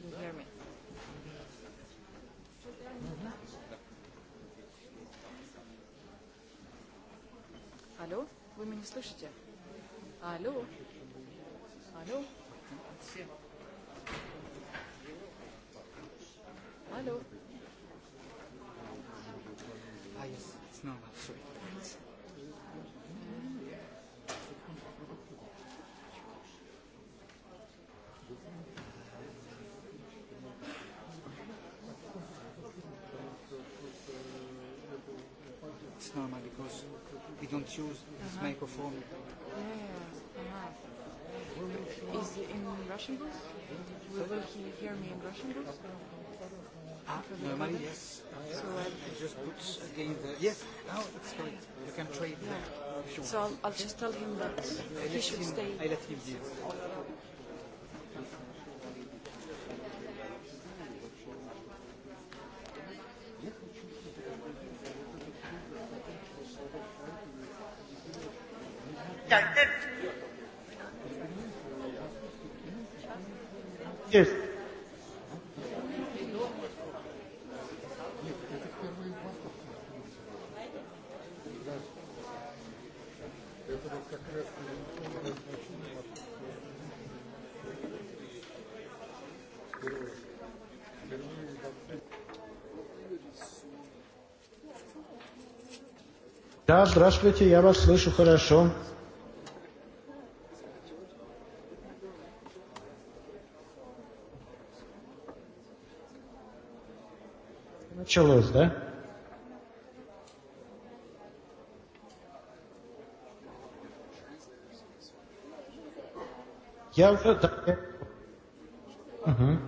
couldn't hear me. Алло, вы меня не слышите? Алло, алло, алло. А, yes, снова. Sorry. it's normal because we don't use this uh-huh. microphone. Yeah, uh-huh. Is in Russian booth? Will, will he hear me in Russian booth? Ah, normally, yes. Uh, so uh, I just put again the... Yes, now it's correct. You can trade yeah. that. Sure. So I'll, I'll just tell him that I he should him, stay. I let him here. Да, здравствуйте, я вас слышу хорошо. Началось, да? Я уже... Да, я... Угу.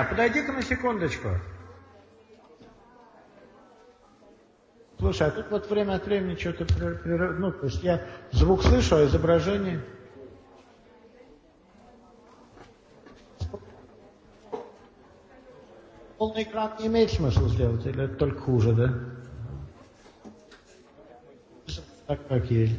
Илья, подойди-ка на секундочку. Слушай, а тут вот время от времени что-то прерыв... Ну, то есть я звук слышу, а изображение... Полный экран не имеет смысла сделать, или это только хуже, да? Так как есть.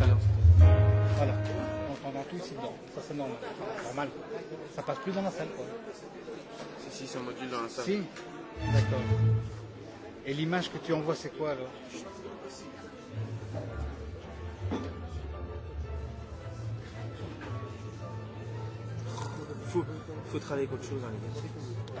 Alors, voilà, on entend tout ici dedans, ça c'est normal, normal. Ça passe plus dans la salle quoi. Si, si, c'est en module dans la salle. Si, d'accord. Et l'image que tu envoies c'est quoi alors faut, faut travailler avec autre chose, hein, les gars.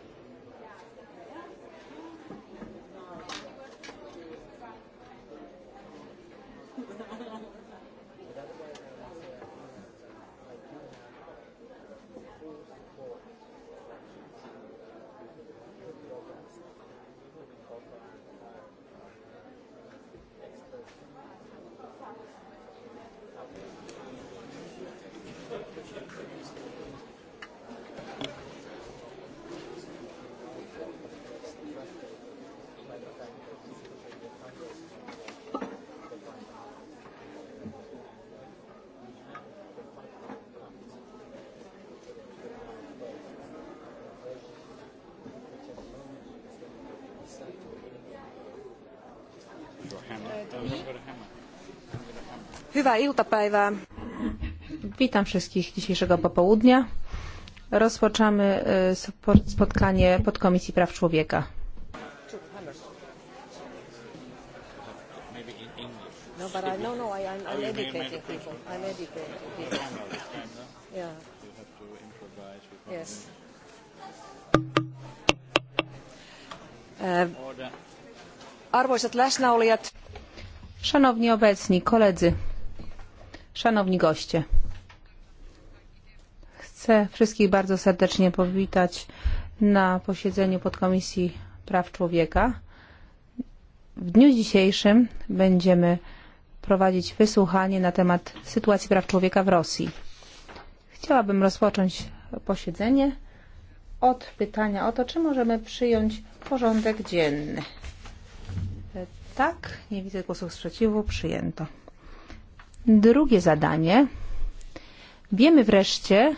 Hyvää iltapäivää. Witam wszystkich dzisiejszego popołudnia. Rozpoczynamy e, spotkanie podkomisji praw człowieka. No, but I, no, no, I, I'm, I'm educating people. I'm educating people. Yeah. You have to improvise. Yes. Arvoisat läsnäolijat. Szanowni obecni, koledzy, szanowni goście. Chcę wszystkich bardzo serdecznie powitać na posiedzeniu podkomisji praw człowieka. W dniu dzisiejszym będziemy prowadzić wysłuchanie na temat sytuacji praw człowieka w Rosji. Chciałabym rozpocząć posiedzenie od pytania o to, czy możemy przyjąć porządek dzienny. Tak, nie widzę głosów sprzeciwu, przyjęto. Drugie zadanie. Wiemy wreszcie,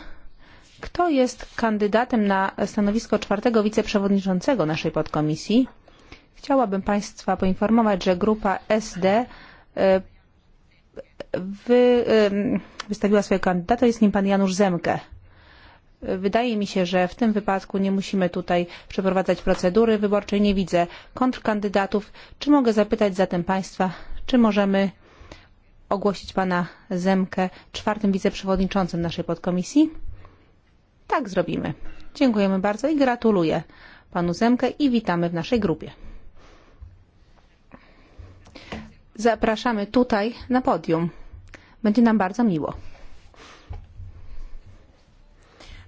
kto jest kandydatem na stanowisko czwartego wiceprzewodniczącego naszej podkomisji. Chciałabym Państwa poinformować, że grupa SD e, wy, wystawiła swojego kandydata. Jest nim pan Janusz Zemke. Wydaje mi się, że w tym wypadku nie musimy tutaj przeprowadzać procedury wyborczej. Nie widzę kontrkandydatów. Czy mogę zapytać zatem Państwa, czy możemy ogłosić Pana Zemkę czwartym wiceprzewodniczącym naszej podkomisji? Tak zrobimy. Dziękujemy bardzo i gratuluję Panu Zemkę i witamy w naszej grupie. Zapraszamy tutaj na podium. Będzie nam bardzo miło.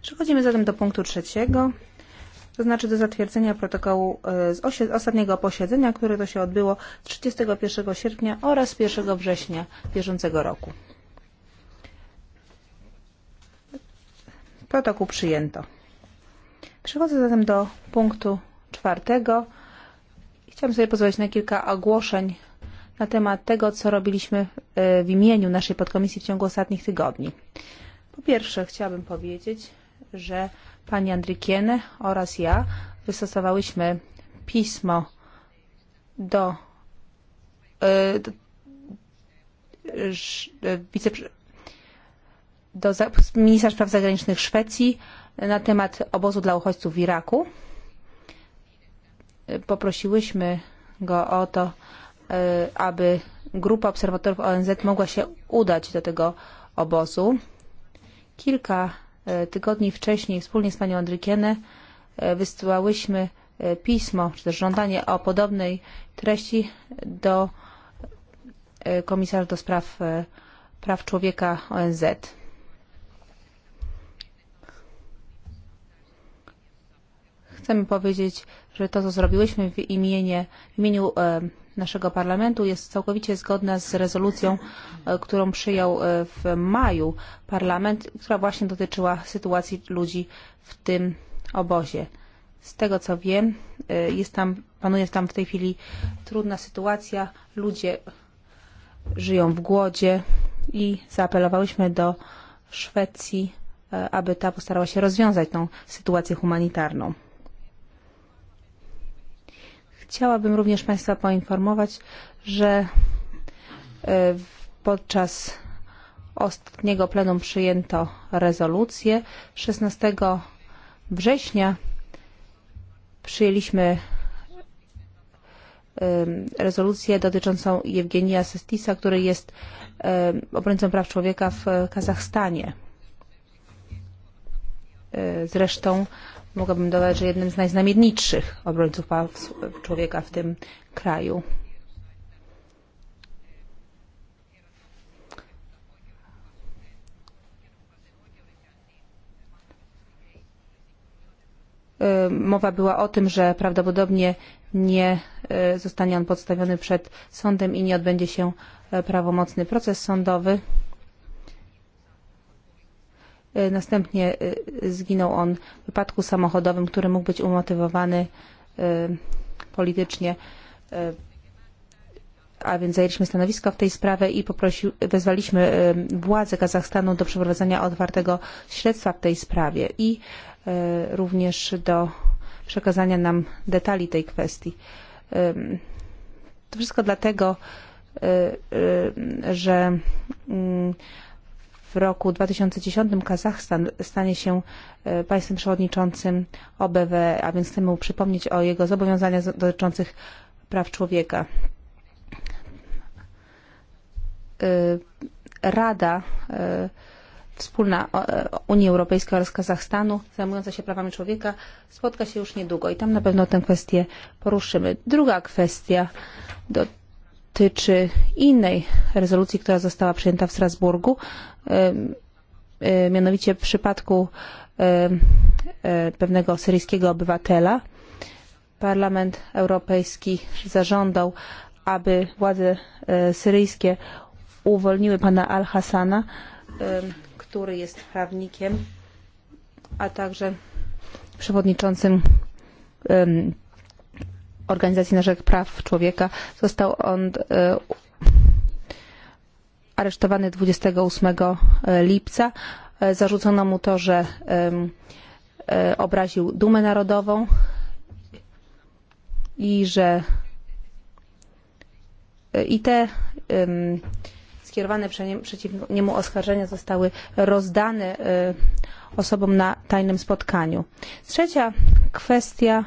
Przechodzimy zatem do punktu trzeciego, to znaczy do zatwierdzenia protokołu e, z ostatniego posiedzenia, które to się odbyło 31 sierpnia oraz 1 września bieżącego roku. Protokół przyjęto. Przechodzę zatem do punktu czwartego. Chciałam sobie pozwolić na kilka ogłoszeń na temat tego, co robiliśmy e, w imieniu naszej podkomisji w ciągu ostatnich tygodni. Po pierwsze, chciałabym powiedzieć, że pani Andrikiene oraz ja wystosowałyśmy pismo do, e, do, e, do, do ministra spraw zagranicznych Szwecji na temat obozu dla uchodźców w Iraku. E, poprosiłyśmy go o to, aby grupa obserwatorów ONZ mogła się udać do tego obozu. Kilka tygodni wcześniej wspólnie z panią Andrykienę e, wysyłałyśmy e, pismo, czy też żądanie o podobnej treści do e, komisarz do spraw praw człowieka ONZ. Chcemy powiedzieć, że to, co zrobiłyśmy w imieniu, w imieniu naszego parlamentu jest całkowicie zgodna z rezolucją, e, którą przyjął e, w maju parlament, która właśnie dotyczyła sytuacji ludzi w tym obozie. Z tego co wiem, e, jest tam, panuje tam w tej chwili trudna sytuacja. Ludzie żyją w głodzie i zaapelowałyśmy do Szwecji, aby ta postarała się rozwiązać tą sytuację humanitarną. Chciałabym również Państwa poinformować, że e, podczas ostatniego plenum przyjęto rezolucję. 16 września przyjęliśmy rezolucję dotyczącą Jewgenija Sestisa, który jest obrońcą praw człowieka w e, Kazachstanie. Zresztą mogłabym dodać, że jednym z najznamienitszych obrońców praw człowieka w tym kraju. mowa była o tym, że prawdopodobnie nie zostanie on podstawiony przed sądem i nie odbędzie się prawomocny proces sądowy. E, następnie e, zginął on w wypadku samochodowym, który mógł być umotywowany e, politycznie. A więc zajęliśmy stanowisko w tej sprawie i poprosił, wezwaliśmy władze Kazachstanu do przeprowadzenia otwartego śledztwa w tej sprawie i również do przekazania nam detali tej kwestii. To wszystko dlatego, że mm, w roku 2010 Kazachstan stanie się e, państwem przewodniczącym OBWE, a więc chcemy mu przypomnieć o jego zobowiązaniach dotyczących praw człowieka. E, Rada e, wspólna Unii Europejskiej oraz Kazachstanu zajmująca się prawami człowieka spotka się już niedługo i tam na pewno tę kwestię poruszymy. Druga kwestia dotycząca dotyczy innej rezolucji, która została przyjęta w Strasburgu, mianowicie w przypadku pewnego syryjskiego obywatela. Parlament Europejski zażądał, aby władze e, syryjskie uwolniły pana Al-Hassana, który jest prawnikiem, a także przewodniczącym Organizacji na Rzecz Praw Człowieka. Został on e, aresztowany 28 e, lipca. E, zarzucono mu to, że obraził dumę narodową i że i te um, skierowane przeciw niemu oskarżenia zostały rozdane um, osobom na tajnym spotkaniu. Trzecia kwestia,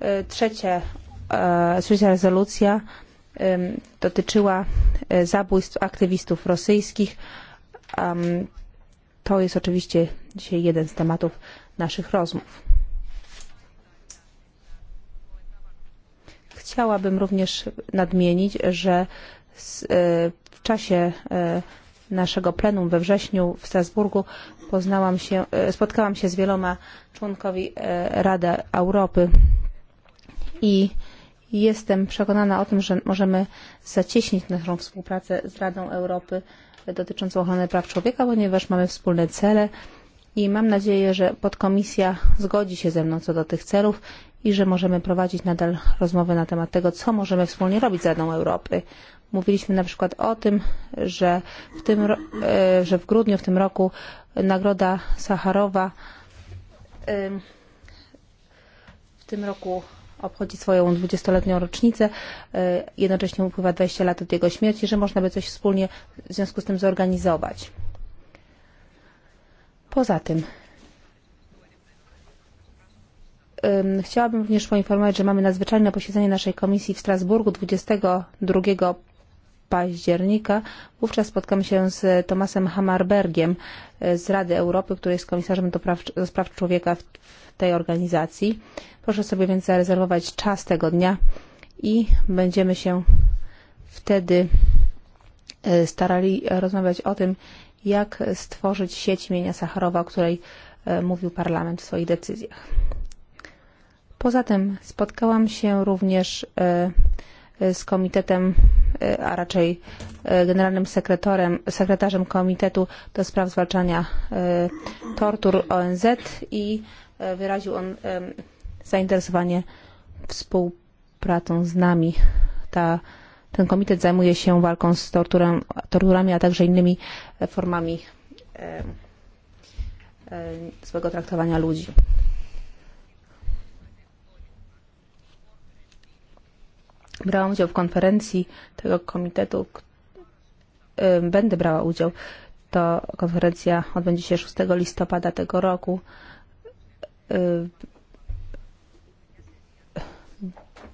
um, trzecie trzecia rezolucja e, dotyczyła e, zabójstw aktywistów rosyjskich. To jest oczywiście dzisiaj jeden z tematów naszych rozmów. Chciałabym również nadmienić, że e, w czasie naszego plenum we wrześniu w Strasburgu poznałam się, spotkałam się z wieloma członkowi Rady Europy i Jestem przekonana o tym, że możemy zacieśnić naszą współpracę z Radą Europy dotyczącą ochrony praw człowieka, ponieważ mamy wspólne cele i mam nadzieję, że podkomisja zgodzi się ze mną co do tych celów i że możemy prowadzić nadal rozmowy na temat tego, co możemy wspólnie robić z Radą Europy. Mówiliśmy na przykład o tym, że w, tym, e, że w grudniu w tym roku Nagroda Sacharowa w tym roku obchodzi swoją 20-letnią rocznicę, e, jednocześnie upływa 20 lat od jego śmierci, że można by coś wspólnie w związku z tym zorganizować. Poza tym, Chciałabym również poinformować, że mamy nadzwyczajne posiedzenie naszej komisji w Strasburgu 22 października. Wówczas spotkam się z Tomasem Hammarbergiem z Rady Europy, który jest komisarzem do praw, do spraw człowieka w, w tej organizacji. Proszę sobie więc zarezerwować czas tego dnia i będziemy się wtedy e, starali rozmawiać o tym, jak stworzyć sieć imienia Sacharowa, o której e, mówił parlament w swoich decyzjach. Poza tym spotkałam się również e, z komitetem, e, a raczej e, generalnym sekretorem, sekretarzem Komitetu do Spraw Zwalczania e, Tortur ONZ i wyraził on zainteresowanie współpracą z nami. Ta, ten komitet zajmuje się walką z torturem, torturami, a także innymi formami złego traktowania ludzi. brałam udział w konferencji tego komitetu, będę brała udział. To konferencja odbędzie się 6 listopada tego roku.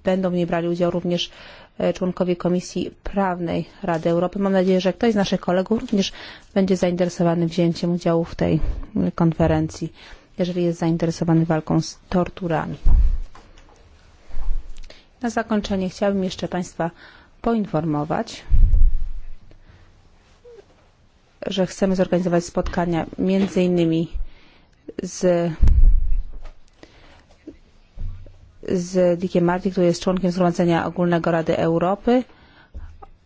Będą w niej brali udział również e, członkowie Komisji Prawnej Rady Europy. Mam nadzieję, że ktoś z naszych kolegów również będzie zainteresowany wzięciem udziału w tej konferencji, jeżeli jest zainteresowany walką z torturami. Na zakończenie chciałbym jeszcze Państwa poinformować, że chcemy zorganizować spotkania między innymi z z Dickiem Marty, który jest członkiem Zgromadzenia Ogólnego Rady Europy.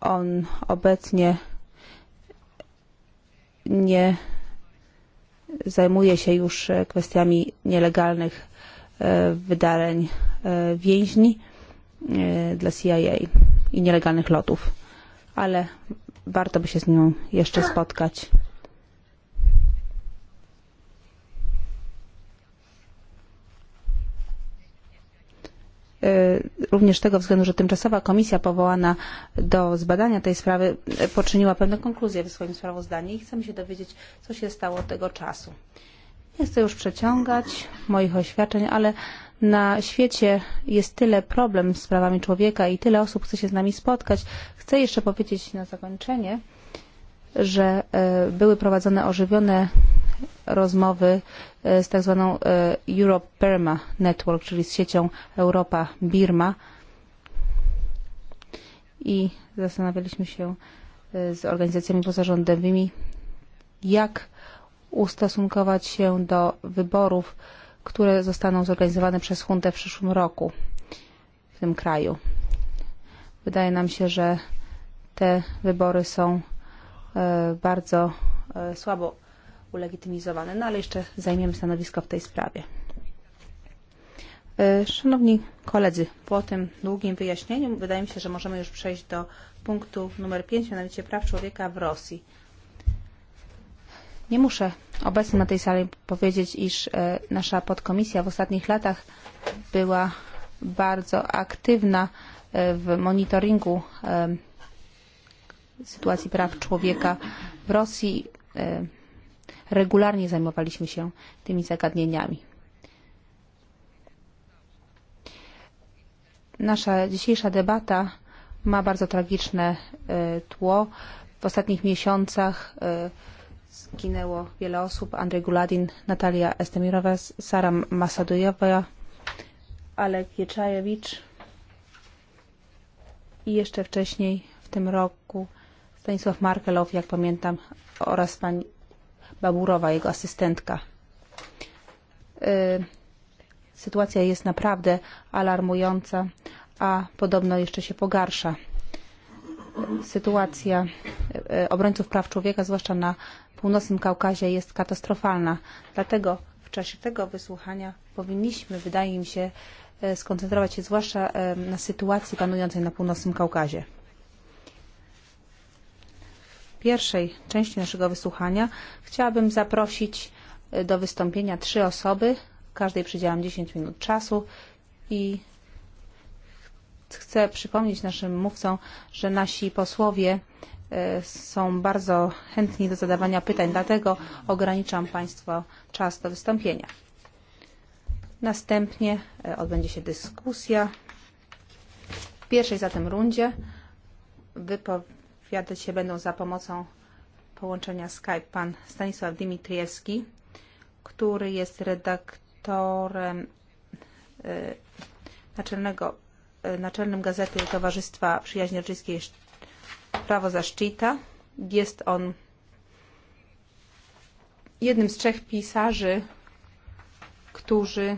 On obecnie nie zajmuje się już kwestiami nielegalnych e, wydarzeń e, więźni E, dla CIA i nielegalnych lotów, ale warto by się z nią jeszcze spotkać. E, również tego względu, że tymczasowa komisja powołana do zbadania tej sprawy e, poczyniła pewne konkluzje w swoim sprawozdaniu i chcemy się dowiedzieć, co się stało od tego czasu. Nie chcę już przeciągać moich oświadczeń, ale Na świecie jest tyle problem z prawami człowieka i tyle osób chce się z nami spotkać. Chcę jeszcze powiedzieć na zakończenie, że e, były prowadzone ożywione rozmowy e, z tak zwaną e, Europe Burma Network, czyli z siecią Europa Birma. I zastanawialiśmy się z organizacjami pozarządowymi, jak ustosunkować się do wyborów które zostaną zorganizowane przez Huntę w przyszłym roku w tym kraju. Wydaje nam się, że te wybory są e, bardzo e, słabo ulegitymizowane, no ale jeszcze zajmiemy stanowisko w tej sprawie. E, szanowni koledzy, po tym długim wyjaśnieniu wydaje mi się, że możemy już przejść do punktu numer 5, mianowicie praw człowieka w Rosji. Nie muszę obecnym na tej sali powiedzieć, iż e, nasza podkomisja w ostatnich latach była bardzo aktywna e, w monitoringu e, sytuacji praw człowieka w Rosji. Regularnie zajmowaliśmy się tymi zagadnieniami. Nasza dzisiejsza debata ma bardzo tragiczne tło. W ostatnich miesiącach y, zginęło wiele osób. Andrzej Guladin, Natalia Estemirowa, Sara Masadujowa, Alek Wieczajewicz i jeszcze wcześniej w tym roku Stanisław Markelow, jak pamiętam, oraz pani Baburowa, jego asystentka. Sytuacja jest naprawdę alarmująca, a podobno jeszcze się pogarsza sytuacja e, obrońców praw człowieka, zwłaszcza na północnym Kaukazie, jest katastrofalna. Dlatego w czasie tego wysłuchania powinniśmy, wydaje mi się, e, skoncentrować się zwłaszcza e, na sytuacji panującej na północnym Kaukazie. W pierwszej części naszego wysłuchania chciałabym zaprosić do wystąpienia trzy osoby, każdej przydziałam 10 minut czasu i chcę przypomnieć naszym mówcom, że nasi posłowie e, są bardzo chętni do zadawania pytań, dlatego ograniczam Państwa czas do wystąpienia. Następnie e, odbędzie się dyskusja. W pierwszej zatem rundzie wypowiadać się będą za pomocą połączenia Skype pan Stanisław Dimitriewski, który jest redaktorem y, e, naczelnego naczelnym Gazety Towarzystwa Przyjaźni Rosyjskiej Prawo Zaszczyta. Jest on jednym z trzech pisarzy, którzy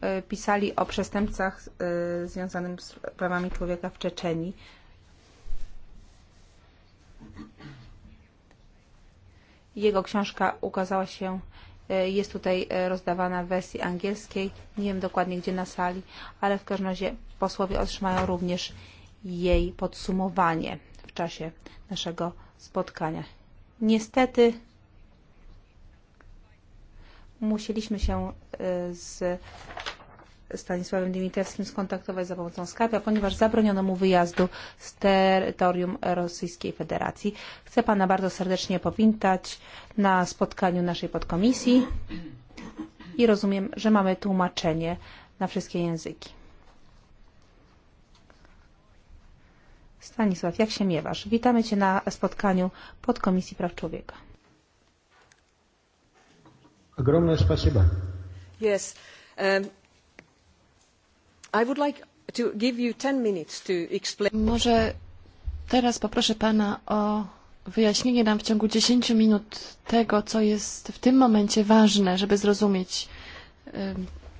e, pisali o przestępcach e, związanych z prawami człowieka w Czeczeni. Jego książka ukazała się E, jest tutaj e, rozdawana w wersji angielskiej. Nie wiem dokładnie gdzie na sali, ale w każdym razie posłowie otrzymają również jej podsumowanie w czasie naszego spotkania. Niestety musieliśmy się e, z Stanisławem Dimitriewskim skontaktować za pomocą Skype'a, ponieważ zabroniono mu wyjazdu z terytorium Rosyjskiej Federacji. Chcę Pana bardzo serdecznie powitać na spotkaniu naszej podkomisji i rozumiem, że mamy tłumaczenie na wszystkie języki. Stanisław, jak się miewasz? Witamy Cię na spotkaniu podkomisji praw człowieka. Ogromne спасибо. Yes. Um... Like Może teraz poproszę Pana o wyjaśnienie nam w ciągu 10 minut tego, co jest w tym momencie ważne, żeby zrozumieć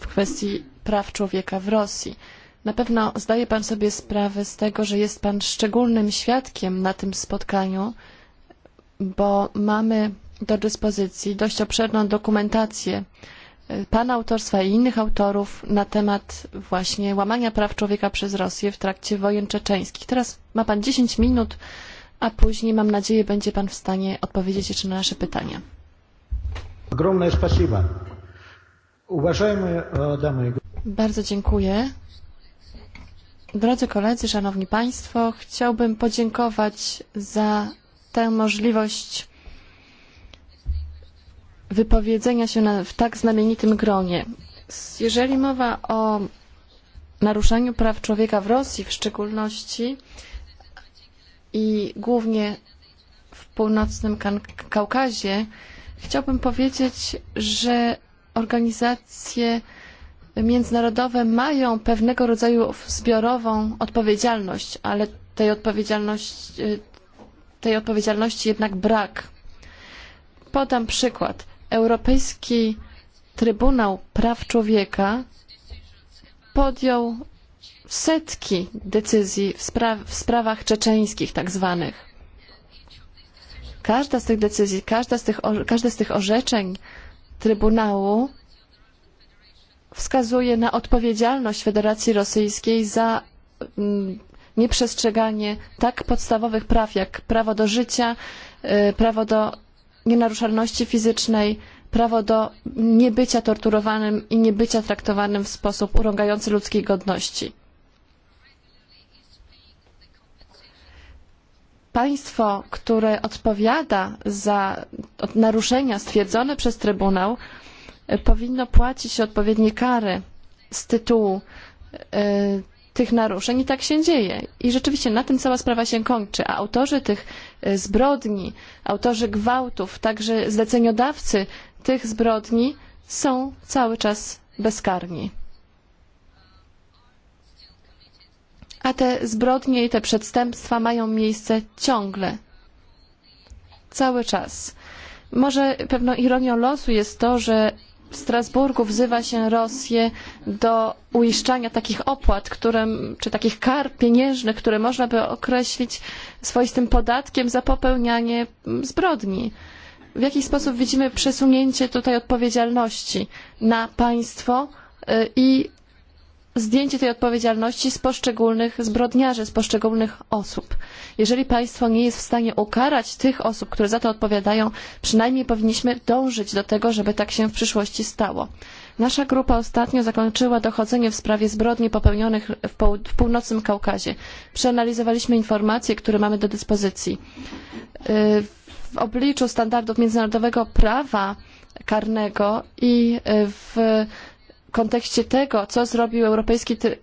w kwestii praw człowieka w Rosji. Na pewno zdaje Pan sobie sprawę z tego, że jest Pan szczególnym świadkiem na tym spotkaniu, bo mamy do dyspozycji dość obszerną dokumentację, Pana autorstwa i innych autorów na temat właśnie łamania praw człowieka przez Rosję w trakcie wojen czeczeńskich. Teraz ma Pan 10 minut, a później mam nadzieję będzie Pan w stanie odpowiedzieć jeszcze na nasze pytania. Ogromne спасибо. Uważajmy, e, damy. Bardzo dziękuję. Drodzy koledzy, szanowni państwo, chciałbym podziękować za tę możliwość wypowiedzenia się na, w tak znamienitym gronie. Jeżeli mowa o naruszaniu praw człowieka w Rosji w szczególności i głównie w północnym Kaukazie, chciałbym powiedzieć, że organizacje międzynarodowe mają pewnego rodzaju zbiorową odpowiedzialność, ale tej odpowiedzialności, tej odpowiedzialności jednak brak. Podam przykład. Europejski Trybunał Praw Człowieka podjął setki decyzji w, spra w sprawach czeczeńskich tak zwanych. Każda z tych decyzji, każda z tych, każde z tych orzeczeń Trybunału wskazuje na odpowiedzialność Federacji Rosyjskiej za mm, nieprzestrzeganie tak podstawowych praw jak prawo do życia, y, prawo do nienaruszalności fizycznej, prawo do niebycia torturowanym i niebycia traktowanym w sposób urągający ludzkiej godności. Państwo, które odpowiada za naruszenia stwierdzone przez Trybunał, powinno płacić odpowiednie kary z tytułu tych naruszeń i tak się dzieje. I rzeczywiście na tym cała sprawa się kończy, a autorzy tych e, zbrodni, autorzy gwałtów, także zleceniodawcy tych zbrodni są cały czas bezkarni. A te zbrodnie i te przestępstwa mają miejsce ciągle. Cały czas. Może pewną ironią losu jest to, że w Strasburgu wzywa się Rosję do uiszczania takich opłat, które, czy takich kar pieniężnych, które można by określić swoistym podatkiem za popełnianie zbrodni. W jaki sposób widzimy przesunięcie tutaj odpowiedzialności na państwo i zdjęcie tej odpowiedzialności z poszczególnych zbrodniarzy, z poszczególnych osób. Jeżeli państwo nie jest w stanie ukarać tych osób, które za to odpowiadają, przynajmniej powinniśmy dążyć do tego, żeby tak się w przyszłości stało. Nasza grupa ostatnio zakończyła dochodzenie w sprawie zbrodni popełnionych w, poł w północnym Kaukazie. Przeanalizowaliśmy informacje, które mamy do dyspozycji. W obliczu standardów międzynarodowego prawa karnego i w kontekście tego, co zrobił Europejski Try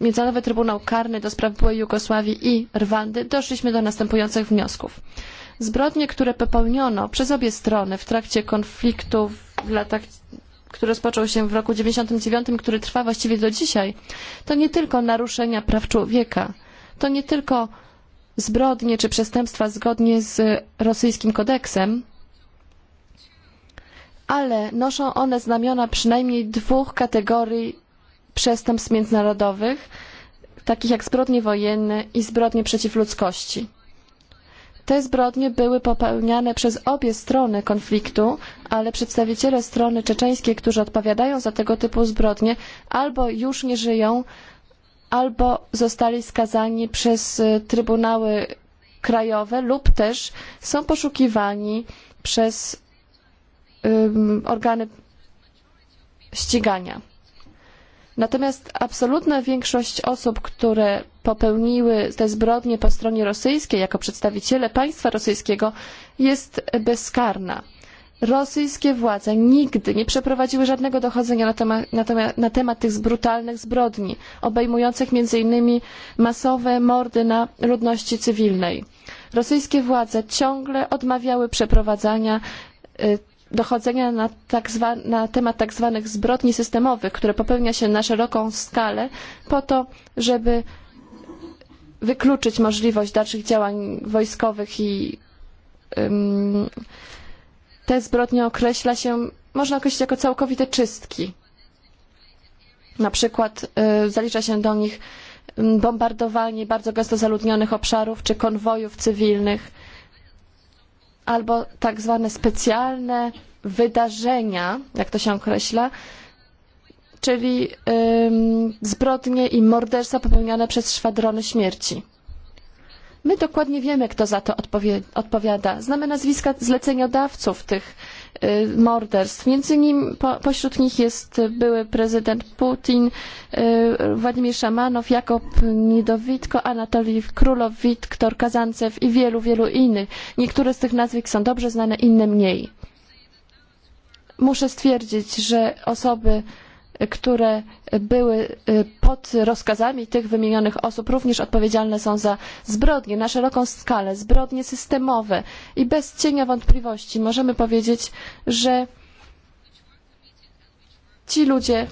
Międzynarodowy Trybunał Karny do spraw byłej Jugosławii i Rwandy, doszliśmy do następujących wniosków. Zbrodnie, które popełniono przez obie strony w trakcie konfliktu w latach który rozpoczął się w roku 1999, który trwa właściwie do dzisiaj, to nie tylko naruszenia praw człowieka, to nie tylko zbrodnie czy przestępstwa zgodnie z rosyjskim kodeksem, ale noszą one znamiona przynajmniej dwóch kategorii przestępstw międzynarodowych, takich jak zbrodnie wojenne i zbrodnie przeciw ludzkości. Te zbrodnie były popełniane przez obie strony konfliktu, ale przedstawiciele strony czeczeńskiej, którzy odpowiadają za tego typu zbrodnie, albo już nie żyją, albo zostali skazani przez trybunały krajowe lub też są poszukiwani przez organy ścigania. Natomiast absolutna większość osób, które popełniły te zbrodnie po stronie rosyjskiej jako przedstawiciele państwa rosyjskiego jest bezkarna. Rosyjskie władze nigdy nie przeprowadziły żadnego dochodzenia na temat, na temat, na temat tych brutalnych zbrodni, obejmujących m.in. masowe mordy na ludności cywilnej. Rosyjskie władze ciągle odmawiały przeprowadzania y, dochodzenia na, tak zwa, na temat tak zwanych zbrodni systemowych, które popełnia się na szeroką skalę po to, żeby wykluczyć możliwość dalszych działań wojskowych i ym, te zbrodnie określa się, można określić jako całkowite czystki. Na przykład y, zalicza się do nich bombardowanie bardzo gęsto zaludnionych obszarów czy konwojów cywilnych albo tak zwane specjalne wydarzenia, jak to się określa, czyli ym, zbrodnie i morderstwa popełniane przez szwadrony śmierci. My dokładnie wiemy, kto za to odpowie, odpowiada. Znamy nazwiska zleceniodawców tych E, morderstw. Między innymi po, pośród nich jest były prezydent Putin, e, Władimir Szamanow, Jakob Niedowitko, Anatolij Królow, Wiktor Kazancew i wielu, wielu innych. Niektóre z tych nazwisk są dobrze znane, inne mniej. Muszę stwierdzić, że osoby które były pod rozkazami tych wymienionych osób, również odpowiedzialne są za zbrodnie na szeroką skalę, zbrodnie systemowe. I bez cienia wątpliwości możemy powiedzieć, że ci ludzie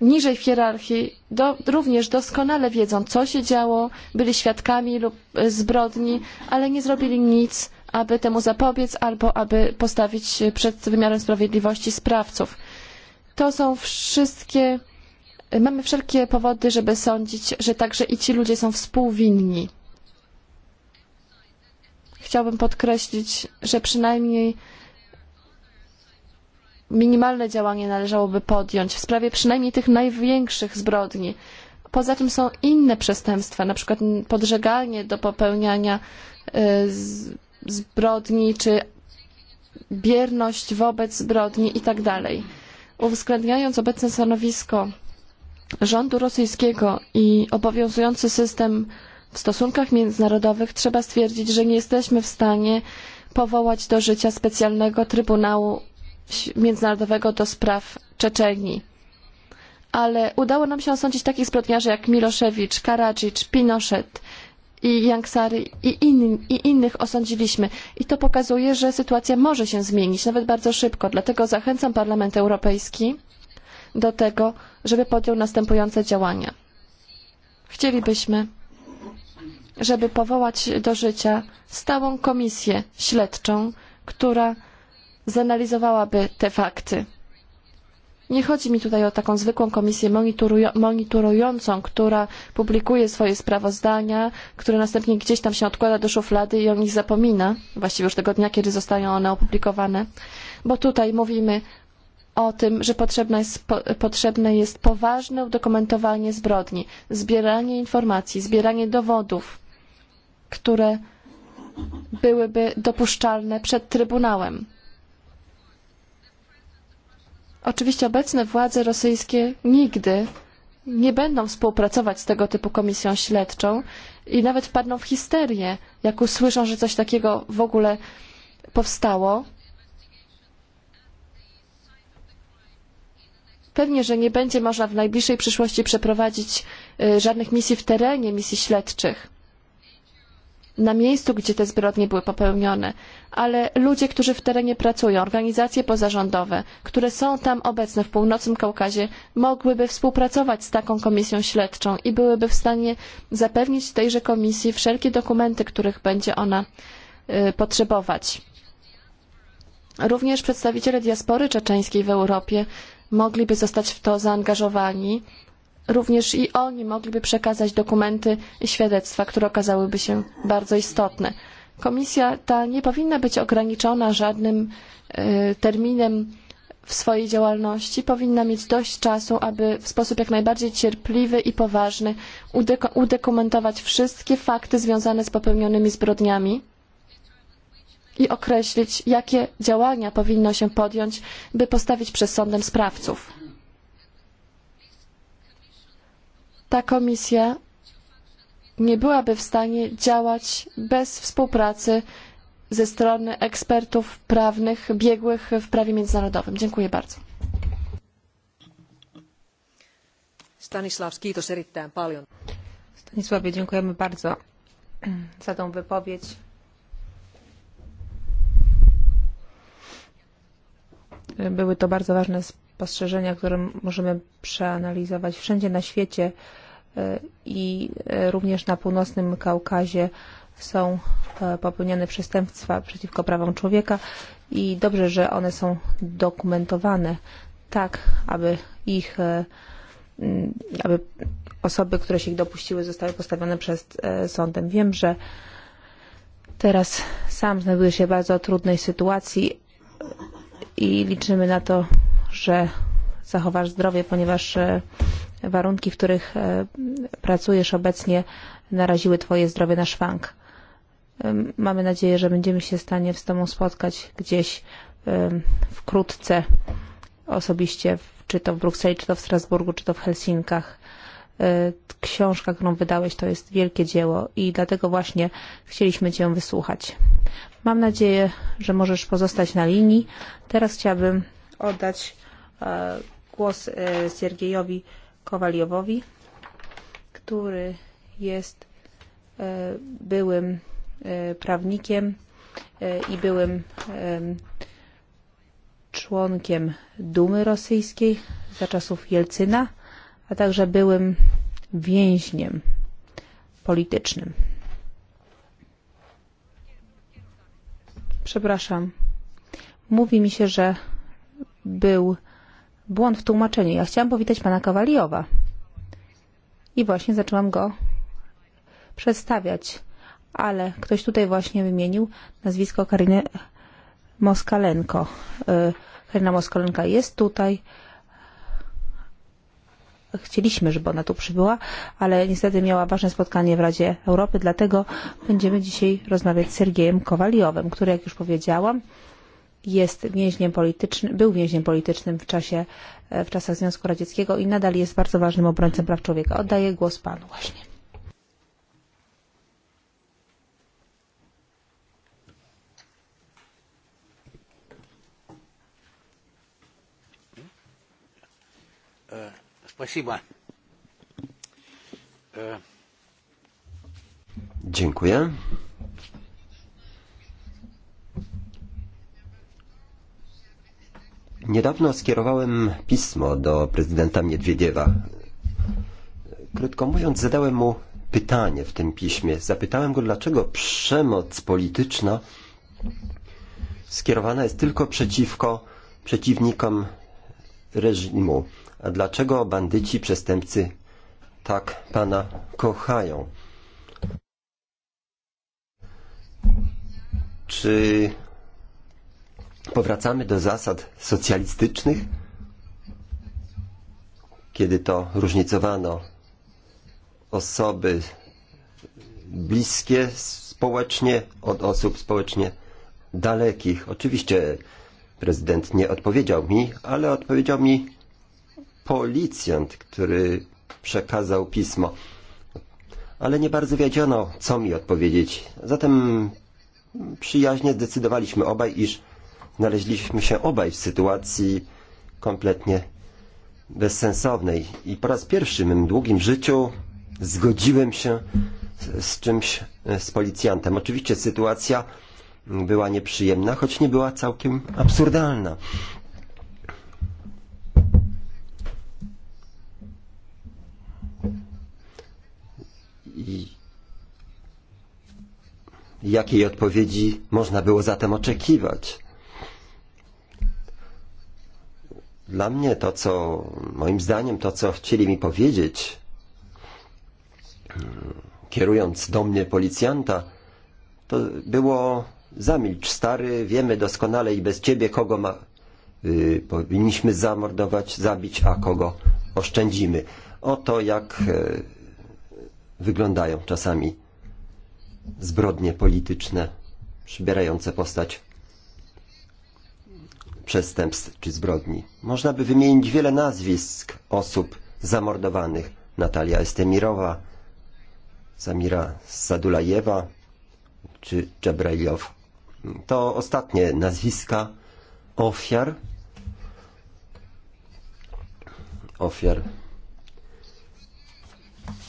niżej w hierarchii do, również doskonale wiedzą, co się działo, byli świadkami lub zbrodni, ale nie zrobili nic, aby temu zapobiec albo aby postawić przed wymiarem sprawiedliwości sprawców. To są wszystkie. Mamy wszelkie powody, żeby sądzić, że także i ci ludzie są współwinni. Chciałbym podkreślić, że przynajmniej minimalne działanie należałoby podjąć w sprawie przynajmniej tych największych zbrodni. Poza tym są inne przestępstwa, na przykład podżeganie do popełniania zbrodni czy bierność wobec zbrodni itd uwzględniając obecne stanowisko rządu rosyjskiego i obowiązujący system w stosunkach międzynarodowych, trzeba stwierdzić, że nie jesteśmy w stanie powołać do życia specjalnego Trybunału Międzynarodowego do spraw Czeczenii. Ale udało nam się osądzić takich zbrodniarzy jak Miloszewicz, Karadzic, Pinochet, i Jangsary i, in, i innych osądziliśmy. I to pokazuje, że sytuacja może się zmienić, nawet bardzo szybko. Dlatego zachęcam Parlament Europejski do tego, żeby podjął następujące działania. Chcielibyśmy, żeby powołać do życia stałą komisję śledczą, która zanalizowałaby te fakty Nie chodzi mi tutaj o taką zwykłą komisję monitorującą, która publikuje swoje sprawozdania, które następnie gdzieś tam się odkłada do szuflady i o nich zapomina, właściwie już tego dnia, kiedy zostają one opublikowane. Bo tutaj mówimy o tym, że potrzebne jest, po, potrzebne jest poważne udokumentowanie zbrodni, zbieranie informacji, zbieranie dowodów, które byłyby dopuszczalne przed Trybunałem. Oczywiście obecne władze rosyjskie nigdy nie będą współpracować z tego typu komisją śledczą i nawet wpadną w histerię, jak usłyszą, że coś takiego w ogóle powstało. Pewnie, że nie będzie można w najbliższej przyszłości przeprowadzić żadnych misji w terenie, misji śledczych na miejscu, gdzie te zbrodnie były popełnione, ale ludzie, którzy w terenie pracują, organizacje pozarządowe, które są tam obecne w północnym Kaukazie, mogłyby współpracować z taką komisją śledczą i byłyby w stanie zapewnić tejże komisji wszelkie dokumenty, których będzie ona y, potrzebować. Również przedstawiciele diaspory czeczeńskiej w Europie mogliby zostać w to zaangażowani również i oni mogliby przekazać dokumenty i świadectwa, które okazałyby się bardzo istotne. Komisja ta nie powinna być ograniczona żadnym y, terminem w swojej działalności, powinna mieć dość czasu, aby w sposób jak najbardziej cierpliwy i poważny udeko udokumentować wszystkie fakty związane z popełnionymi zbrodniami i określić, jakie działania powinno się podjąć, by postawić przed sądem sprawców ta komisja nie byłaby w stanie działać bez współpracy ze strony ekspertów prawnych biegłych w prawie międzynarodowym. Dziękuję bardzo. Stanisław, kiitos erittäin paljon. Stanisławie, dziękujemy bardzo za tą wypowiedź. Były to bardzo ważne spostrzeżenia, które możemy przeanalizować wszędzie na świecie e, i e, również na północnym Kaukazie są e, popełniane przestępstwa przeciwko prawom człowieka i dobrze, że one są dokumentowane tak, aby ich aby osoby, które się ich dopuściły, zostały postawione przed sądem. Wiem, że teraz sam znajduję się w bardzo trudnej sytuacji i liczymy na to, dobrze zachowasz zdrowie, ponieważ e, warunki, w których e, pracujesz obecnie, naraziły Twoje zdrowie na szwank. Mamy nadzieję, że będziemy się w stanie z Tobą spotkać gdzieś wkrótce osobiście, czy to w Brukseli, czy to w Strasburgu, czy to w Helsinkach. E, książka, którą wydałeś, to jest wielkie dzieło i dlatego właśnie chcieliśmy Cię wysłuchać. Mam nadzieję, że możesz pozostać na linii. Teraz chciałabym oddać E, głos e, Siergiejowi Kowaliowowi, który jest e, byłym prawnikiem i byłym członkiem Dumy Rosyjskiej za czasów Jelcyna, a także byłym więźniem politycznym. Przepraszam. Mówi mi się, że był błąd w tłumaczeniu. Ja chciałam powitać pana Kawaliowa. I właśnie zaczęłam go przedstawiać. Ale ktoś tutaj właśnie wymienił nazwisko Kariny Moskalenko. Karina Moskalenka jest tutaj. Chcieliśmy, żeby ona tu przybyła, ale niestety miała ważne spotkanie w Radzie Europy, dlatego będziemy dzisiaj rozmawiać z Sergiejem Kowaliowem, który, jak już powiedziałam, jest więźniem politycznym, był więźniem politycznym w czasie, e, w czasach Związku Radzieckiego i nadal jest bardzo ważnym obrońcą praw człowieka. Oddaję głos panu właśnie. Спасибо. E, e. Dziękuję. Niedawno skierowałem pismo do prezydenta Miedwiediewa. Krótko mówiąc, zadałem mu pytanie w tym piśmie. Zapytałem go, dlaczego przemoc polityczna skierowana jest tylko przeciwko przeciwnikom reżimu, a dlaczego bandyci, przestępcy tak pana kochają. Czy powracamy do zasad socjalistycznych, kiedy to różnicowano osoby bliskie społecznie od osób społecznie dalekich. Oczywiście prezydent nie odpowiedział mi, ale odpowiedział mi policjant, który przekazał pismo. Ale nie bardzo wiedziano, co mi odpowiedzieć. Zatem przyjaźnie zdecydowaliśmy obaj, iż znaleźliśmy się obaj w sytuacji kompletnie bezsensownej. I po raz pierwszy w mym długim życiu zgodziłem się z czymś, e, z policjantem. Oczywiście sytuacja była nieprzyjemna, choć nie była całkiem absurdalna. I jakiej odpowiedzi można było zatem oczekiwać? Dla mnie to, co moim zdaniem, to, co chcieli mi powiedzieć, kierując do mnie policjanta, to było zamilcz stary, wiemy doskonale i bez ciebie, kogo ma, y, powinniśmy zamordować, zabić, a kogo oszczędzimy. Oto jak y, e, wyglądają czasami zbrodnie polityczne, przybierające postać przestępstw czy zbrodni. Można by wymienić wiele nazwisk osób zamordowanych. Natalia Estemirowa, Samira Sadulajewa czy Dżebrailow. To ostatnie nazwiska ofiar ofiar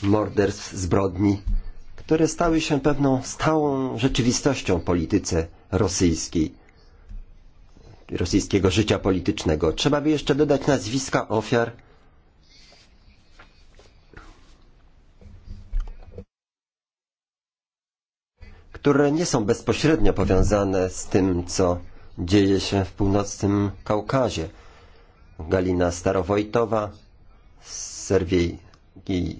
morderstw, zbrodni, które stały się pewną stałą rzeczywistością w polityce rosyjskiej rosyjskiego życia politycznego. Trzeba by jeszcze dodać nazwiska ofiar. które nie są bezpośrednio powiązane z tym, co dzieje się w północnym Kaukazie. Galina Starowojtowa, Serwiej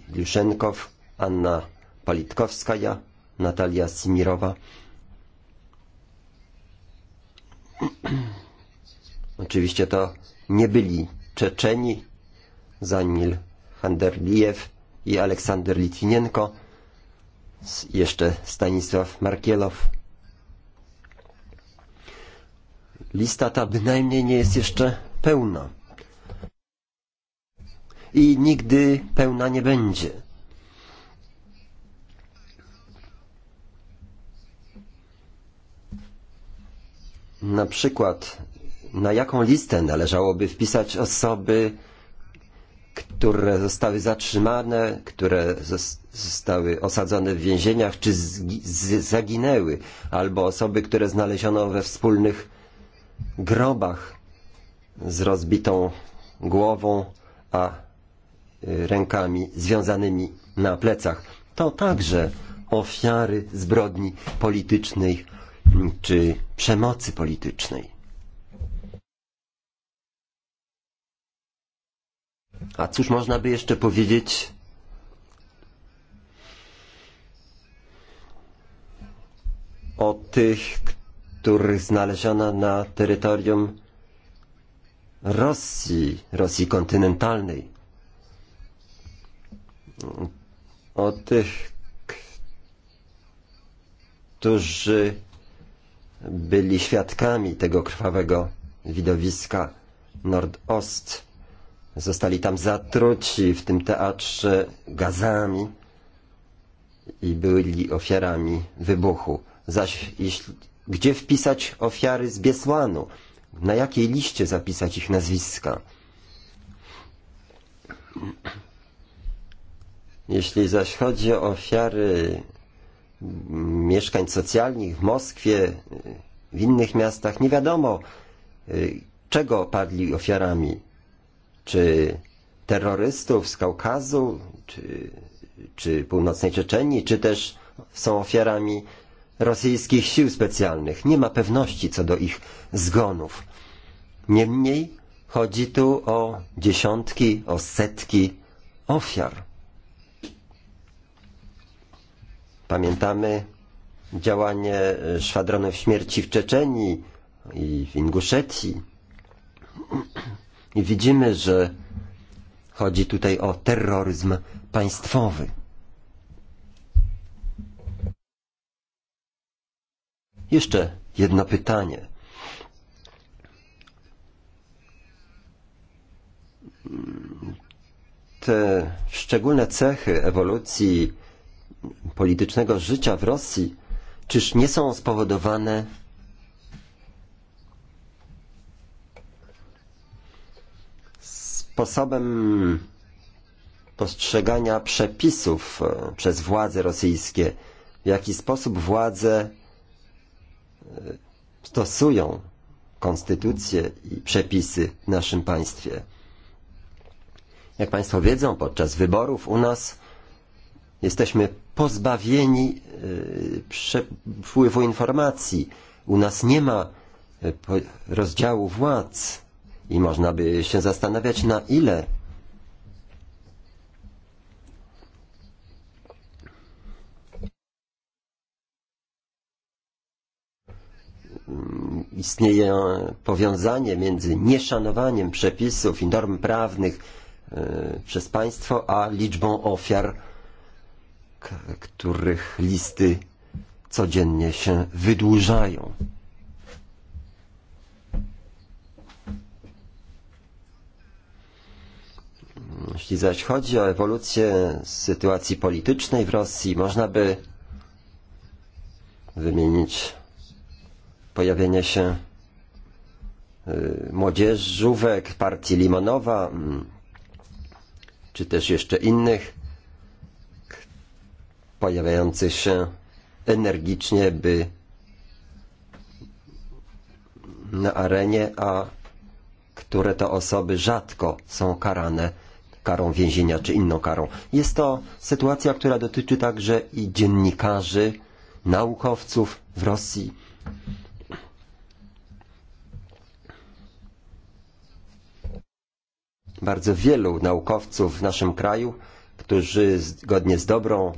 Liszenkow, Anna Palitkowskaja, Natalia Simirowa. Oczywiście to nie byli Czeczeni, Zanil Handerlijew i Aleksander Litwinienko, jeszcze Stanisław Markielow. Lista ta bynajmniej nie jest jeszcze pełna. I nigdy pełna nie będzie. Na przykład na jaką listę należałoby wpisać osoby, które zostały zatrzymane, które zostały osadzone w więzieniach, czy zaginęły, albo osoby, które znaleziono we wspólnych grobach z rozbitą głową, a rękami związanymi na plecach. To także ofiary zbrodni politycznej mm, czy przemocy politycznej. A cóż można by jeszcze powiedzieć? o tych, których znaleziono na terytorium Rosji, Rosji kontynentalnej. O tych, którzy byli świadkami tego krwawego widowiska Nordost. Zostali tam zatruci w tym teatrze gazami i byli ofiarami wybuchu. Zaś jeśli, gdzie wpisać ofiary z Biesłanu? Na jakiej liście zapisać ich nazwiska? Jeśli zaś chodzi o ofiary mieszkań socjalnych w Moskwie, w innych miastach, nie wiadomo, czego padli ofiarami czy terrorystów z Kaukazu, czy, czy północnej Czeczenii, czy też są ofiarami rosyjskich sił specjalnych. Nie ma pewności co do ich zgonów. Niemniej chodzi tu o dziesiątki, o setki ofiar. Pamiętamy działanie szwadronów śmierci w Czeczenii i w Inguszetii. I widzimy, że chodzi tutaj o terroryzm państwowy. Jeszcze jedno pytanie. Te szczególne cechy ewolucji politycznego życia w Rosji, czyż nie są spowodowane sposobem postrzegania przepisów e, przez władze rosyjskie, w jaki sposób władze e, stosują konstytucję i przepisy w naszym państwie. Jak Państwo wiedzą, podczas wyborów u nas jesteśmy pozbawieni e, przepływu informacji. U nas nie ma rozdziału władz I można by się zastanawiać, na ile istnieje powiązanie między nieszanowaniem przepisów i norm prawnych e, przez państwo, a liczbą ofiar, których listy codziennie się wydłużają. Jeśli zaś chodzi o ewolucję sytuacji politycznej w Rosji, można by wymienić pojawienie się młodzieżówek partii Limonowa, mm, czy też jeszcze innych pojawiających się energicznie, by na arenie, a które to osoby rzadko są karane karą więzienia czy inną karą. Jest to sytuacja, która dotyczy także i dziennikarzy, naukowców w Rosji. Bardzo wielu naukowców w naszym kraju, którzy zgodnie z dobrą,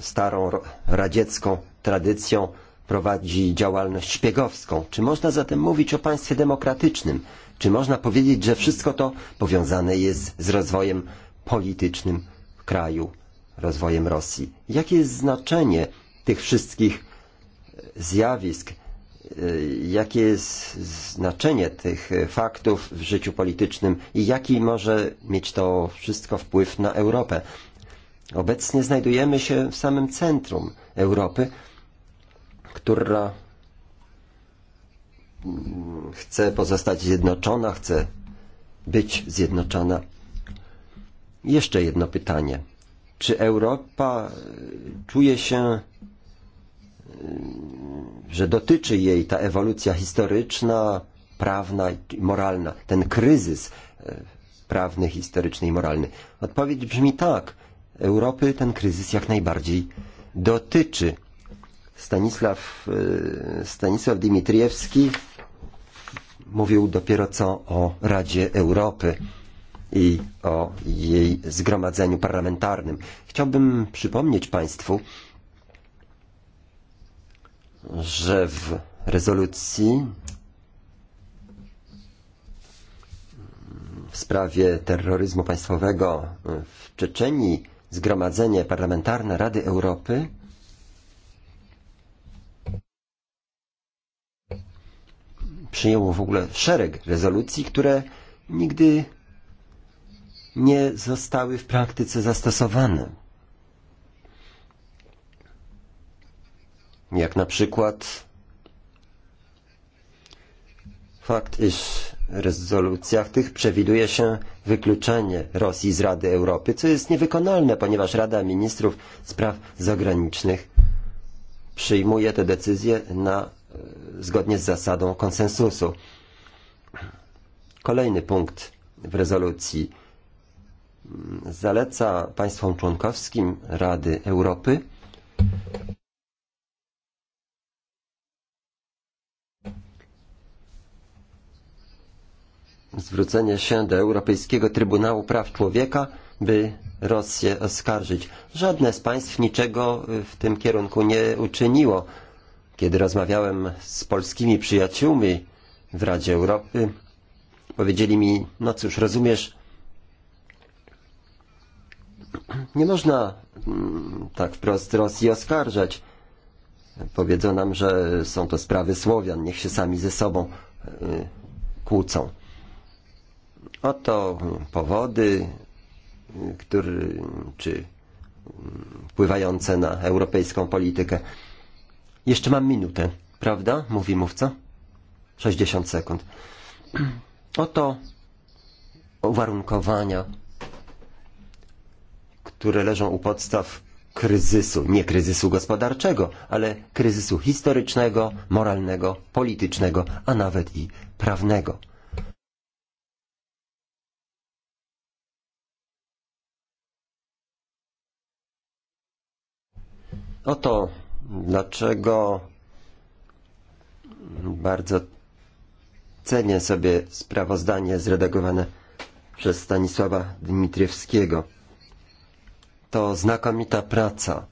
starą radziecką tradycją prowadzi działalność szpiegowską. Czy można zatem mówić o państwie demokratycznym? Czy można powiedzieć, że wszystko to powiązane jest z rozwojem politycznym kraju, rozwojem Rosji? Jakie jest znaczenie tych wszystkich e, zjawisk? E, jakie jest znaczenie tych e, faktów w życiu politycznym i jaki może mieć to wszystko wpływ na Europę? Obecnie znajdujemy się w samym centrum Europy, która chce pozostać zjednoczona, chce być zjednoczona. Jeszcze jedno pytanie. Czy Europa e, czuje się, e, że dotyczy jej ta ewolucja historyczna, prawna i moralna, ten kryzys e, prawny, historyczny i moralny? Odpowiedź brzmi tak. Europy ten kryzys jak najbardziej dotyczy. Stanisław, Stanisław Dimitriewski mówił dopiero co o Radzie Europy i o jej zgromadzeniu parlamentarnym. Chciałbym przypomnieć Państwu, że w rezolucji w sprawie terroryzmu państwowego w Czeczenii Zgromadzenie Parlamentarne Rady Europy przyjęło w ogóle szereg rezolucji, które nigdy nie zostały w praktyce zastosowane. Jak na przykład fakt, iż rezolucjach tych przewiduje się wykluczenie Rosji z Rady Europy, co jest niewykonalne, ponieważ Rada Ministrów Spraw Zagranicznych przyjmuje te decyzje na zgodnie z zasadą konsensusu. Kolejny punkt w rezolucji zaleca państwom członkowskim Rady Europy zwrócenie się do Europejskiego Trybunału Praw Człowieka, by Rosję oskarżyć. Żadne z państw niczego w tym kierunku nie uczyniło. Kiedy rozmawiałem z polskimi przyjaciółmi w Radzie Europy, powiedzieli mi, no cóż, rozumiesz, nie można mm, tak wprost Rosji oskarżać. Powiedzą nam, że są to sprawy Słowian, niech się sami ze sobą kłócą. Oto powody, który, czy mm, wpływające na europejską politykę. Jeszcze mam minutę, prawda? Mówi mówca. 60 sekund. Oto uwarunkowania, które leżą u podstaw kryzysu, nie kryzysu gospodarczego, ale kryzysu historycznego, moralnego, politycznego, a nawet i prawnego. Oto dlaczego bardzo cenię sobie sprawozdanie zredagowane przez Stanisława Dmitriewskiego. To znakomita praca.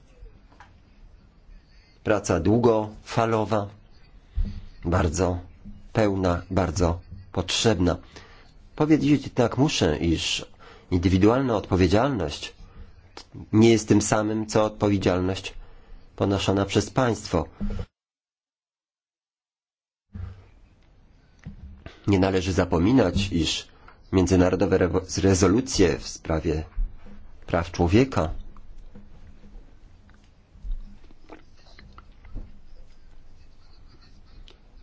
Praca długofalowa, bardzo pełna, bardzo potrzebna. Powiedzieć jednak muszę, iż indywidualna odpowiedzialność nie jest tym samym, co odpowiedzialność ponoszona przez państwo. Nie należy zapominać, iż międzynarodowe re rezolucje w sprawie praw człowieka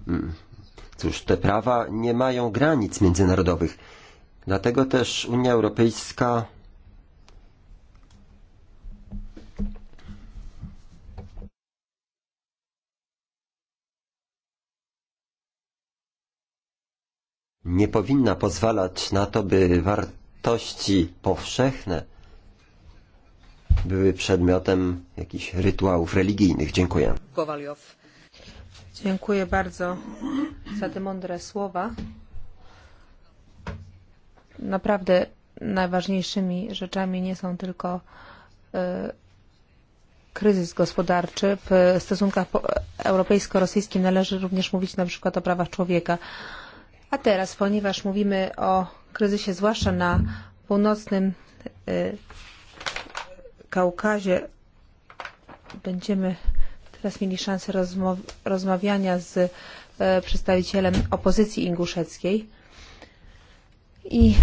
mm, Cóż, te prawa nie mają granic międzynarodowych. Dlatego też Unia Europejska nie powinna pozwalać na to, by wartości powszechne były przedmiotem jakichś rytuałów religijnych. Dziękuję. Kowaliow. Dziękuję bardzo za te mądre słowa. Naprawdę najważniejszymi rzeczami nie są tylko y, kryzys gospodarczy. W stosunkach europejsko-rosyjskim należy również mówić na przykład o prawach człowieka. Y, A teraz, ponieważ mówimy o kryzysie, zwłaszcza na północnym Kaukazie, będziemy teraz mieli szansę rozmawiania z przedstawicielem opozycji inguszeckiej. I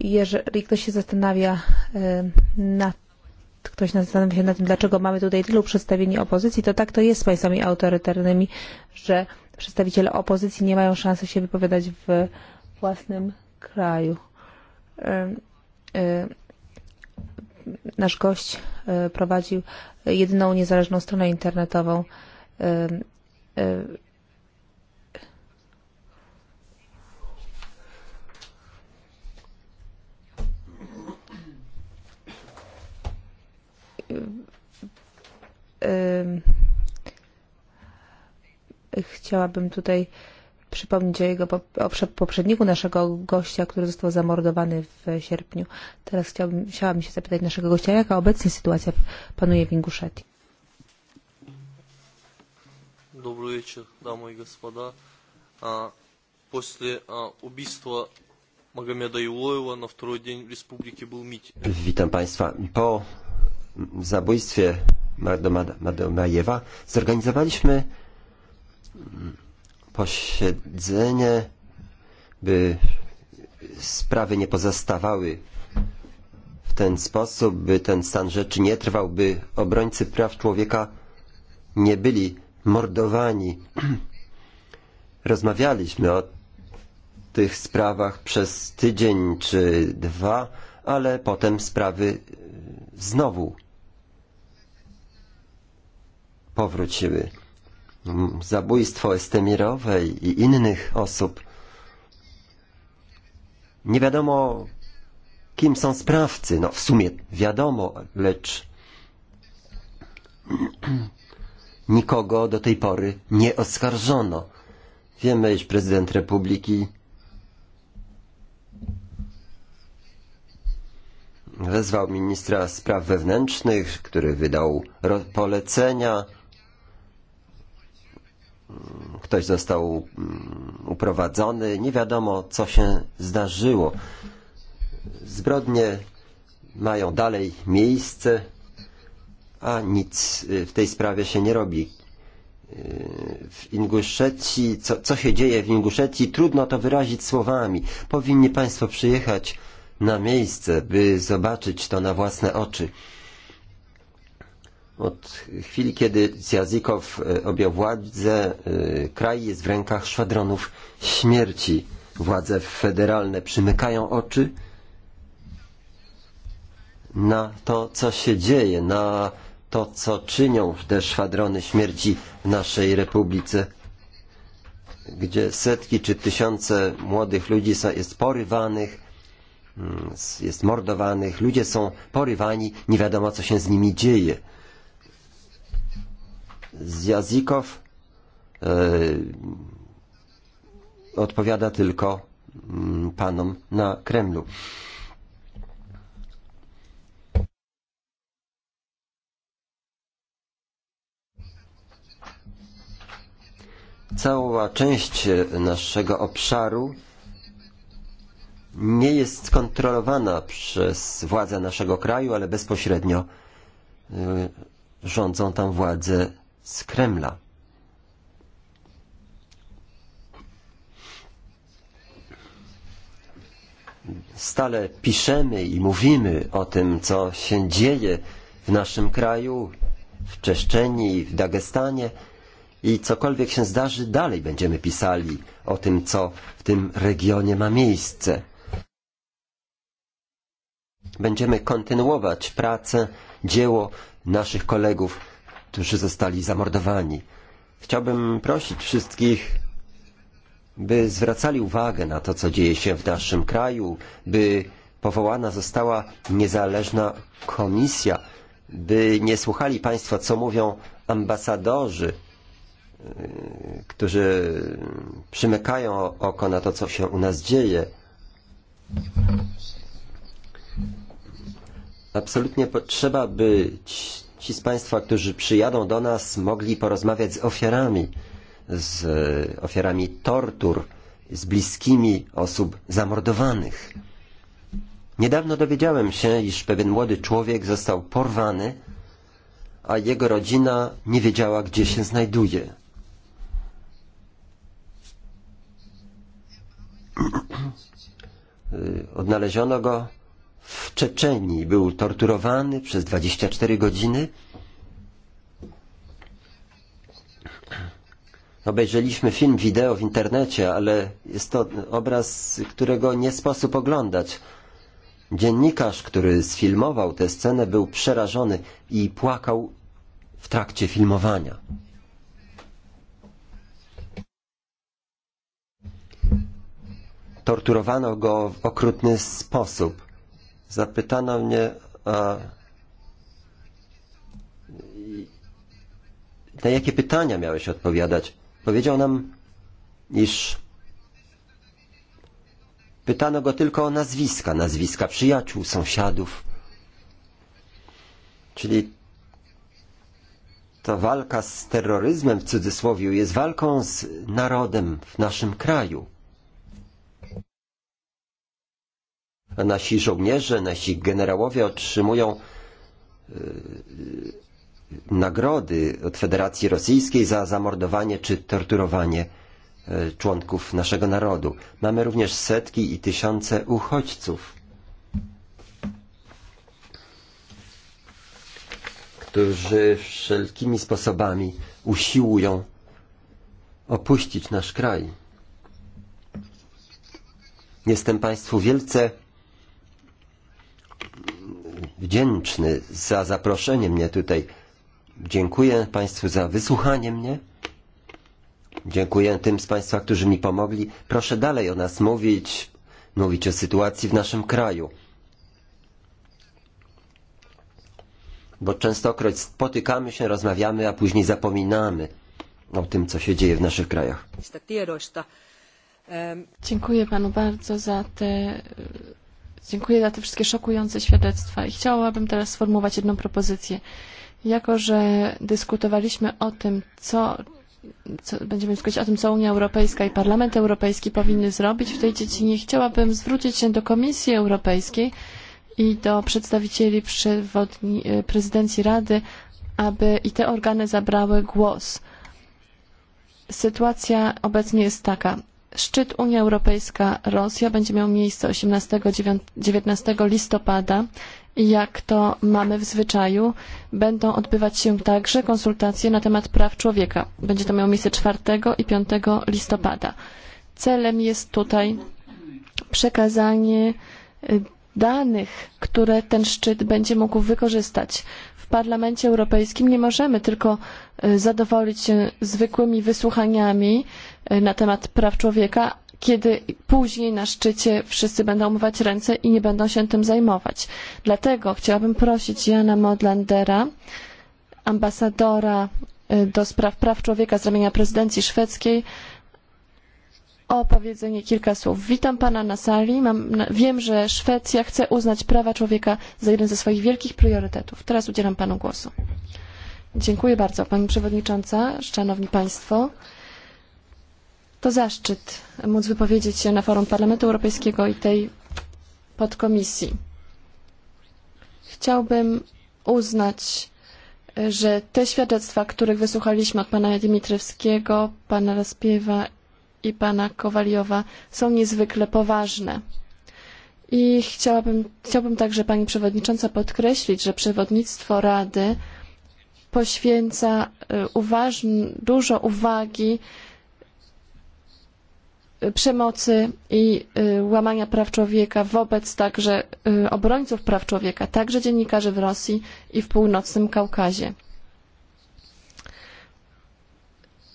jeżeli ktoś się zastanawia nad ktoś zastanawia się nad tym, dlaczego mamy tutaj tylu przedstawieni opozycji, to tak to jest z państwami autorytarnymi, że przedstawiciele opozycji nie mają szansy się wypowiadać w własnym kraju. E, e, nasz gość e, prowadził jedyną niezależną stronę internetową Chciałabym tutaj przypomnieć o jego poprzedniku, naszego gościa, który został zamordowany w sierpniu. Teraz chciałbym, chciałabym się zapytać naszego gościa, jaka obecnie sytuacja panuje w Inguszetii. Добрый вечер, дамы и господа. А, после а, убийства Магомеда Юлоева на второй день в республике был митинг. Witam Państwa. Po zabójstwie Madomajewa zorganizowaliśmy posiedzenie, by sprawy nie pozostawały w ten sposób, by ten stan rzeczy nie trwał, by obrońcy praw człowieka nie byli mordowani. Rozmawialiśmy o tych sprawach przez tydzień czy dwa, ale potem sprawy e, znowu powróciły zabójstwo Estemirowej i innych osób. Nie wiadomo, kim są sprawcy. No w sumie wiadomo, lecz nikogo do tej pory nie oskarżono. Wiemy, iż prezydent republiki wezwał ministra spraw wewnętrznych, który wydał polecenia ktoś został mm, uprowadzony, nie wiadomo co się zdarzyło. Zbrodnie mają dalej miejsce, a nic w tej sprawie się nie robi. W Inguszecji, co, co się dzieje w Inguszecji, trudno to wyrazić słowami. Powinni Państwo przyjechać na miejsce, by zobaczyć to na własne oczy. Od chwili, kiedy Zjazykow e, objął władzę, e, kraj jest w rękach szwadronów śmierci. Władze federalne przymykają oczy na to, co się dzieje, na to, co czynią te szwadrony śmierci w naszej republice, gdzie setki czy tysiące młodych ludzi są, jest porywanych, mm, jest mordowanych, ludzie są porywani, nie wiadomo, co się z nimi dzieje z jazyków e, odpowiada tylko mm, panom na Kremlu. Cała część naszego obszaru nie jest kontrolowana przez władze naszego kraju, ale bezpośrednio e, rządzą tam władze z Kremla. Stale piszemy i mówimy o tym, co się dzieje w naszym kraju, w Czeszczeni, w Dagestanie i cokolwiek się zdarzy, dalej będziemy pisali o tym, co w tym regionie ma miejsce. Będziemy kontynuować pracę, dzieło naszych kolegów którzy zostali zamordowani. Chciałbym prosić wszystkich, by zwracali uwagę na to, co dzieje się w naszym kraju, by powołana została niezależna komisja, by nie słuchali Państwo, co mówią ambasadorzy, którzy przymykają oko na to, co się u nas dzieje. Absolutnie potrzeba być ci z Państwa, którzy przyjadą do nas, mogli porozmawiać z ofiarami, z e, ofiarami tortur, z bliskimi osób zamordowanych. Niedawno dowiedziałem się, iż pewien młody człowiek został porwany, a jego rodzina nie wiedziała, gdzie się znajduje. E, odnaleziono go w Czeczenii. Był torturowany przez 24 godziny. Obejrzeliśmy film wideo w internecie, ale jest to obraz, którego nie sposób oglądać. Dziennikarz, który sfilmował tę scenę, był przerażony i płakał w trakcie filmowania. Torturowano go w okrutny sposób. Zapytano mnie, a na jakie pytania miałeś odpowiadać. Powiedział nam, iż pytano go tylko o nazwiska, nazwiska przyjaciół, sąsiadów. Czyli ta walka z terroryzmem w cudzysłowie jest walką z narodem w naszym kraju. nasi żołnierze, nasi generałowie otrzymują e, nagrody od Federacji Rosyjskiej za zamordowanie czy torturowanie e, członków naszego narodu. Mamy również setki i tysiące uchodźców, którzy wszelkimi sposobami usiłują opuścić nasz kraj. Jestem Państwu wielce wdzięczny za zaproszenie mnie tutaj. Dziękuję Państwu za wysłuchanie mnie. Dziękuję tym z Państwa, którzy mi pomogli. Proszę dalej o nas mówić, mówić o sytuacji w naszym kraju. Bo częstokroć spotykamy się, rozmawiamy, a później zapominamy o tym, co się dzieje w naszych krajach. Dziękuję Panu bardzo za te Dziękuję za te wszystkie szokujące świadectwa i chciałabym teraz sformułować jedną propozycję. Jako, że dyskutowaliśmy o tym, co, co będziemy dyskutować o tym, co Unia Europejska i Parlament Europejski powinny zrobić w tej dziedzinie, chciałabym zwrócić się do Komisji Europejskiej i do przedstawicieli przewodni, e, prezydencji Rady, aby i te organy zabrały głos. Sytuacja obecnie jest taka. Szczyt Unia Europejska-Rosja będzie miał miejsce 18-19 listopada i jak to mamy w zwyczaju, będą odbywać się także konsultacje na temat praw człowieka. Będzie to miało miejsce 4 i 5 listopada. Celem jest tutaj przekazanie danych, które ten szczyt będzie mógł wykorzystać. Parlamencie Europejskim nie możemy tylko e, zadowolić się zwykłymi wysłuchaniami e, na temat praw człowieka, kiedy później na szczycie wszyscy będą umywać ręce i nie będą się tym zajmować. Dlatego chciałabym prosić Jana Modlandera, ambasadora e, do spraw praw człowieka z ramienia prezydencji szwedzkiej, o powiedzenie kilka słów. Witam pana na sali. Mam, na, wiem, że Szwecja chce uznać prawa człowieka za jeden ze swoich wielkich priorytetów. Teraz udzielam panu głosu. Dziękuję bardzo, pani przewodnicząca, szanowni państwo. To zaszczyt móc wypowiedzieć się na forum Parlamentu Europejskiego i tej podkomisji. Chciałbym uznać, że te świadectwa, których wysłuchaliśmy od pana Dimitrywskiego, pana Raspiewa i pana Kowaliowa są niezwykle poważne. I chciałabym, chciałbym także pani przewodnicząca podkreślić, że przewodnictwo Rady poświęca uważ, dużo uwagi przemocy i łamania praw człowieka wobec także obrońców praw człowieka, także dziennikarzy w Rosji i w północnym Kaukazie.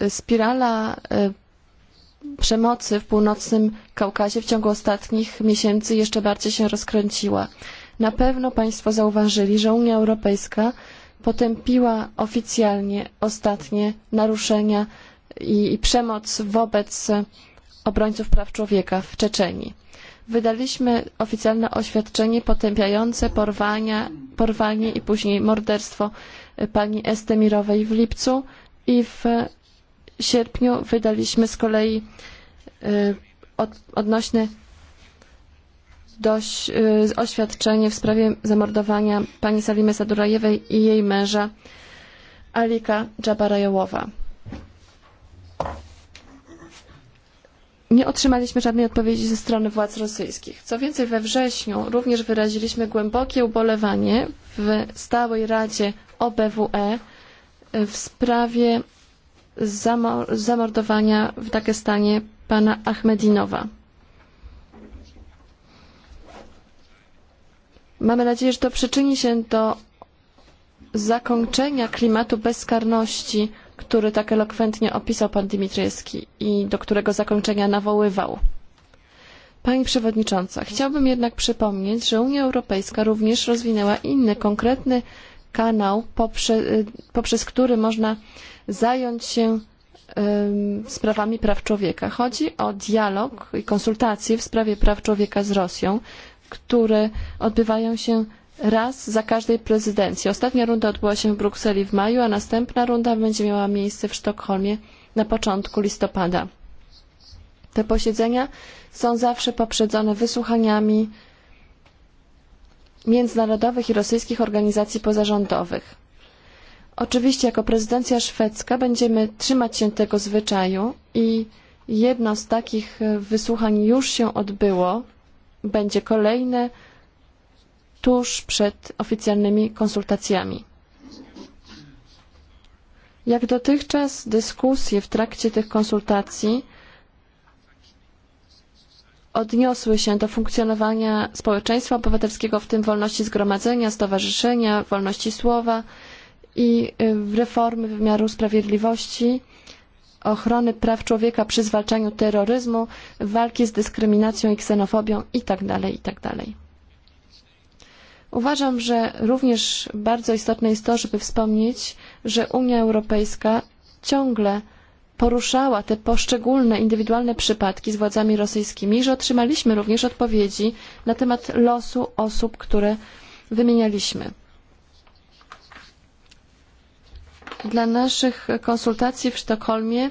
Spirala przemocy w północnym Kaukazie w ciągu ostatnich miesięcy jeszcze bardziej się rozkręciła. Na pewno Państwo zauważyli, że Unia Europejska potępiła oficjalnie ostatnie naruszenia i, i przemoc wobec obrońców praw człowieka w Czeczenii. Wydaliśmy oficjalne oświadczenie potępiające porwania, porwanie i później morderstwo pani Estemirowej w lipcu i w sierpniu wydaliśmy z kolei od, odnośne dość oświadczenie w sprawie zamordowania pani Salimy Sadurajewej i jej męża Alika Dżabarajowowa. Nie otrzymaliśmy żadnej odpowiedzi ze strony władz rosyjskich. Co więcej, we wrześniu również wyraziliśmy głębokie ubolewanie w Stałej Radzie OBWE w sprawie zamordowania w Dagestanie pana Ahmedinowa. Mamy nadzieję, że to przyczyni się do zakończenia klimatu bezkarności, który tak elokwentnie opisał pan Dimitriewski i do którego zakończenia nawoływał. Pani Przewodnicząca, chciałbym jednak przypomnieć, że Unia Europejska również rozwinęła inny konkretny kanał, poprze, poprzez który można zająć się sprawami praw człowieka. Chodzi o dialog i konsultacje w sprawie praw człowieka z Rosją, które odbywają się raz za każdej prezydencji. Ostatnia runda odbyła się w Brukseli w maju, a następna runda będzie miała miejsce w Sztokholmie na początku listopada. Te posiedzenia są zawsze poprzedzone wysłuchaniami, międzynarodowych i rosyjskich organizacji pozarządowych. Oczywiście jako prezydencja szwedzka będziemy trzymać się tego zwyczaju i jedno z takich wysłuchań już się odbyło. Będzie kolejne tuż przed oficjalnymi konsultacjami. Jak dotychczas dyskusje w trakcie tych konsultacji odniosły się do funkcjonowania społeczeństwa obywatelskiego, w tym wolności zgromadzenia, stowarzyszenia, wolności słowa i reformy wymiaru sprawiedliwości, ochrony praw człowieka przy zwalczaniu terroryzmu, walki z dyskryminacją i ksenofobią itd. itd. Uważam, że również bardzo istotne jest to, żeby wspomnieć, że Unia Europejska ciągle poruszała te poszczególne indywidualne przypadki z władzami rosyjskimi, że otrzymaliśmy również odpowiedzi na temat losu osób, które wymienialiśmy. Dla naszych konsultacji w Sztokholmie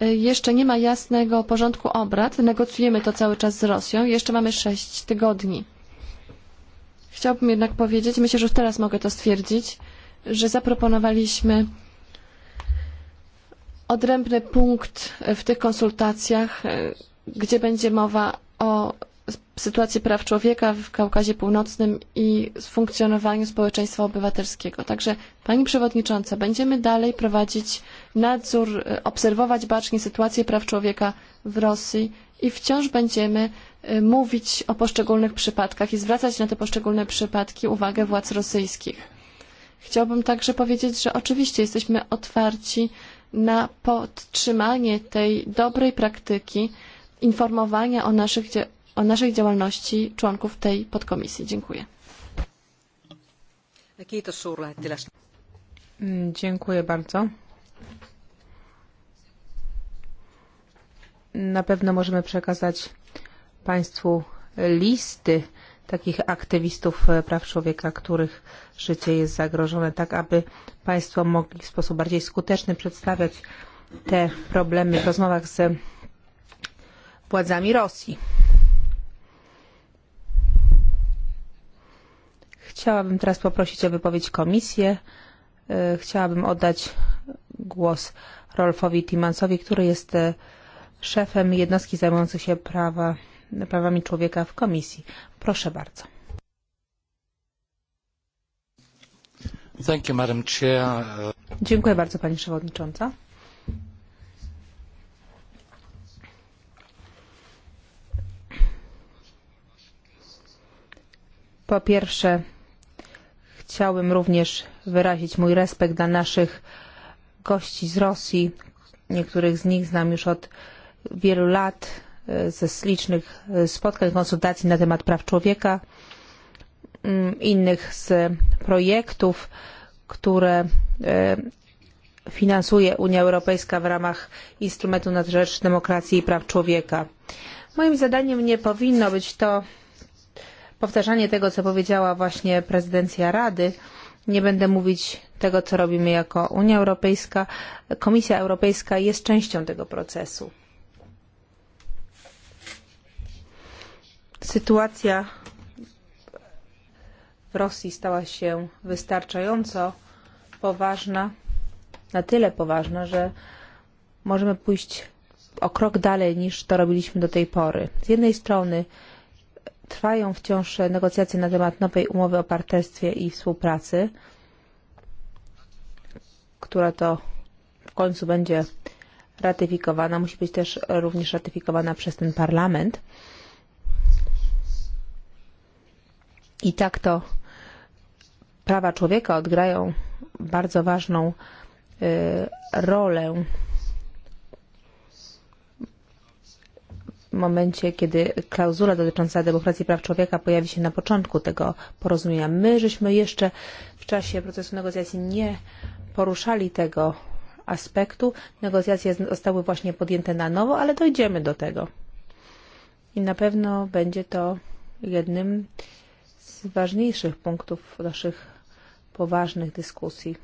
e, jeszcze nie ma jasnego porządku obrad. Negocjujemy to cały czas z Rosją. Jeszcze mamy sześć tygodni. Chciałbym jednak powiedzieć, myślę, że już teraz mogę to stwierdzić, że zaproponowaliśmy odrębny punkt w tych konsultacjach, e, gdzie będzie mowa o sytuacji praw człowieka w Kaukazie Północnym i funkcjonowaniu społeczeństwa obywatelskiego. Także Pani Przewodnicząca, będziemy dalej prowadzić nadzór, e, obserwować bacznie sytuację praw człowieka w Rosji i wciąż będziemy e, mówić o poszczególnych przypadkach i zwracać na te poszczególne przypadki uwagę władz rosyjskich. Chciałbym także powiedzieć, że oczywiście jesteśmy otwarci na podtrzymanie tej dobrej praktyki informowania o, naszych, o naszej działalności członków tej podkomisji. Dziękuję. Mm, dziękuję bardzo. Na pewno możemy przekazać Państwu listy takich aktywistów e, praw człowieka, których życie jest zagrożone, tak aby państwo mogli w sposób bardziej skuteczny przedstawiać te problemy w rozmowach z władzami Rosji. Chciałabym teraz poprosić o wypowiedź komisję. E, chciałabym oddać głos Rolfowi Timansowi, który jest e, szefem jednostki zajmującej się prawa, prawami człowieka w komisji. Proszę bardzo. Thank you, Madam Chair. Dziękuję bardzo Pani Przewodnicząca. Po pierwsze, chciałem również wyrazić mój respekt dla naszych gości z Rosji. Niektórych z nich znam już od wielu lat ze licznych e, spotkań, konsultacji na temat praw człowieka, mm, innych z projektów, które e, finansuje Unia Europejska w ramach instrumentu na rzecz demokracji i praw człowieka. Moim zadaniem nie powinno być to powtarzanie tego, co powiedziała właśnie prezydencja Rady. Nie będę mówić tego, co robimy jako Unia Europejska. Komisja Europejska jest częścią tego procesu. Sytuacja w Rosji stała się wystarczająco poważna, na tyle poważna, że możemy pójść o krok dalej niż to robiliśmy do tej pory. Z jednej strony trwają wciąż negocjacje na temat nowej umowy o partnerstwie i współpracy, która to w końcu będzie ratyfikowana, musi być też również ratyfikowana przez ten parlament. I tak to prawa człowieka odgrają bardzo ważną e, rolę w momencie, kiedy klauzula dotycząca demokracji i praw człowieka pojawi się na początku tego porozumienia. My żeśmy jeszcze w czasie procesu negocjacji nie poruszali tego aspektu. Negocjacje zostały właśnie podjęte na nowo, ale dojdziemy do tego. I na pewno będzie to jednym z ważniejszych punktów naszych poważnych dyskusji,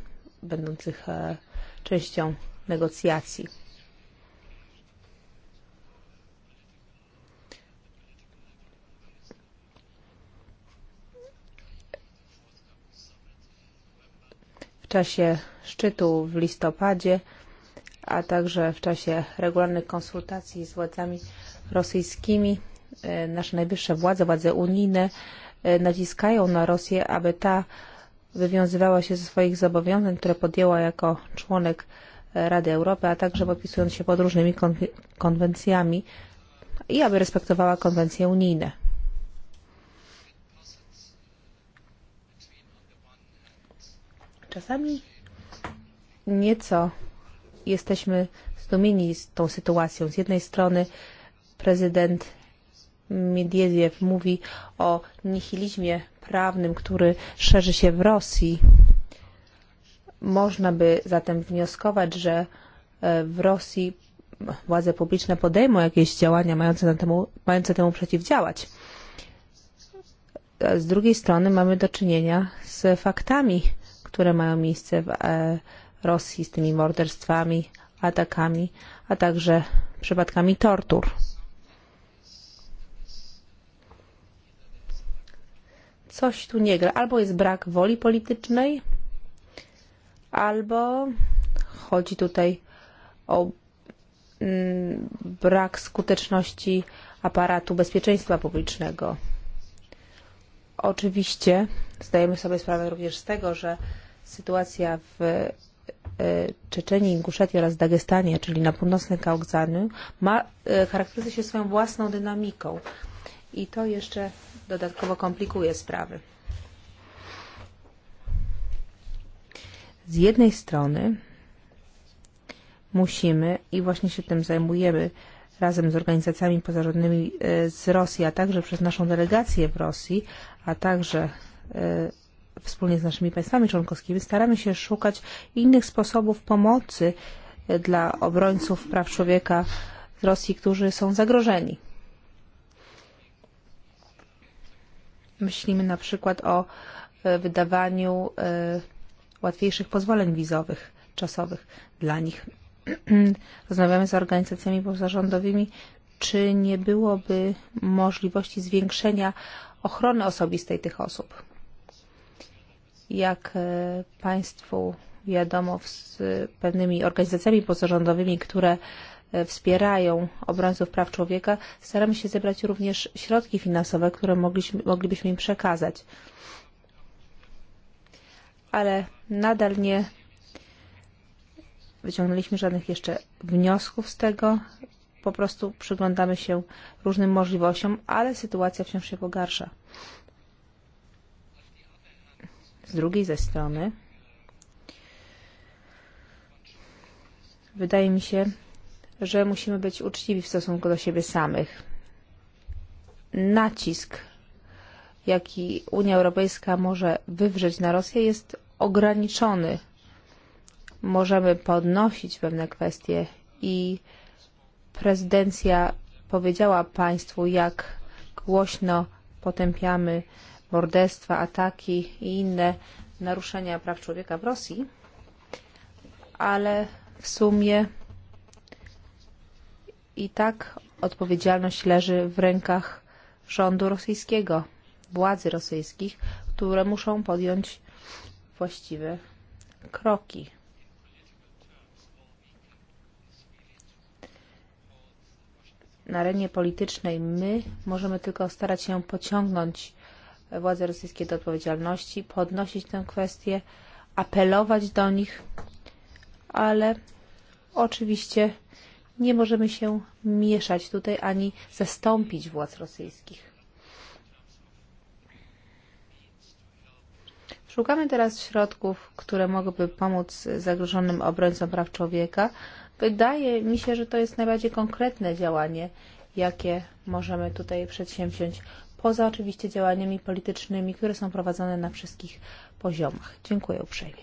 będących e, częścią negocjacji. W czasie szczytu w listopadzie, a także w czasie regularnych konsultacji z władzami rosyjskimi, e, nasze najwyższe władze, władze unijne, E, naciskają na Rosję, aby ta wywiązywała się ze swoich zobowiązań, które podjęła jako członek e, Rady Europy, a także podpisując się pod różnymi kon konwencjami i aby respektowała konwencje unijne. Czasami nieco jesteśmy zdumieni z tą sytuacją. Z jednej strony prezydent Miediediew mówi o nihilizmie prawnym, który szerzy się w Rosji. Można by zatem wnioskować, że e, w Rosji władze publiczne podejmą jakieś działania mające, na temu, mające temu przeciwdziałać. Z drugiej strony mamy do czynienia z faktami, które mają miejsce w e, Rosji, z tymi morderstwami, atakami, a także przypadkami tortur. coś tu nie gra. Albo jest brak woli politycznej, albo chodzi tutaj o mm, brak skuteczności aparatu bezpieczeństwa publicznego. Oczywiście zdajemy sobie sprawę również z tego, że sytuacja w e, Czeczeni, Inguszetii oraz Dagestanie, czyli na północnym Kaukzaniu, ma, e, charakteryzuje się swoją własną dynamiką. I to jeszcze dodatkowo komplikuje sprawy. Z jednej strony musimy i właśnie się tym zajmujemy razem z organizacjami pozarządnymi e, z Rosji, a także przez naszą delegację w Rosji, a także e, wspólnie z naszymi państwami członkowskimi staramy się szukać innych sposobów pomocy e, dla obrońców praw człowieka z Rosji, którzy są zagrożeni. Myślimy na przykład o e, wydawaniu e, łatwiejszych pozwoleń wizowych, czasowych dla nich. Rozmawiamy z organizacjami pozarządowymi, czy nie byłoby możliwości zwiększenia ochrony osobistej tych osób. Jak e, Państwu wiadomo, z pewnymi organizacjami pozarządowymi, które wspierają obrońców praw człowieka, staramy się zebrać również środki finansowe, które mogliśmy, moglibyśmy im przekazać. Ale nadal nie wyciągnęliśmy żadnych jeszcze wniosków z tego. Po prostu przyglądamy się różnym możliwościom, ale sytuacja wciąż się pogarsza. Z drugiej ze strony wydaje mi się, że musimy być uczciwi w stosunku do siebie samych. Nacisk, jaki Unia Europejska może wywrzeć na Rosję, jest ograniczony. Możemy podnosić pewne kwestie i prezydencja powiedziała państwu, jak głośno potępiamy morderstwa, ataki i inne naruszenia praw człowieka w Rosji, ale w sumie I tak odpowiedzialność leży w rękach rządu rosyjskiego, władzy rosyjskich, które muszą podjąć właściwe kroki. Na arenie politycznej my możemy tylko starać się pociągnąć władze rosyjskie do odpowiedzialności, podnosić tę kwestię, apelować do nich, ale oczywiście Nie możemy się mieszać tutaj ani zastąpić władz rosyjskich. Szukamy teraz środków, które mogłyby pomóc zagrożonym obrońcom praw człowieka. Wydaje mi się, że to jest najbardziej konkretne działanie, jakie możemy tutaj przedsięwziąć, poza oczywiście działaniami politycznymi, które są prowadzone na wszystkich poziomach. Dziękuję uprzejmie.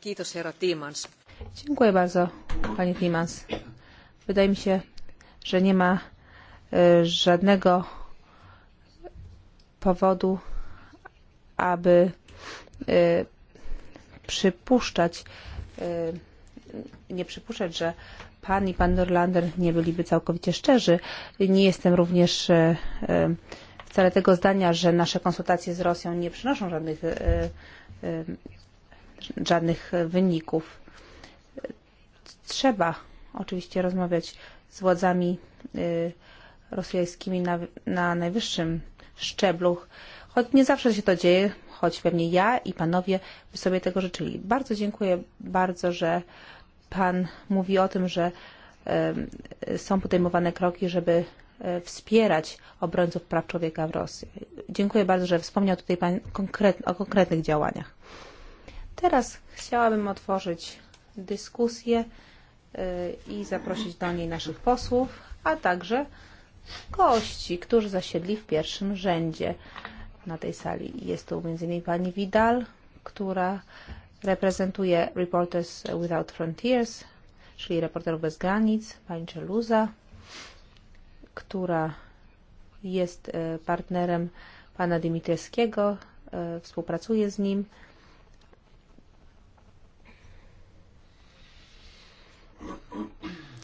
Kiitos herra Tiimans. Dziękuję bardzo, pani Timans. Wydaje mi się, że nie ma y, e, żadnego powodu, aby y, e, przypuszczać, y, e, nie przypuszczać, że pan i pan Norlander nie byliby całkowicie szczerzy. Nie jestem również wcale tego zdania, że nasze konsultacje z Rosją nie przynoszą żadnych, żadnych wyników trzeba oczywiście rozmawiać z władzami rosyjskimi na, na najwyższym szczeblu, choć nie zawsze się to dzieje, choć pewnie ja i panowie by sobie tego życzyli. Bardzo dziękuję bardzo, że pan mówi o tym, że są podejmowane kroki, żeby wspierać obrońców praw człowieka w Rosji. Dziękuję bardzo, że wspomniał tutaj Pan konkret, o konkretnych działaniach. Teraz chciałabym otworzyć dyskusję. E, i zaprosić do niej naszych posłów, a także gości, którzy zasiedli w pierwszym rzędzie na tej sali. Jest tu m.in. pani Vidal, która reprezentuje Reporters Without Frontiers, czyli Reporterów Bez Granic, pani Czeluza, która jest e, partnerem pana Dimitrieskiego, e, współpracuje z nim,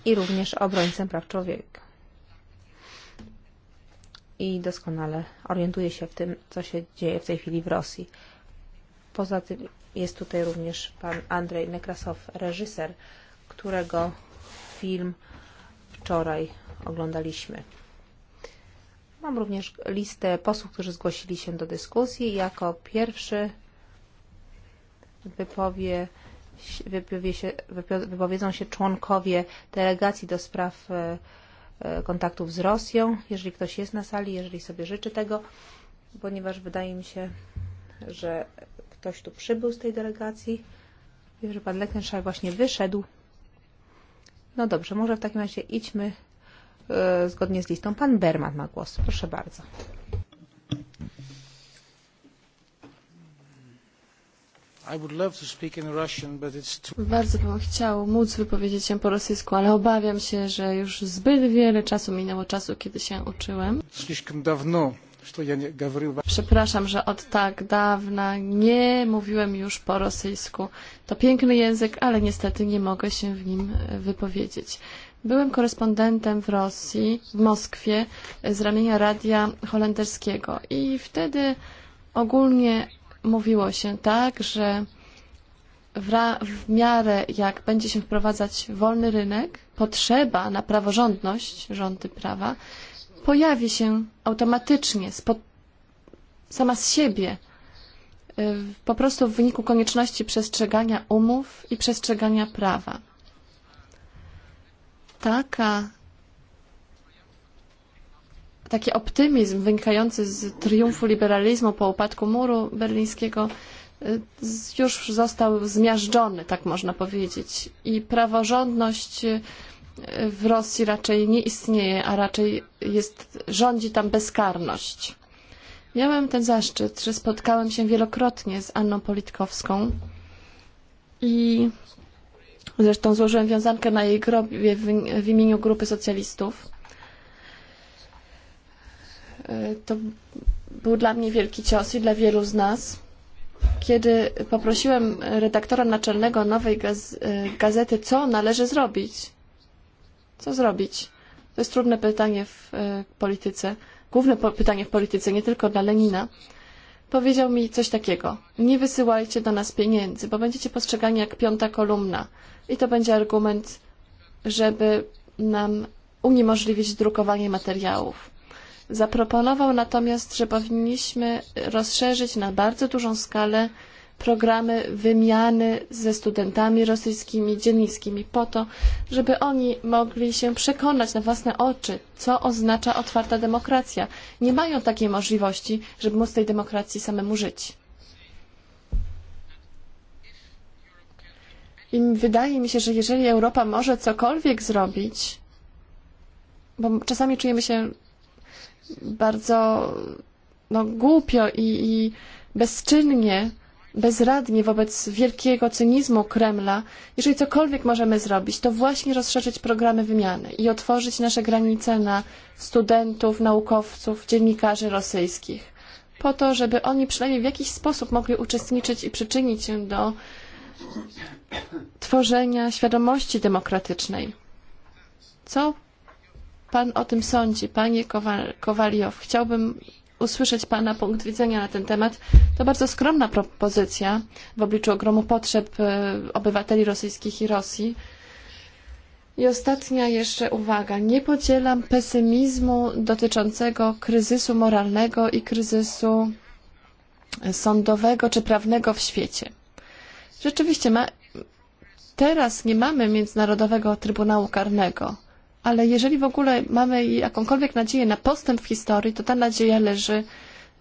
i również obrońcę praw człowieka. I doskonale orientuje się w tym, co się dzieje w tej chwili w Rosji. Poza tym jest tutaj również pan Andrzej Nekrasow, reżyser, którego film wczoraj oglądaliśmy. Mam również listę posłów, którzy zgłosili się do dyskusji. Jako pierwszy wypowie wypowie się, wypowiedzą się członkowie delegacji do spraw e, e, kontaktów z Rosją, jeżeli ktoś jest na sali, jeżeli sobie życzy tego, ponieważ wydaje mi się, że ktoś tu przybył z tej delegacji. Wiem, że pan Lekenszak właśnie wyszedł. No dobrze, może w takim razie idźmy e, zgodnie z listą. Pan Berman ma głos. Proszę bardzo. Russian, too... Bardzo bym chciał móc wypowiedzieć się po rosyjsku, ale obawiam się, że już zbyt wiele czasu minęło czasu, kiedy się uczyłem. Przepraszam, że od tak dawna nie mówiłem już po rosyjsku. To piękny język, ale niestety nie mogę się w nim e, wypowiedzieć. Byłem korespondentem w Rosji, w Moskwie, e, z ramienia radia holenderskiego i wtedy ogólnie mówiło się tak, że w, w miarę jak będzie się wprowadzać wolny rynek, potrzeba na praworządność rządy prawa pojawi się automatycznie, spod, sama z siebie, po prostu w wyniku konieczności przestrzegania umów i przestrzegania prawa. Taka taki optymizm wynikający z triumfu liberalizmu po upadku muru berlińskiego już został zmiażdżony, tak można powiedzieć. I praworządność w Rosji raczej nie istnieje, a raczej jest, rządzi tam bezkarność. Miałem ten zaszczyt, że spotkałem się wielokrotnie z Anną Politkowską i zresztą złożyłem wiązankę na jej grobie w, w imieniu grupy socjalistów. To był dla mnie wielki cios i dla wielu z nas. Kiedy poprosiłem redaktora naczelnego nowej gaz gazety, co należy zrobić, co zrobić, to jest trudne pytanie w polityce, główne po pytanie w polityce, nie tylko dla Lenina, powiedział mi coś takiego. Nie wysyłajcie do nas pieniędzy, bo będziecie postrzegani jak piąta kolumna. I to będzie argument, żeby nam uniemożliwić drukowanie materiałów. Zaproponował natomiast, że powinniśmy rozszerzyć na bardzo dużą skalę programy wymiany ze studentami rosyjskimi, dziennickimi, po to, żeby oni mogli się przekonać na własne oczy, co oznacza otwarta demokracja. Nie mają takiej możliwości, żeby móc tej demokracji samemu żyć. I wydaje mi się, że jeżeli Europa może cokolwiek zrobić, bo czasami czujemy się bardzo no, głupio i, i bezczynnie, bezradnie wobec wielkiego cynizmu Kremla, jeżeli cokolwiek możemy zrobić, to właśnie rozszerzyć programy wymiany i otworzyć nasze granice na studentów, naukowców, dziennikarzy rosyjskich, po to, żeby oni przynajmniej w jakiś sposób mogli uczestniczyć i przyczynić się do tworzenia świadomości demokratycznej. Co Pan o tym sądzi, panie Kowal Kowaliow. Chciałbym usłyszeć Pana punkt widzenia na ten temat. To bardzo skromna propozycja w obliczu ogromu potrzeb e, obywateli rosyjskich i Rosji. I ostatnia jeszcze uwaga. Nie podzielam pesymizmu dotyczącego kryzysu moralnego i kryzysu sądowego czy prawnego w świecie. Rzeczywiście ma, teraz nie mamy Międzynarodowego Trybunału Karnego ale jeżeli w ogóle mamy jakąkolwiek nadzieję na postęp w historii, to ta nadzieja leży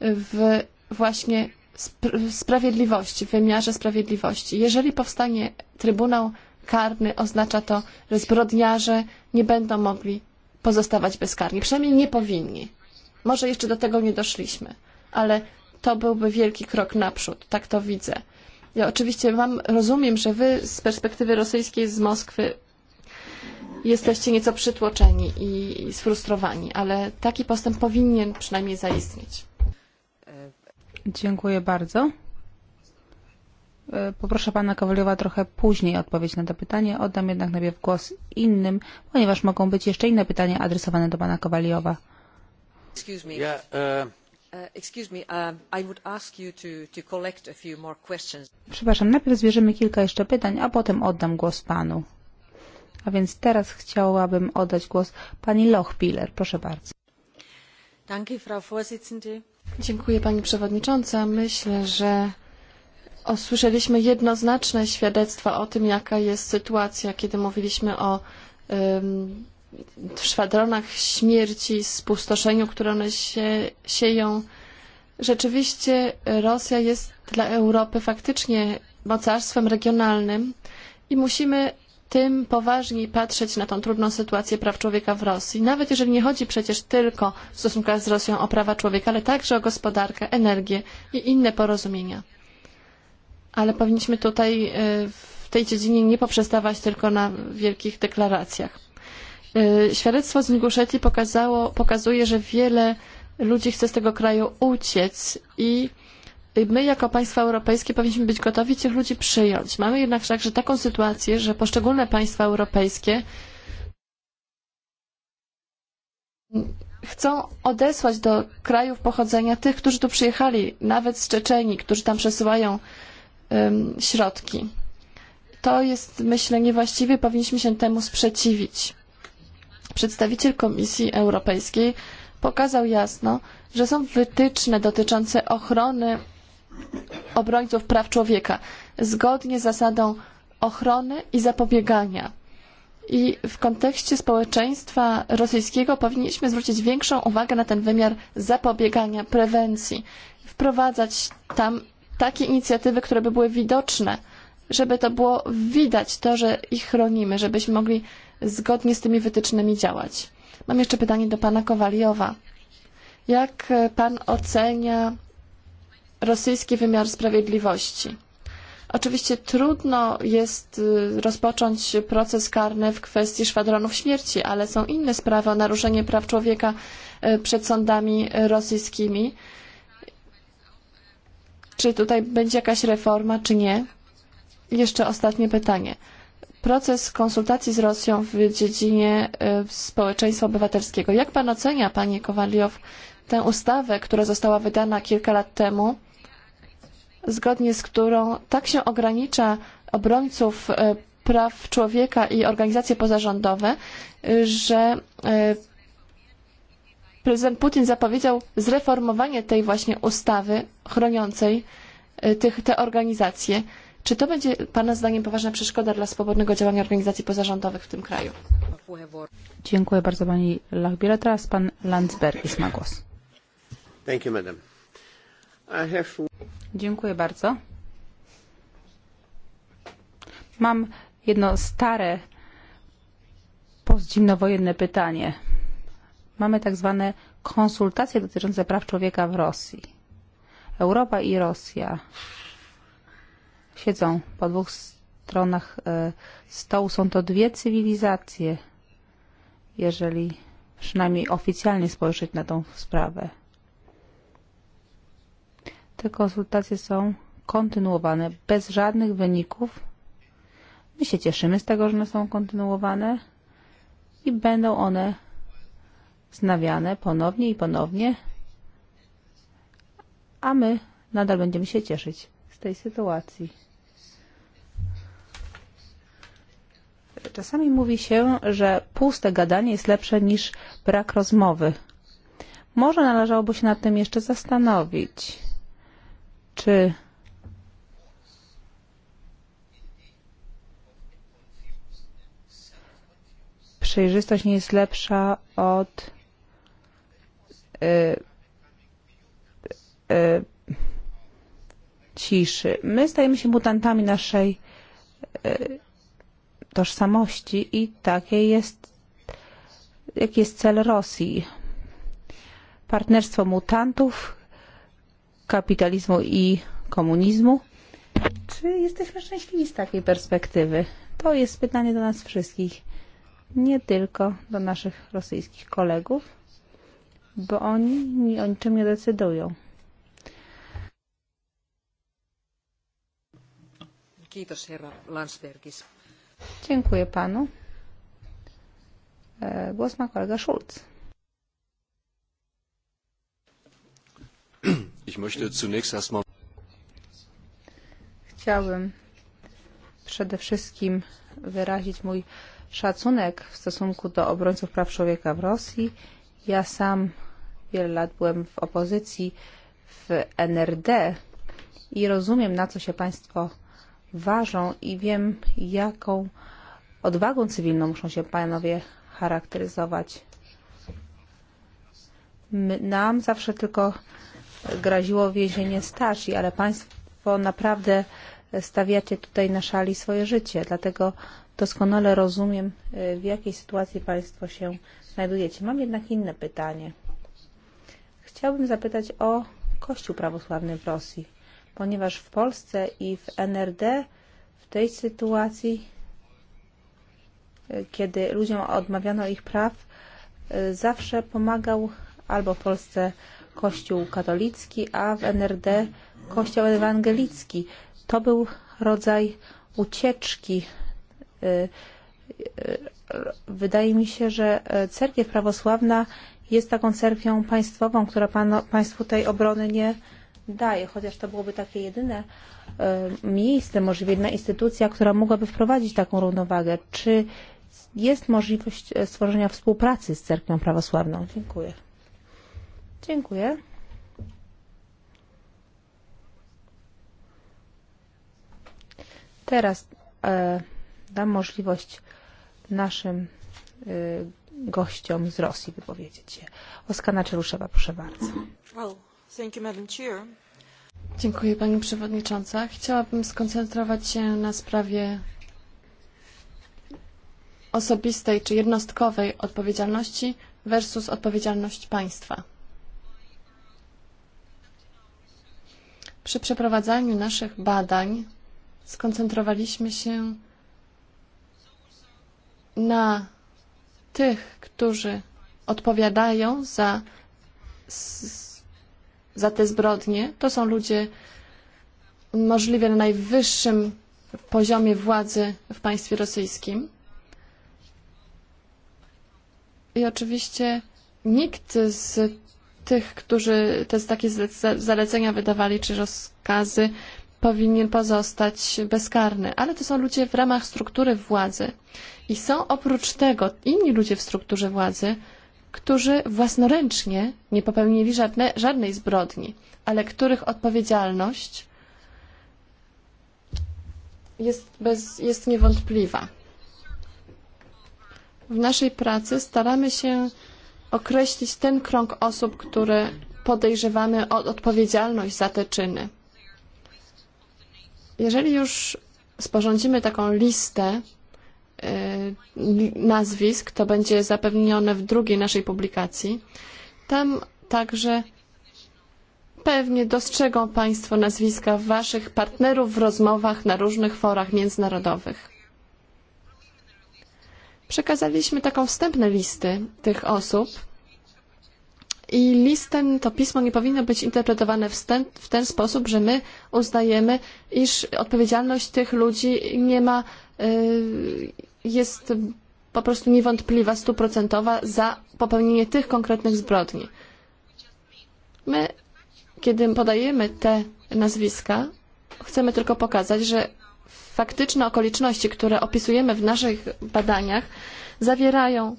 w właśnie sprawiedliwości, w wymiarze sprawiedliwości. Jeżeli powstanie Trybunał Karny, oznacza to, że zbrodniarze nie będą mogli pozostawać bezkarni. Przynajmniej nie powinni. Może jeszcze do tego nie doszliśmy, ale to byłby wielki krok naprzód. Tak to widzę. Ja oczywiście mam, rozumiem, że wy z perspektywy rosyjskiej z Moskwy jesteście nieco przytłoczeni i sfrustrowani, ale taki postęp powinien przynajmniej zaistnieć. Dziękuję bardzo. E, poproszę pana Kowaliowa trochę później odpowiedź na to pytanie. Oddam jednak najpierw głos innym, ponieważ mogą być jeszcze inne pytania adresowane do pana Kowaliowa. Excuse me. Yeah, uh... Przepraszam, najpierw zbierzemy kilka jeszcze pytań, a potem oddam głos panu. A więc teraz chciałabym oddać głos pani Lochpiller. Proszę bardzo. Danke, Frau Vorsitzende. Dziękuję pani przewodnicząca. Myślę, że Osłyszeliśmy jednoznaczne świadectwa o tym, jaka jest sytuacja, kiedy mówiliśmy o ym, szwadronach śmierci, spustoszeniu, które one się, sieją. Rzeczywiście Rosja jest dla Europy faktycznie mocarstwem regionalnym i musimy tym poważniej patrzeć na tą trudną sytuację praw człowieka w Rosji. Nawet jeżeli nie chodzi przecież tylko w stosunkach z Rosją o prawa człowieka, ale także o gospodarkę, energię i inne porozumienia. Ale powinniśmy tutaj w tej dziedzinie nie poprzestawać tylko na wielkich deklaracjach. Świadectwo z Inguszetii pokazało, pokazuje, że wiele ludzi chce z tego kraju uciec i my jako państwa europejskie powinniśmy być gotowi tych ludzi przyjąć. Mamy jednak także taką sytuację, że poszczególne państwa europejskie chcą odesłać do krajów pochodzenia tych, którzy tu przyjechali, nawet z Czeczeni, którzy tam przesyłają ym, środki. To jest, myślę, niewłaściwie. Powinniśmy się temu sprzeciwić. Przedstawiciel Komisji Europejskiej pokazał jasno, że są wytyczne dotyczące ochrony obrońców praw człowieka zgodnie z zasadą ochrony i zapobiegania. I w kontekście społeczeństwa rosyjskiego powinniśmy zwrócić większą uwagę na ten wymiar zapobiegania, prewencji, wprowadzać tam takie inicjatywy, które by były widoczne, żeby to było widać, to, że ich chronimy, żebyśmy mogli zgodnie z tymi wytycznymi działać. Mam jeszcze pytanie do pana Kowaliowa. Jak pan ocenia rosyjski wymiar sprawiedliwości. Oczywiście trudno jest rozpocząć proces karny w kwestii szwadronów śmierci, ale są inne sprawy o naruszenie praw człowieka przed sądami rosyjskimi. Czy tutaj będzie jakaś reforma, czy nie? Jeszcze ostatnie pytanie. Proces konsultacji z Rosją w dziedzinie społeczeństwa obywatelskiego. Jak pan ocenia, panie Kowaliow, tę ustawę, która została wydana kilka lat temu? zgodnie z którą tak się ogranicza obrońców e, praw człowieka i organizacje pozarządowe, e, że e, prezydent Putin zapowiedział zreformowanie tej właśnie ustawy chroniącej tych, te organizacje. Czy to będzie Pana zdaniem poważna przeszkoda dla swobodnego działania organizacji pozarządowych w tym kraju? Dziękuję bardzo Pani Lachbiele. Teraz Pan Landsbergis ma głos. Thank you, madam. I have... Dziękuję bardzo. Mam jedno stare, pozimnowojenne pytanie. Mamy tak zwane konsultacje dotyczące praw człowieka w Rosji. Europa i Rosja siedzą po dwóch stronach e, stołu. Są to dwie cywilizacje, jeżeli przynajmniej oficjalnie spojrzeć na tą sprawę. Te konsultacje są kontynuowane bez żadnych wyników. My się cieszymy z tego, że one są kontynuowane i będą one znawiane ponownie i ponownie, a my nadal będziemy się cieszyć z tej sytuacji. Czasami mówi się, że puste gadanie jest lepsze niż brak rozmowy. Może należałoby się nad tym jeszcze zastanowić. Czy przejrzystość nie jest lepsza od y, y, ciszy. My stajemy się mutantami naszej y, tożsamości i takie jest, jaki jest cel Rosji. Partnerstwo mutantów, kapitalizmu i komunizmu? Czy jesteśmy szczęśliwi z takiej perspektywy? To jest pytanie do nas wszystkich, nie tylko do naszych rosyjskich kolegów, bo oni o niczym nie decydują. Kiitos, herra Landsbergis. Dziękuję panu. E, głos ma kolega Schulz. Ich möchte zunächst erstmal. Chciałem przede wszystkim wyrazić mój szacunek w stosunku do obrońców praw człowieka w Rosji. Ja sam wiele lat byłem w opozycji w NRD i rozumiem, na co się Państwo ważą i wiem, jaką odwagą cywilną muszą się Panowie charakteryzować. My, nam zawsze tylko groziło więzienie starzy, ale Państwo naprawdę stawiacie tutaj na szali swoje życie, dlatego doskonale rozumiem, w jakiej sytuacji Państwo się znajdujecie. Mam jednak inne pytanie. Chciałbym zapytać o Kościół prawosławny w Rosji, ponieważ w Polsce i w NRD w tej sytuacji, kiedy ludziom odmawiano ich praw, zawsze pomagał albo w Polsce Kościół katolicki, a w NRD Kościół ewangelicki. To był rodzaj ucieczki. Wydaje mi się, że cerkiew prawosławna jest taką cerkwią państwową, która panu, państwu tej obrony nie daje, chociaż to byłoby takie jedyne miejsce, możliwie jedna instytucja, która mogłaby wprowadzić taką równowagę. Czy jest możliwość e, stworzenia współpracy z cerkwią prawosławną? Dziękuję. Dziękuję. Teraz e, dam możliwość naszym e, gościom z Rosji wypowiedzieć się. Oskana Czeluszewa, proszę bardzo. Oh, thank you, Madam Chair. Dziękuję Pani Przewodnicząca. Chciałabym skoncentrować się na sprawie osobistej czy jednostkowej odpowiedzialności versus odpowiedzialność państwa. Przy przeprowadzaniu naszych badań skoncentrowaliśmy się na tych, którzy odpowiadają za, za te zbrodnie. To są ludzie możliwie na najwyższym poziomie władzy w państwie rosyjskim. I oczywiście nikt z tych, którzy te takie zalecenia wydawali czy rozkazy, powinien pozostać bezkarny. Ale to są ludzie w ramach struktury władzy. I są oprócz tego inni ludzie w strukturze władzy, którzy własnoręcznie nie popełnili żadne, żadnej zbrodni, ale których odpowiedzialność jest, bez, jest niewątpliwa. W naszej pracy staramy się określić ten krąg osób, które podejrzewamy o odpowiedzialność za te czyny. Jeżeli już sporządzimy taką listę y, nazwisk, to będzie zapewnione w drugiej naszej publikacji. Tam także pewnie dostrzegą Państwo nazwiska Waszych partnerów w rozmowach na różnych forach międzynarodowych przekazaliśmy taką wstępne listy tych osób i list ten, to pismo nie powinno być interpretowane w ten, w ten sposób, że my uznajemy, iż odpowiedzialność tych ludzi nie ma, y, jest po prostu niewątpliwa, stuprocentowa za popełnienie tych konkretnych zbrodni. My, kiedy podajemy te nazwiska, chcemy tylko pokazać, że faktyczne okoliczności, które opisujemy w naszych badaniach, zawierają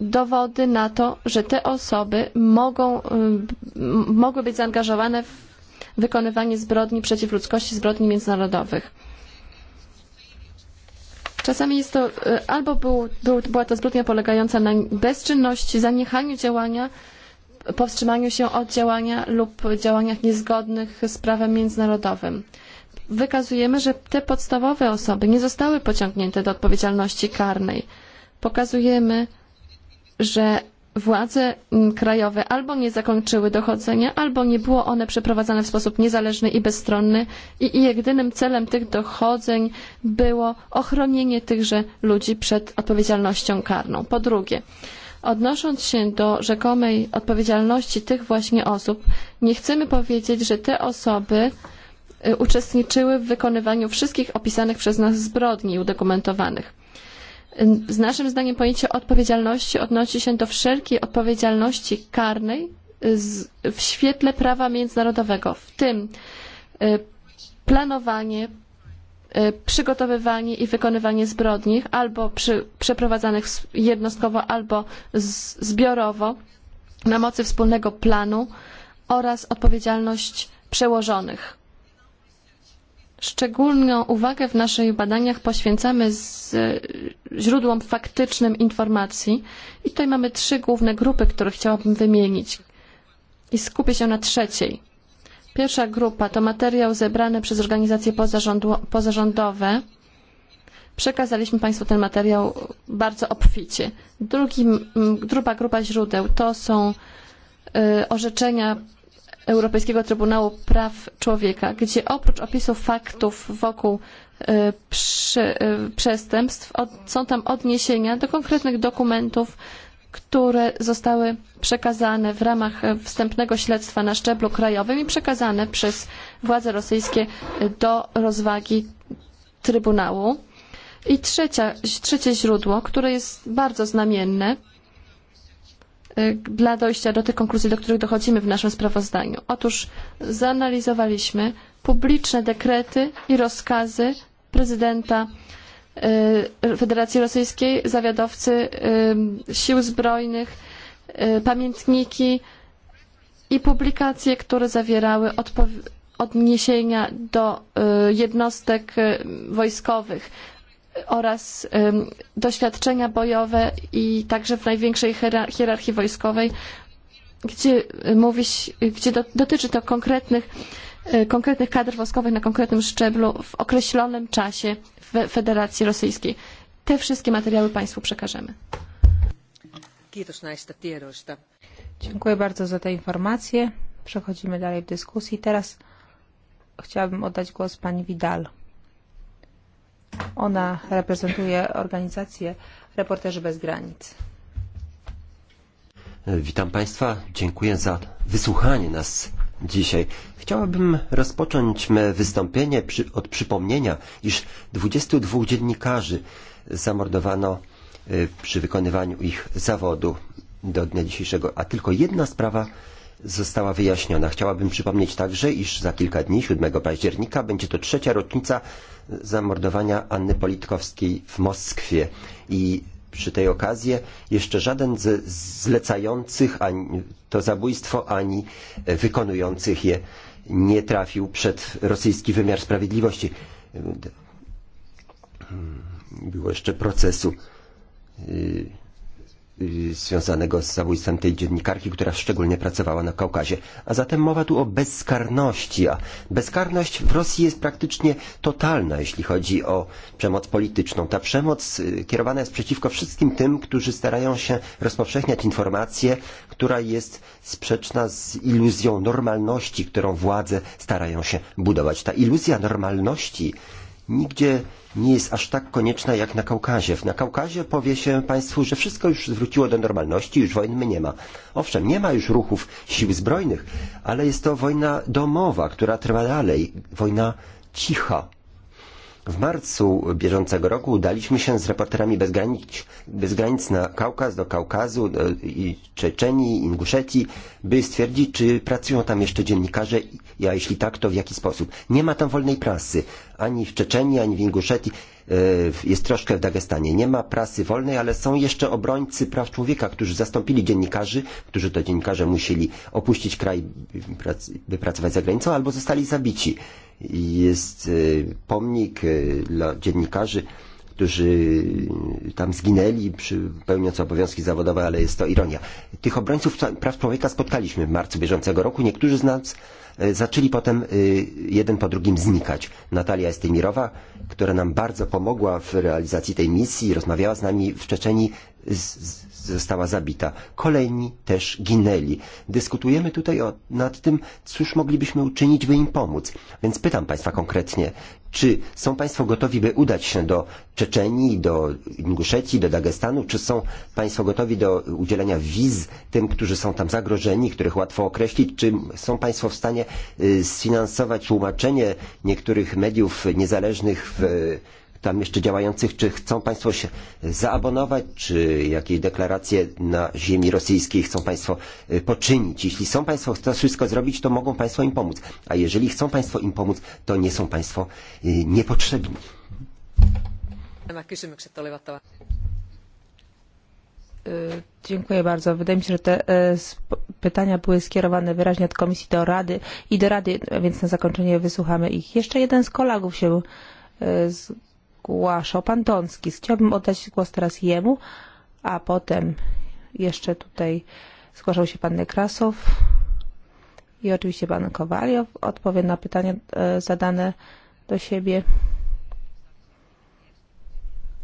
dowody na to, że te osoby mogą, mogły być zaangażowane w wykonywanie zbrodni przeciw ludzkości, zbrodni międzynarodowych. Czasami jest to, albo był, był, była to zbrodnia polegająca na bezczynności, zaniechaniu działania, powstrzymaniu się od działania lub działaniach niezgodnych z prawem międzynarodowym wykazujemy, że te podstawowe osoby nie zostały pociągnięte do odpowiedzialności karnej. Pokazujemy, że władze mm, krajowe albo nie zakończyły dochodzenia, albo nie było one przeprowadzane w sposób niezależny i bezstronny i jedynym celem tych dochodzeń było ochronienie tychże ludzi przed odpowiedzialnością karną. Po drugie, odnosząc się do rzekomej odpowiedzialności tych właśnie osób, nie chcemy powiedzieć, że te osoby E, uczestniczyły w wykonywaniu wszystkich opisanych przez nas zbrodni udokumentowanych. E, z naszym zdaniem pojęcie odpowiedzialności odnosi się do wszelkiej odpowiedzialności karnej e, z, w świetle prawa międzynarodowego, w tym planowanie, przygotowywanie i wykonywanie zbrodni albo przy, przeprowadzanych jednostkowo, albo z, zbiorowo na mocy wspólnego planu oraz odpowiedzialność przełożonych Szczególną uwagę w naszych badaniach poświęcamy z, e, źródłom faktycznym informacji i tutaj mamy trzy główne grupy, które chciałabym wymienić i skupię się na trzeciej. Pierwsza grupa to materiał zebrany przez organizacje pozarządowe. Przekazaliśmy Państwu ten materiał bardzo obficie. Drugi, druga grupa źródeł to są y, e, orzeczenia Europejskiego Trybunału Praw Człowieka, gdzie oprócz opisu faktów wokół y, e, przy, y, e, przestępstw od, są tam odniesienia do konkretnych dokumentów, które zostały przekazane w ramach e, wstępnego śledztwa na szczeblu krajowym i przekazane przez władze rosyjskie do rozwagi Trybunału. I trzecia, trzecie źródło, które jest bardzo znamienne, E, dla dojścia do tych konkluzji, do których dochodzimy w naszym sprawozdaniu. Otóż zanalizowaliśmy publiczne dekrety i rozkazy prezydenta e, Federacji Rosyjskiej, zawiadowcy e, sił zbrojnych, pamiętniki i publikacje, które zawierały odpowiedzi odniesienia do jednostek wojskowych oraz doświadczenia bojowe i także w największej hierarchii wojskowej, gdzie, mówi, gdzie dotyczy to konkretnych, e, konkretnych kadr wojskowych na konkretnym szczeblu w określonym czasie w Federacji Rosyjskiej. Te wszystkie materiały Państwu przekażemy. Dziękuję bardzo za te informacje. Przechodzimy dalej w dyskusji. Teraz chciałabym oddać głos pani Vidal. Ona reprezentuje organizację Reporterzy Bez Granic. Witam Państwa, dziękuję za wysłuchanie nas dzisiaj. Chciałabym rozpocząć me wystąpienie przy, od przypomnienia, iż 22 dziennikarzy zamordowano przy wykonywaniu ich zawodu do dnia dzisiejszego, a tylko jedna sprawa została wyjaśniona. Chciałabym przypomnieć także, iż za kilka dni, 7 października, będzie to trzecia rocznica zamordowania Anny Politkowskiej w Moskwie. I przy tej okazji jeszcze żaden z zlecających ani to zabójstwo, ani e, wykonujących je nie trafił przed rosyjski wymiar sprawiedliwości. Hmm, było jeszcze procesu. Yy związanego z zabójstwem tej dziennikarki, która szczególnie pracowała na Kaukazie. A zatem mowa tu o bezkarności, a bezkarność w Rosji jest praktycznie totalna, jeśli chodzi o przemoc polityczną. Ta przemoc kierowana jest przeciwko wszystkim tym, którzy starają się rozpowszechniać informację, która jest sprzeczna z iluzją normalności, którą władze starają się budować. Ta iluzja normalności, nigdzie nie jest aż tak konieczna jak na Kaukazie. Na Kaukazie powie się Państwu, że wszystko już zwróciło do normalności, już wojny nie ma. Owszem, nie ma już ruchów sił zbrojnych, ale jest to wojna domowa, która trwa dalej, wojna cicha. W marcu bieżącego roku udaliśmy się z reporterami bez granic, bez granic na Kaukaz, do Kaukazu, i Czeczenii, Inguszetii, by stwierdzić, czy pracują tam jeszcze dziennikarze, a jeśli tak, to w jaki sposób. Nie ma tam wolnej prasy, ani w Czeczenii, ani w Inguszetii. E, jest troszkę w Dagestanie. Nie ma prasy wolnej, ale są jeszcze obrońcy praw człowieka, którzy zastąpili dziennikarzy, którzy to dziennikarze musieli opuścić kraj, by pracować za granicą, albo zostali zabici. Jest e, pomnik e, dla dziennikarzy, którzy tam zginęli, pełniąc obowiązki zawodowe, ale jest to ironia. Tych obrońców praw człowieka spotkaliśmy w marcu bieżącego roku. Niektórzy z nas e, zaczęli potem e, jeden po drugim znikać. Natalia Estymirowa, która nam bardzo pomogła w realizacji tej misji, rozmawiała z nami w Czeczeni, została zabita. Kolejni też ginęli. Dyskutujemy tutaj o, nad tym, cóż moglibyśmy uczynić, by im pomóc. Więc pytam Państwa konkretnie, Czy są Państwo gotowi, by udać się do Czeczenii, do Inguszecji, do Dagestanu? Czy są Państwo gotowi do udzielenia wiz tym, którzy są tam zagrożeni, których łatwo określić? Czy są Państwo w stanie sfinansować tłumaczenie niektórych mediów niezależnych w tam jeszcze działających, czy chcą Państwo się zaabonować, czy jakieś deklaracje na ziemi rosyjskiej chcą Państwo poczynić. Jeśli są Państwo, chcą wszystko zrobić, to mogą Państwo im pomóc. A jeżeli chcą Państwo im pomóc, to nie są Państwo niepotrzebni. Nämä kysymykset olivat Dziękuję bardzo. Wydaje mi się, że te pytania były skierowane wyraźnie od komisji do Rady i do Rady, więc na zakończenie wysłuchamy ich. Jeszcze jeden z kolegów się Głaszo Pantonski. Chciałbym oddać głos teraz jemu, a potem jeszcze tutaj zgłaszał się pan Nekrasow i oczywiście pan Kowaliow odpowie na pytania e, zadane do siebie.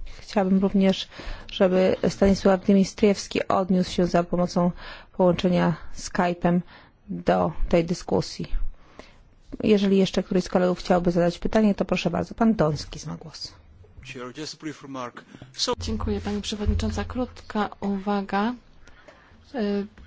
Chciałabym również, żeby Stanisław Dymistriewski odniósł się za pomocą połączenia Skype'em do tej dyskusji. Jeżeli jeszcze któryś z kolegów chciałby zadać pytanie, to proszę bardzo, pan Donski ma głos. Dziękuję Pani Przewodnicząca. Krótka uwaga. E,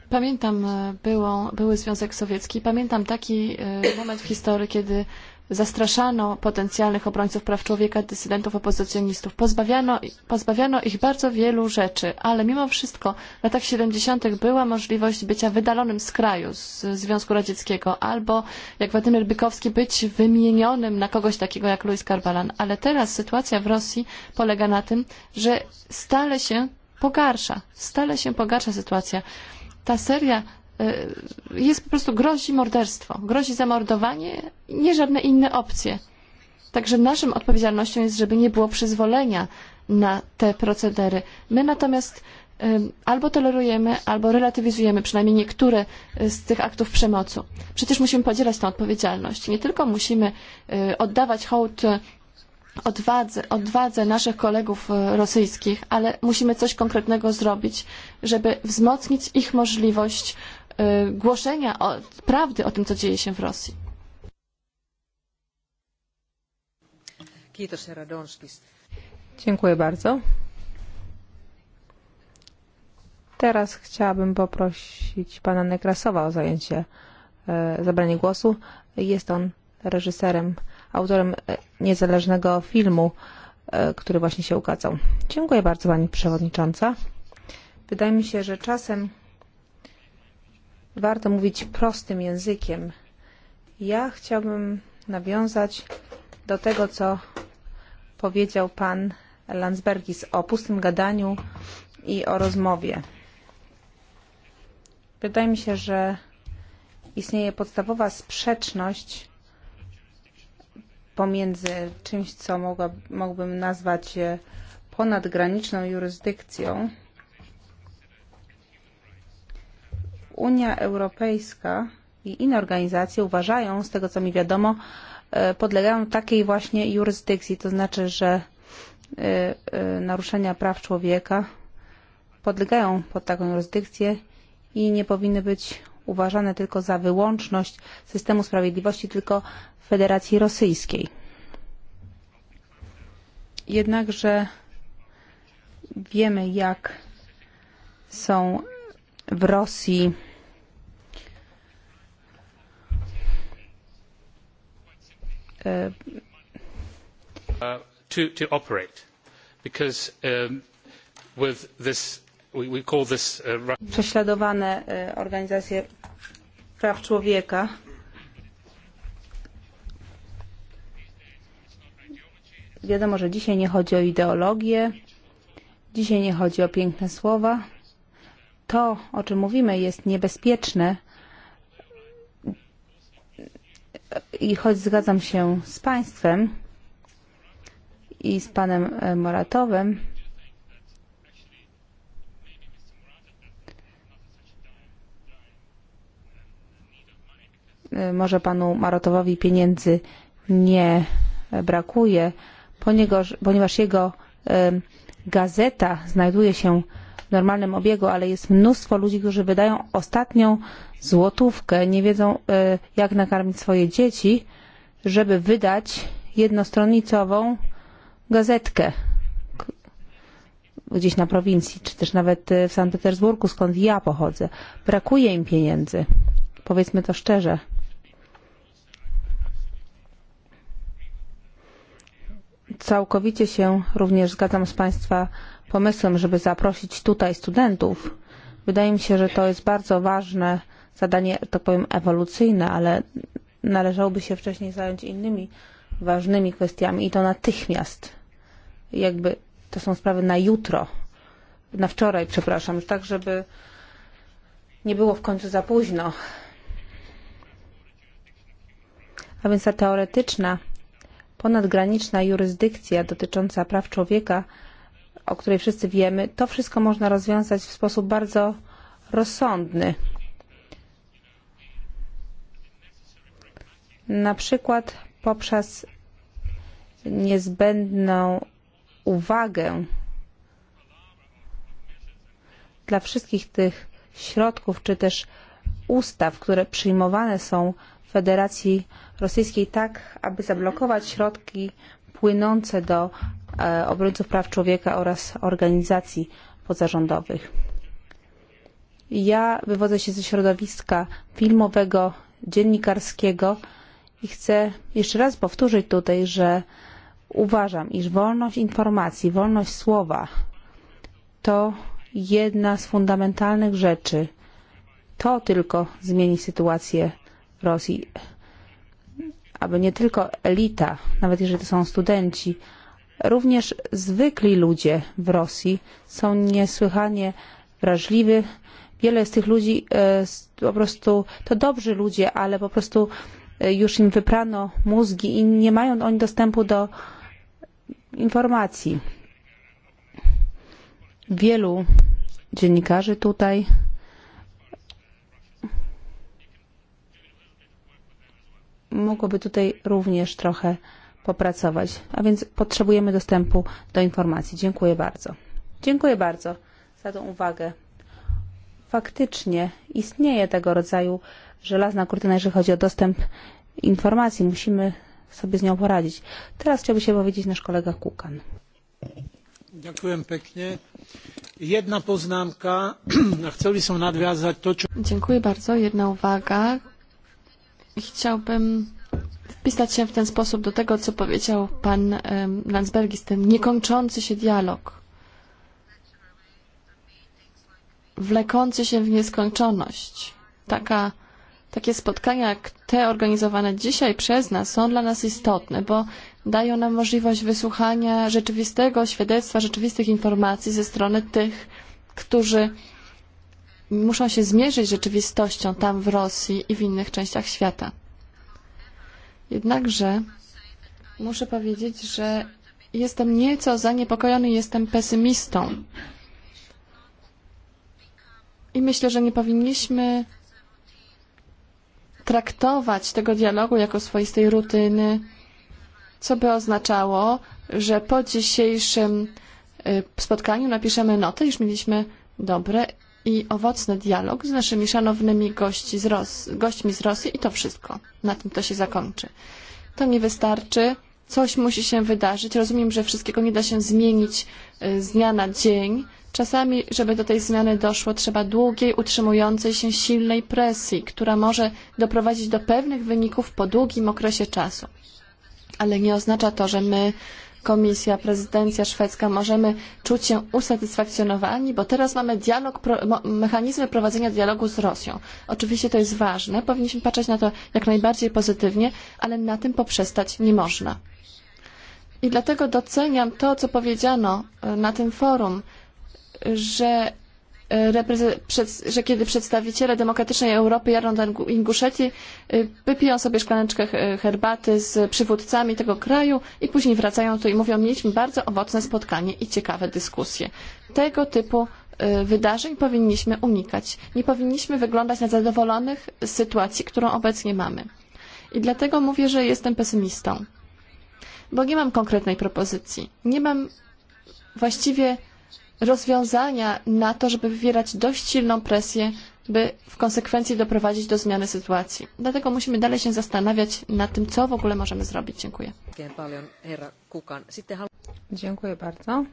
pamiętam e, byłą, były Związek Sowiecki. Pamiętam taki e, moment w historii, kiedy zastraszano potencjalnych obrońców praw człowieka, dysydentów, opozycjonistów. Pozbawiano, pozbawiano ich bardzo wielu rzeczy, ale mimo wszystko w latach 70. była możliwość bycia wydalonym z kraju, z Związku Radzieckiego, albo jak Władimir Bykowski, być wymienionym na kogoś takiego jak Louis Karbalan. Ale teraz sytuacja w Rosji polega na tym, że stale się pogarsza, stale się pogarsza sytuacja. Ta seria E, jest po prostu grozi morderstwo, grozi zamordowanie, nie żadne inne opcje. Także naszym odpowiedzialnością jest, żeby nie było przyzwolenia na te procedery. My natomiast e, albo tolerujemy, albo relatywizujemy przynajmniej niektóre e, z tych aktów przemocy. Przecież musimy podzielać tę odpowiedzialność. Nie tylko musimy oddawać hołd odwadze, odwadze naszych kolegów rosyjskich, ale musimy coś konkretnego zrobić, żeby wzmocnić ich możliwość E, głoszenia o, prawdy o tym, co dzieje się w Rosji. Dziękuję bardzo. Teraz chciałabym poprosić pana Nekrasowa o zajęcie, e, zabranie głosu. Jest on reżyserem, autorem e, niezależnego filmu, e, który właśnie się ukazał. Dziękuję bardzo pani przewodnicząca. Wydaje mi się, że czasem warto mówić prostym językiem. Ja chciałbym nawiązać do tego, co powiedział pan Landsbergis o pustym gadaniu i o rozmowie. Wydaje mi się, że istnieje podstawowa sprzeczność pomiędzy czymś, co mogła, mógłbym nazwać e, ponadgraniczną jurysdykcją, Unia Europejska i inne organizacje uważają, z tego co mi wiadomo, e, podlegają takiej właśnie jurysdykcji, to znaczy, że e, e, naruszenia praw człowieka podlegają pod taką jurysdykcję i nie powinny być uważane tylko za wyłączność systemu sprawiedliwości, tylko Federacji Rosyjskiej. Jednakże wiemy, jak są v Rosji. Uh, to, to operate because um, with this we, we call this uh, prześladowane uh, organizacje praw człowieka wiadomo że dzisiaj nie chodzi o ideologię dzisiaj nie chodzi o piękne słowa to, o czym mówimy, jest niebezpieczne. I choć zgadzam się z Państwem i z Panem e, Moratowem, e, może Panu Maratowowi pieniędzy nie brakuje, ponieważ, ponieważ jego e, gazeta znajduje się w normalnym obiegu, ale jest mnóstwo ludzi, którzy wydają ostatnią złotówkę, nie wiedzą e, jak nakarmić swoje dzieci, żeby wydać jednostronicową gazetkę gdzieś na prowincji, czy też nawet e, w Sankt Petersburgu, skąd ja pochodzę. Brakuje im pieniędzy. Powiedzmy to szczerze. Całkowicie się również zgadzam z Państwa pomysłem, żeby zaprosić tutaj studentów. Wydaje mi się, że to jest bardzo ważne zadanie, to powiem, ewolucyjne, ale należałoby się wcześniej zająć innymi ważnymi kwestiami i to natychmiast. Jakby to są sprawy na jutro, na wczoraj, przepraszam, już tak, żeby nie było w końcu za późno. A więc ta teoretyczna, ponadgraniczna jurysdykcja dotycząca praw człowieka o której wszyscy wiemy, to wszystko można rozwiązać w sposób bardzo rozsądny. Na przykład poprzez niezbędną uwagę dla wszystkich tych środków czy też ustaw, które przyjmowane są w Federacji Rosyjskiej tak, aby zablokować środki płynące do E, obrońców praw człowieka oraz organizacji pozarządowych. Ja wywodzę się ze środowiska filmowego, dziennikarskiego i chcę jeszcze raz powtórzyć tutaj, że uważam, iż wolność informacji, wolność słowa to jedna z fundamentalnych rzeczy. To tylko zmieni sytuację w Rosji, aby nie tylko elita, nawet jeżeli to są studenci, Również zwykli ludzie w Rosji są niesłychanie wrażliwi. Wiele z tych ludzi e, po prostu to dobrzy ludzie, ale po prostu e, już im wyprano mózgi i nie mają oni dostępu do informacji. Wielu dziennikarzy tutaj mogłoby tutaj również trochę popracować, a więc potrzebujemy dostępu do informacji. Dziękuję bardzo. Dziękuję bardzo za tą uwagę. Faktycznie istnieje tego rodzaju żelazna kurtyna, jeżeli chodzi o dostęp informacji. Musimy sobie z nią poradzić. Teraz chciałby się powiedzieć nasz kolega Kukan. Ďakujem pekne. Jedna poznámka. Chceli som nadviazať to, čo... Dziękuję bardzo. Jedna uwaga. Chciałbym wpisać się w ten sposób do tego, co powiedział pan Landsbergis, ten niekończący się dialog, wlekący się w nieskończoność. Taka, takie spotkania jak te organizowane dzisiaj przez nas są dla nas istotne, bo dają nam możliwość wysłuchania rzeczywistego świadectwa, rzeczywistych informacji ze strony tych, którzy muszą się zmierzyć z rzeczywistością tam w Rosji i w innych częściach świata. Jednakże muszę powiedzieć, że jestem nieco zaniepokojony, jestem pesymistą. I myślę, że nie powinniśmy traktować tego dialogu jako swoistej rutyny, co by oznaczało, że po dzisiejszym spotkaniu napiszemy notę, iż mieliśmy dobre i owocny dialog z naszymi szanownymi gości z Ros gośćmi z Rosji i to wszystko. Na tym to się zakończy. To nie wystarczy. Coś musi się wydarzyć. Rozumiem, że wszystkiego nie da się zmienić z dnia na dzień. Czasami, żeby do tej zmiany doszło, trzeba długiej, utrzymującej się silnej presji, która może doprowadzić do pewnych wyników po długim okresie czasu. Ale nie oznacza to, że my Komisja, prezydencja szwedzka, możemy czuć się usatysfakcjonowani, bo teraz mamy dialog, pro, mechanizmy prowadzenia dialogu z Rosją. Oczywiście to jest ważne, powinniśmy patrzeć na to jak najbardziej pozytywnie, ale na tym poprzestać nie można. I dlatego doceniam to, co powiedziano e, na tym forum, że że kiedy przedstawiciele demokratycznej Europy jadą do Inguszetii, wypiją sobie szklaneczkę herbaty z przywódcami tego kraju i później wracają tu i mówią, mieliśmy bardzo owocne spotkanie i ciekawe dyskusje. Tego typu wydarzeń powinniśmy unikać. Nie powinniśmy wyglądać na zadowolonych z sytuacji, którą obecnie mamy. I dlatego mówię, że jestem pesymistą. Bo nie mam konkretnej propozycji. Nie mam właściwie rozwiązania na to, żeby wywierać dość silną presję, by w konsekwencji doprowadzić do zmiany sytuacji. Dlatego musimy dalej się zastanawiać nad tym, co w ogóle możemy zrobić. Dziękuję. Dziękuję bardzo.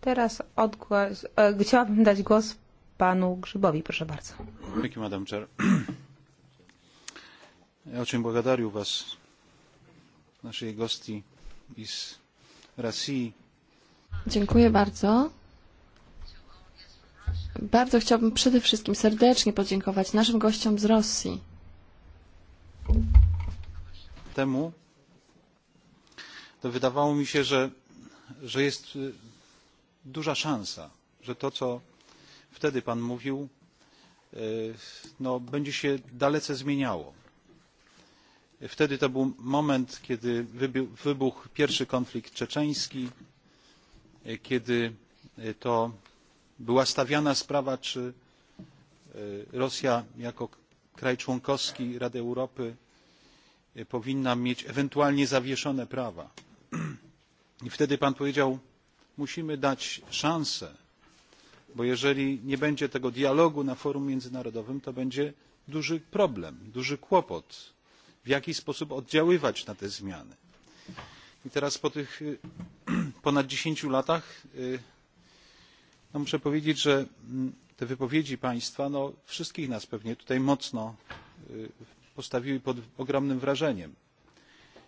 Teraz odgłos, e, chciałabym dać głos panu Grzybowi. Proszę bardzo. Dzięki, madam chair. Ja очень благодарю вас, naszej gości z Rosji. Dziękuję bardzo. Bardzo chciałbym przede wszystkim serdecznie podziękować naszym gościom z Rosji. Temu to wydawało mi się, że, że jest duża szansa, że to, co wtedy Pan mówił, no, będzie się dalece zmieniało. Wtedy to był moment, kiedy wybuchł pierwszy konflikt czeczeński, kiedy to była stawiana sprawa czy e, rosja jako kraj członkowski rady europy e, powinna mieć ewentualnie zawieszone prawa i wtedy pan powiedział musimy dać szansę bo jeżeli nie będzie tego dialogu na forum międzynarodowym to będzie duży problem duży kłopot w jaki sposób oddziaływać na te zmiany. i teraz po tych e, ponad dziesięciu latach no muszę powiedzieć że mm, te wypowiedzi państwa no, wszystkich nas pewnie tutaj mocno postawiły pod ogromnym wrażeniem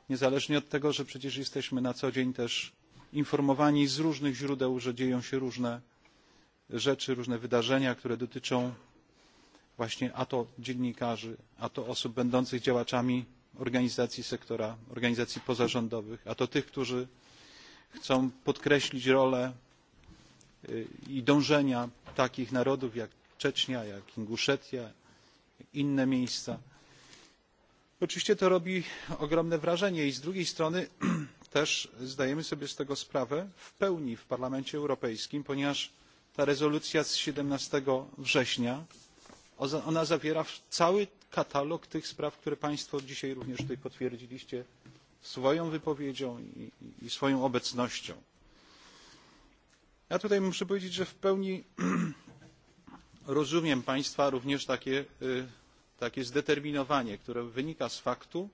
niezależnie od tego że przecież jesteśmy na co dzień też informowani z różnych źródeł że dzieją się różne rzeczy różne wydarzenia które dotyczą właśnie a to dziennikarzy a to osób będących działaczami organizacji sektora organizacji pozarządowych a to tych którzy chcą podkreślić rolę i dążenia takich narodów jak czecznia jak inguszetia inne miejsca. oczywiście to robi ogromne wrażenie i z drugiej strony też zdajemy sobie z tego sprawę w pełni w parlamencie europejskim ponieważ ta rezolucja z siedemnaście września ona zawiera cały katalog tych spraw które państwo dzisiaj również tutaj potwierdziliście swoją wypowiedzią i swoją obecnością ja tutaj muszę powiedzieć że w pełni rozumiem państwa również takie, takie zdeterminowanie które wynika z faktu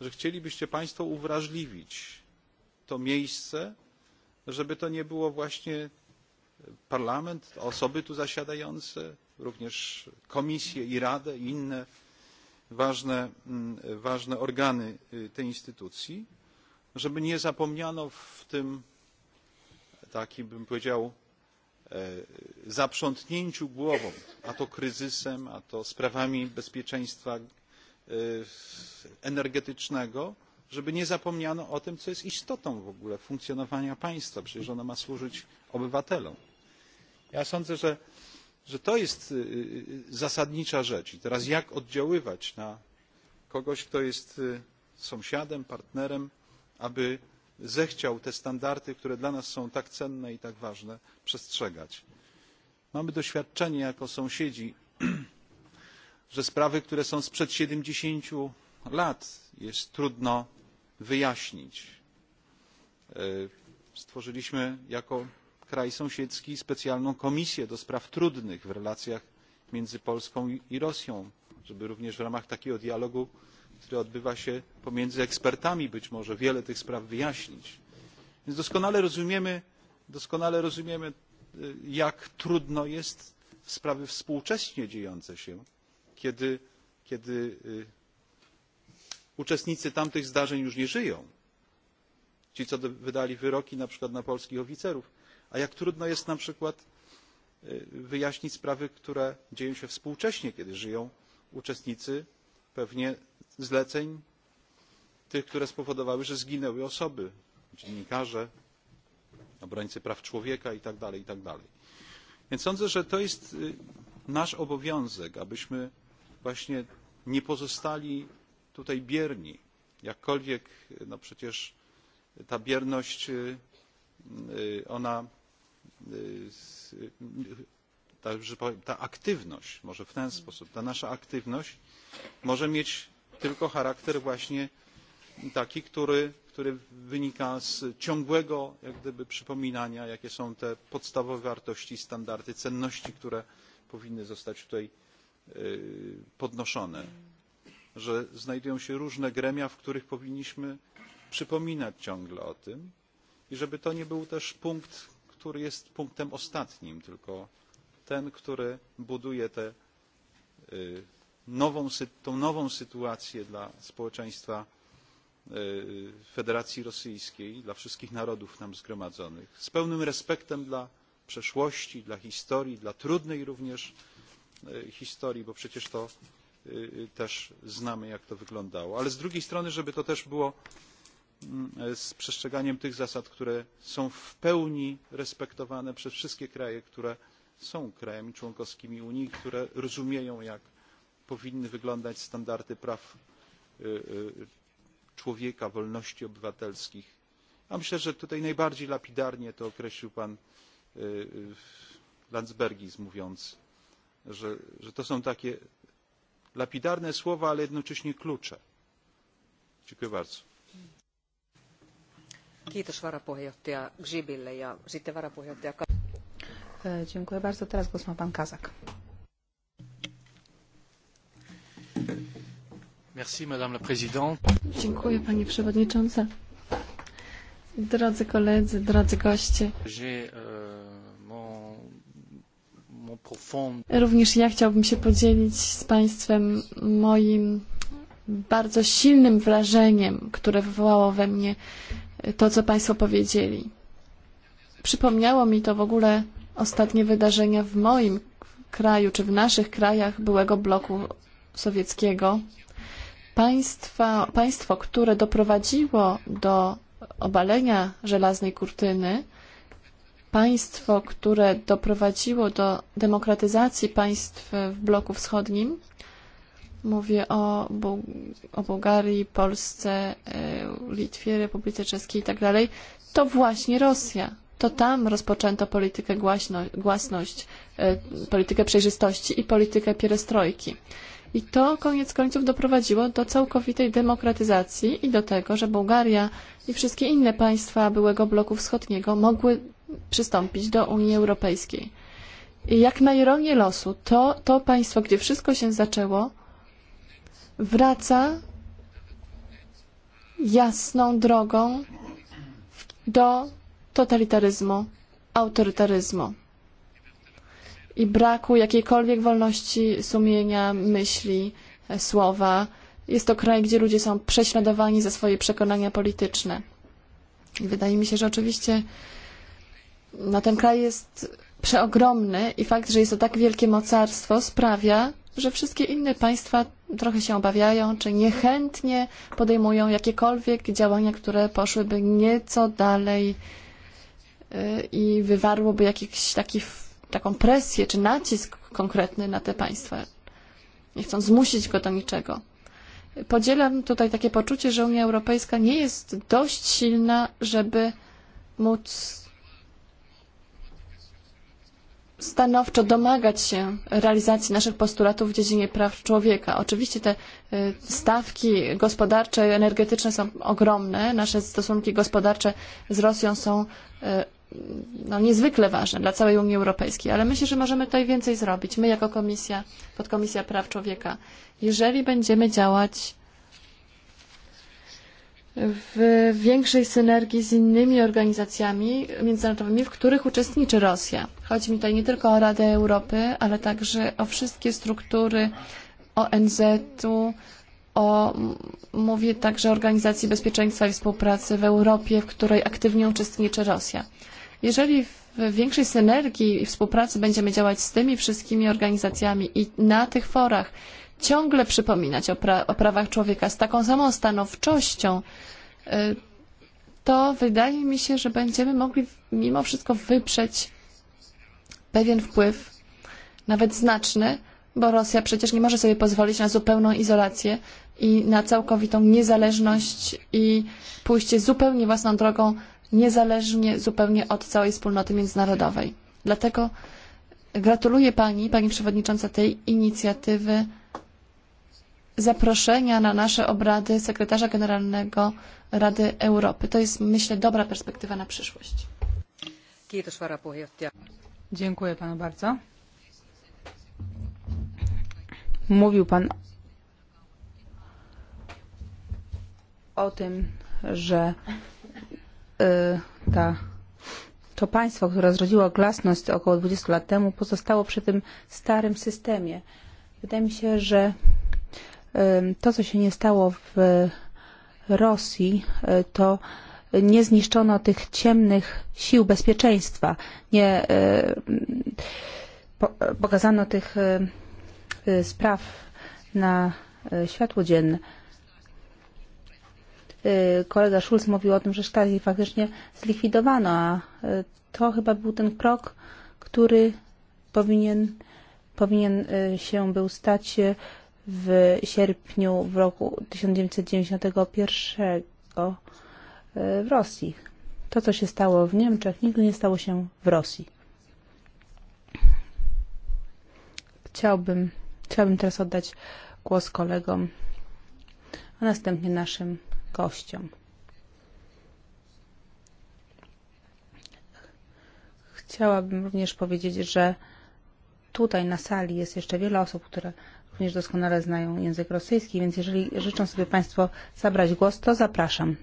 że chcielibyście państwo uwrażliwić to miejsce żeby to nie było właśnie parlament osoby tu zasiadające również komisję i radę i inne ważne, mm, ważne organy tej instytucji żeby nie zapomniano w tym takim bym powiedział e, zaprzątnięciu głową a to kryzysem a to sprawami bezpieczeństwa e, energetycznego żeby nie zapomniano o tym co jest istotą w ogóle funkcjonowania państwa przecież ono ma służyć obywatelom. ja sądzę że, że to jest zasadnicza rzecz i teraz jak oddziaływać na kogoś kto jest sąsiadem partnerem aby zechciał te standardy które dla nas są tak cenne i tak ważne przestrzegać. mamy doświadczenie jako sąsiedzi że sprawy które są sprzed siedemdziesiąt lat jest trudno wyjaśnić. E, stworzyliśmy jako kraj sąsiedzki specjalną komisję do spraw trudnych w relacjach między polską i rosją żeby również w ramach takiego dialogu który odbywa się pomiędzy ekspertami być może wiele tych spraw wyjaśnić. więc doskonale rozumiemy, doskonale rozumiemy jak trudno jest sprawy współcześnie dziejące się kiedy, kiedy uczestnicy tamtych zdarzeń już nie żyją ci co wydali wyroki na przykład na polskich oficerów a jak trudno jest na przykład wyjaśnić sprawy które dzieją się współcześnie kiedy żyją uczestnicy pewnie zleceń tych które spowodowały że zginęły osoby dziennikarze obrońcy praw człowieka itd. itd. więc sądzę że to jest nasz obowiązek abyśmy właśnie nie pozostali tutaj bierni jakkolwiek no przecież ta bierność ona ta, ta aktywność może w ten sposób ta nasza aktywność może mieć tylko charakter właśnie taki który, który wynika z ciągłego jak gdyby przypominania jakie są te podstawowe wartości standardy cenności które powinny zostać tutaj podnoszone że znajdują się różne gremia w których powinniśmy przypominać ciągle o tym i żeby to nie był też punkt który jest punktem ostatnim tylko ten który buduje te nową, tą nową sytuację dla społeczeństwa e, Federacji Rosyjskiej, dla wszystkich narodów tam zgromadzonych, z pełnym respektem dla przeszłości, dla historii, dla trudnej również e, historii, bo przecież to e, też znamy, jak to wyglądało. Ale z drugiej strony, żeby to też było mm, z przestrzeganiem tych zasad, które są w pełni respektowane przez wszystkie kraje, które są krajami członkowskimi Unii, które rozumieją, jak powinny wyglądać standardy praw człowieka wolności obywatelskich a myślę że tutaj najbardziej lapidarnie to określił pan landsbergis mówiąc że, że to są takie lapidarne słowa ale jednocześnie klucze. dziękuję bardzo. Kiitos varapuheenjohtaja Grzybille ja sitten varapuheenjohtaja e, Dziękuję bardzo. Teraz głos ma pan Kazak. Merci, Madame la Présidente. Dziękuję, Pani Przewodnicząca. Drodzy koledzy, drodzy goście. Euh, Również ja chciałbym się podzielić z Państwem moim bardzo silnym wrażeniem, które wywołało we mnie to, co Państwo powiedzieli. Przypomniało mi to w ogóle ostatnie wydarzenia w moim kraju, czy w naszych krajach byłego bloku sowieckiego, Państwa, państwo, które doprowadziło do obalenia żelaznej kurtyny, państwo, które doprowadziło do demokratyzacji państw w bloku wschodnim, mówię o, Buł o Bułgarii, Polsce, e, Litwie, Republice Czeskiej i tak dalej, to właśnie Rosja. To tam rozpoczęto politykę głaśno, głasność, e, politykę przejrzystości i politykę pierestrojki. I to koniec końców doprowadziło do całkowitej demokratyzacji i do tego, że Bułgaria i wszystkie inne państwa byłego bloku wschodniego mogły przystąpić do Unii Europejskiej. I jak na ironię losu, to, to państwo, gdzie wszystko się zaczęło, wraca jasną drogą do totalitaryzmu, autorytaryzmu i braku jakiejkolwiek wolności sumienia, myśli, e, słowa. Jest to kraj, gdzie ludzie są prześladowani za swoje przekonania polityczne. I wydaje mi się, że oczywiście no, ten kraj jest przeogromny i fakt, że jest to tak wielkie mocarstwo sprawia, że wszystkie inne państwa trochę się obawiają, czy niechętnie podejmują jakiekolwiek działania, które poszłyby nieco dalej e, i wywarłoby jakiś taki taką presję czy nacisk konkretny na te państwa. Nie chcą zmusić go do niczego. Podzielam tutaj takie poczucie, że Unia Europejska nie jest dość silna, żeby móc stanowczo domagać się realizacji naszych postulatów w dziedzinie praw człowieka. Oczywiście te stawki gospodarcze i energetyczne są ogromne. Nasze stosunki gospodarcze z Rosją są no, niezwykle ważne dla całej Unii Europejskiej, ale myślę, że możemy tutaj więcej zrobić. My jako komisja, podkomisja praw człowieka, jeżeli będziemy działać w większej synergii z innymi organizacjami międzynarodowymi, w których uczestniczy Rosja. Chodzi mi tutaj nie tylko o Radę Europy, ale także o wszystkie struktury ONZ-u, o, mówię także o Organizacji Bezpieczeństwa i Współpracy w Europie, w której aktywnie uczestniczy Rosja. Jeżeli w większej synergii i współpracy będziemy działać z tymi wszystkimi organizacjami i na tych forach ciągle przypominać o, pra o prawach człowieka z taką samą stanowczością, to wydaje mi się, że będziemy mogli mimo wszystko wyprzeć pewien wpływ, nawet znaczny, bo Rosja przecież nie może sobie pozwolić na zupełną izolację i na całkowitą niezależność i pójście zupełnie własną drogą niezależnie zupełnie od całej wspólnoty międzynarodowej. Dlatego gratuluję Pani, Pani Przewodnicząca, tej inicjatywy zaproszenia na nasze obrady sekretarza generalnego Rady Europy. To jest, myślę, dobra perspektywa na przyszłość. Dziękuję Panu bardzo. Mówił Pan o tym, że E, ta, to państwo, które zrodziło glasność około 20 lat temu, pozostało przy tym starym systemie. Wydaje mi się, że e, to, co się nie stało w Rosji, e, to nie zniszczono tych ciemnych sił bezpieczeństwa, nie pokazano tych spraw na światło dzienne kolega Schulz mówił o tym, że szklarki faktycznie zlikwidowano, a to chyba był ten krok, który powinien, powinien się był stać w sierpniu w roku 1991 w Rosji. To, co się stało w Niemczech, nigdy nie stało się w Rosji. Chciałbym, chciałbym teraz oddać głos kolegom, a następnie naszym kością. Chciałabym również powiedzieć, że tutaj na sali jest jeszcze wiele osób, które również doskonale znają język rosyjski, więc jeżeli życzą sobie Państwo zabrać głos, to zapraszam.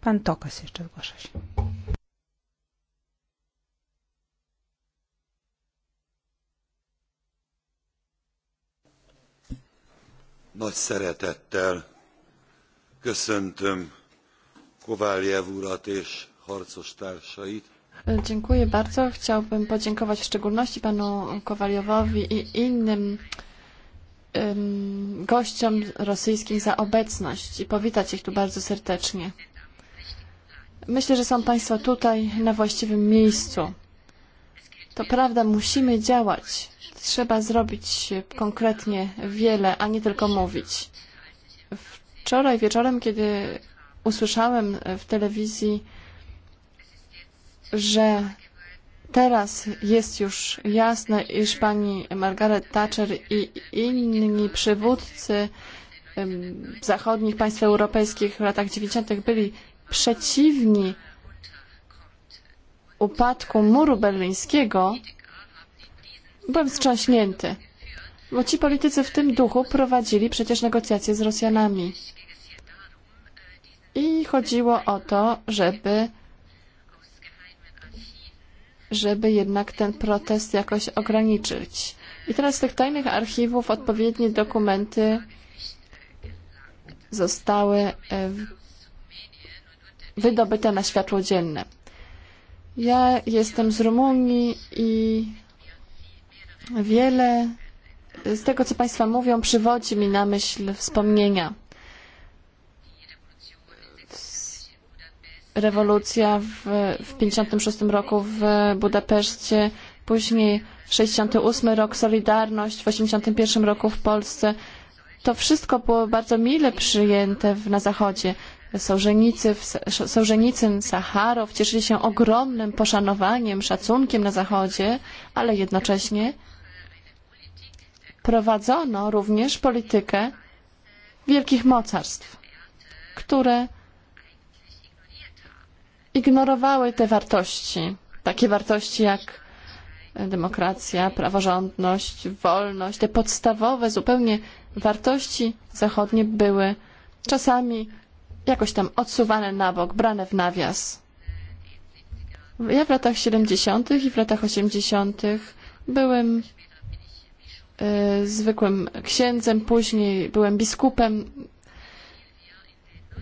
Pan Tokas jeszcze zgłasza się. Nagy szeretettel köszöntöm Kowaliev urat és harcos társait. Dziękuję bardzo. Chciałbym podziękować w szczególności panu Kowaliowowi i innym um, gościom rosyjskim za obecność i powitać ich tu bardzo serdecznie. Myślę, że są państwo tutaj na właściwym miejscu. To prawda, musimy działać trzeba zrobić konkretnie wiele, a nie tylko mówić. Wczoraj wieczorem, kiedy usłyszałem w telewizji, że teraz jest już jasne, iż pani Margaret Thatcher i inni przywódcy zachodnich państw europejskich w latach 90. byli przeciwni upadku muru berlińskiego, byłem wstrząśnięty, bo ci politycy w tym duchu prowadzili przecież negocjacje z Rosjanami. I chodziło o to, żeby żeby jednak ten protest jakoś ograniczyć. I teraz z tych tajnych archiwów odpowiednie dokumenty zostały e, wydobyte na światło dzienne. Ja jestem z Rumunii i Wiele z tego, co Państwo mówią, przywodzi mi na myśl wspomnienia. Rewolucja w 1956 roku w Budapeszcie, później 68 rok Solidarność, w 81 roku w Polsce. To wszystko było bardzo mile przyjęte w, na Zachodzie. Sołżenicy, Sołżenicyn, Sacharow cieszyli się ogromnym poszanowaniem, szacunkiem na Zachodzie, ale jednocześnie prowadzono również politykę wielkich mocarstw, które ignorowały te wartości, takie wartości jak demokracja, praworządność, wolność, te podstawowe zupełnie wartości zachodnie były czasami jakoś tam odsuwane na bok, brane w nawias. Ja w latach 70. i w latach 80. byłem E, zwykłym księdzem, później byłem biskupem.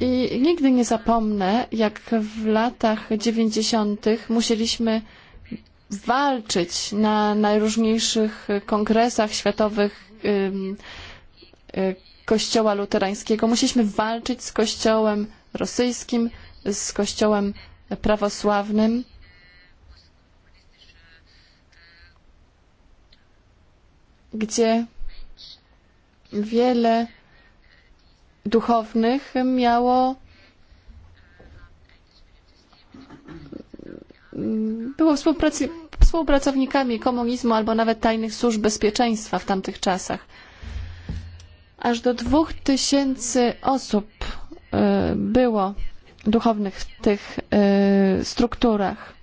I nigdy nie zapomnę, jak w latach dziewięćdziesiątych musieliśmy walczyć na najróżniejszych kongresach światowych e, kościoła luterańskiego. Musieliśmy walczyć z kościołem rosyjskim, z kościołem prawosławnym gdzie wiele duchownych miało było współpracy, współpracownikami komunizmu albo nawet tajnych służb bezpieczeństwa w tamtych czasach. Aż do dwóch tysięcy osób e, było duchownych w tych e, strukturach.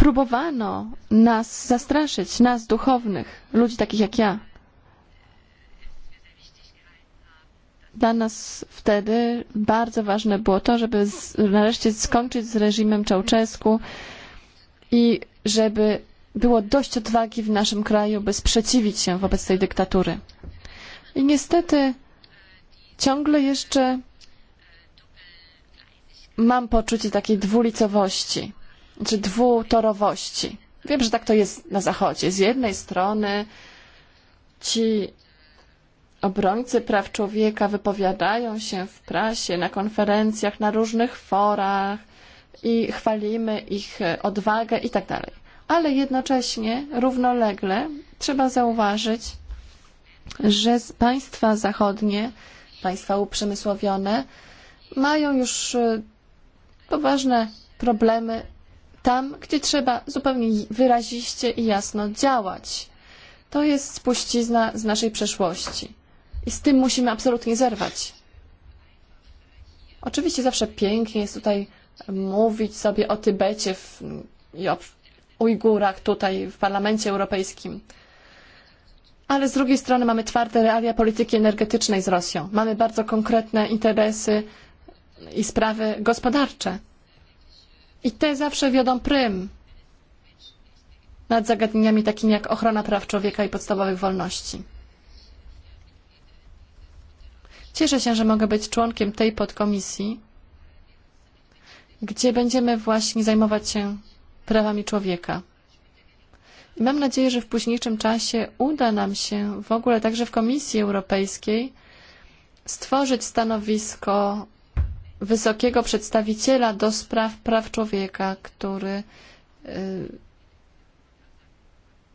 próbowano nas zastraszyć, nas duchownych, ludzi takich jak ja. Dla nas wtedy bardzo ważne było to, żeby z, nareszcie skończyć z reżimem Czałczesku i żeby było dość odwagi w naszym kraju, by sprzeciwić się wobec tej dyktatury. I niestety ciągle jeszcze mam poczucie takiej dwulicowości czy dwutorowości. Wiem, że tak to jest na Zachodzie. Z jednej strony ci obrońcy praw człowieka wypowiadają się w prasie, na konferencjach, na różnych forach i chwalimy ich e, odwagę itd. Ale jednocześnie, równolegle trzeba zauważyć, że państwa zachodnie, państwa uprzemysłowione mają już e, poważne problemy tam, gdzie trzeba zupełnie wyraziście i jasno działać. To jest spuścizna z naszej przeszłości. I z tym musimy absolutnie zerwać. Oczywiście zawsze pięknie jest tutaj mówić sobie o Tybecie w, i o Ujgurach tutaj w Parlamencie Europejskim. Ale z drugiej strony mamy twarde realia polityki energetycznej z Rosją. Mamy bardzo konkretne interesy i sprawy gospodarcze. I te zawsze wiodą prym nad zagadnieniami takimi jak ochrona praw człowieka i podstawowych wolności. Cieszę się, że mogę być członkiem tej podkomisji, gdzie będziemy właśnie zajmować się prawami człowieka. I mam nadzieję, że w późniejszym czasie uda nam się w ogóle także w Komisji Europejskiej stworzyć stanowisko wysokiego przedstawiciela do spraw praw człowieka, który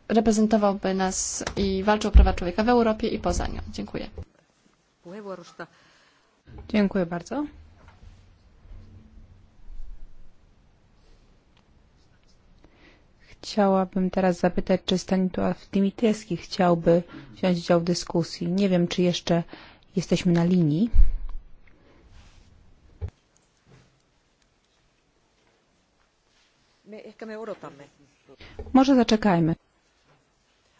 reprezentowałby nas i walczył o prawa człowieka w Europie i poza nią. Dziękuję. Dziękuję bardzo. Chciałabym teraz zapytać, czy Stanisław Dimitrieski chciałby wziąć udział w dyskusji. Nie wiem, czy jeszcze jesteśmy na linii. Me, ehkä me odotamme. Może zaczekajmy.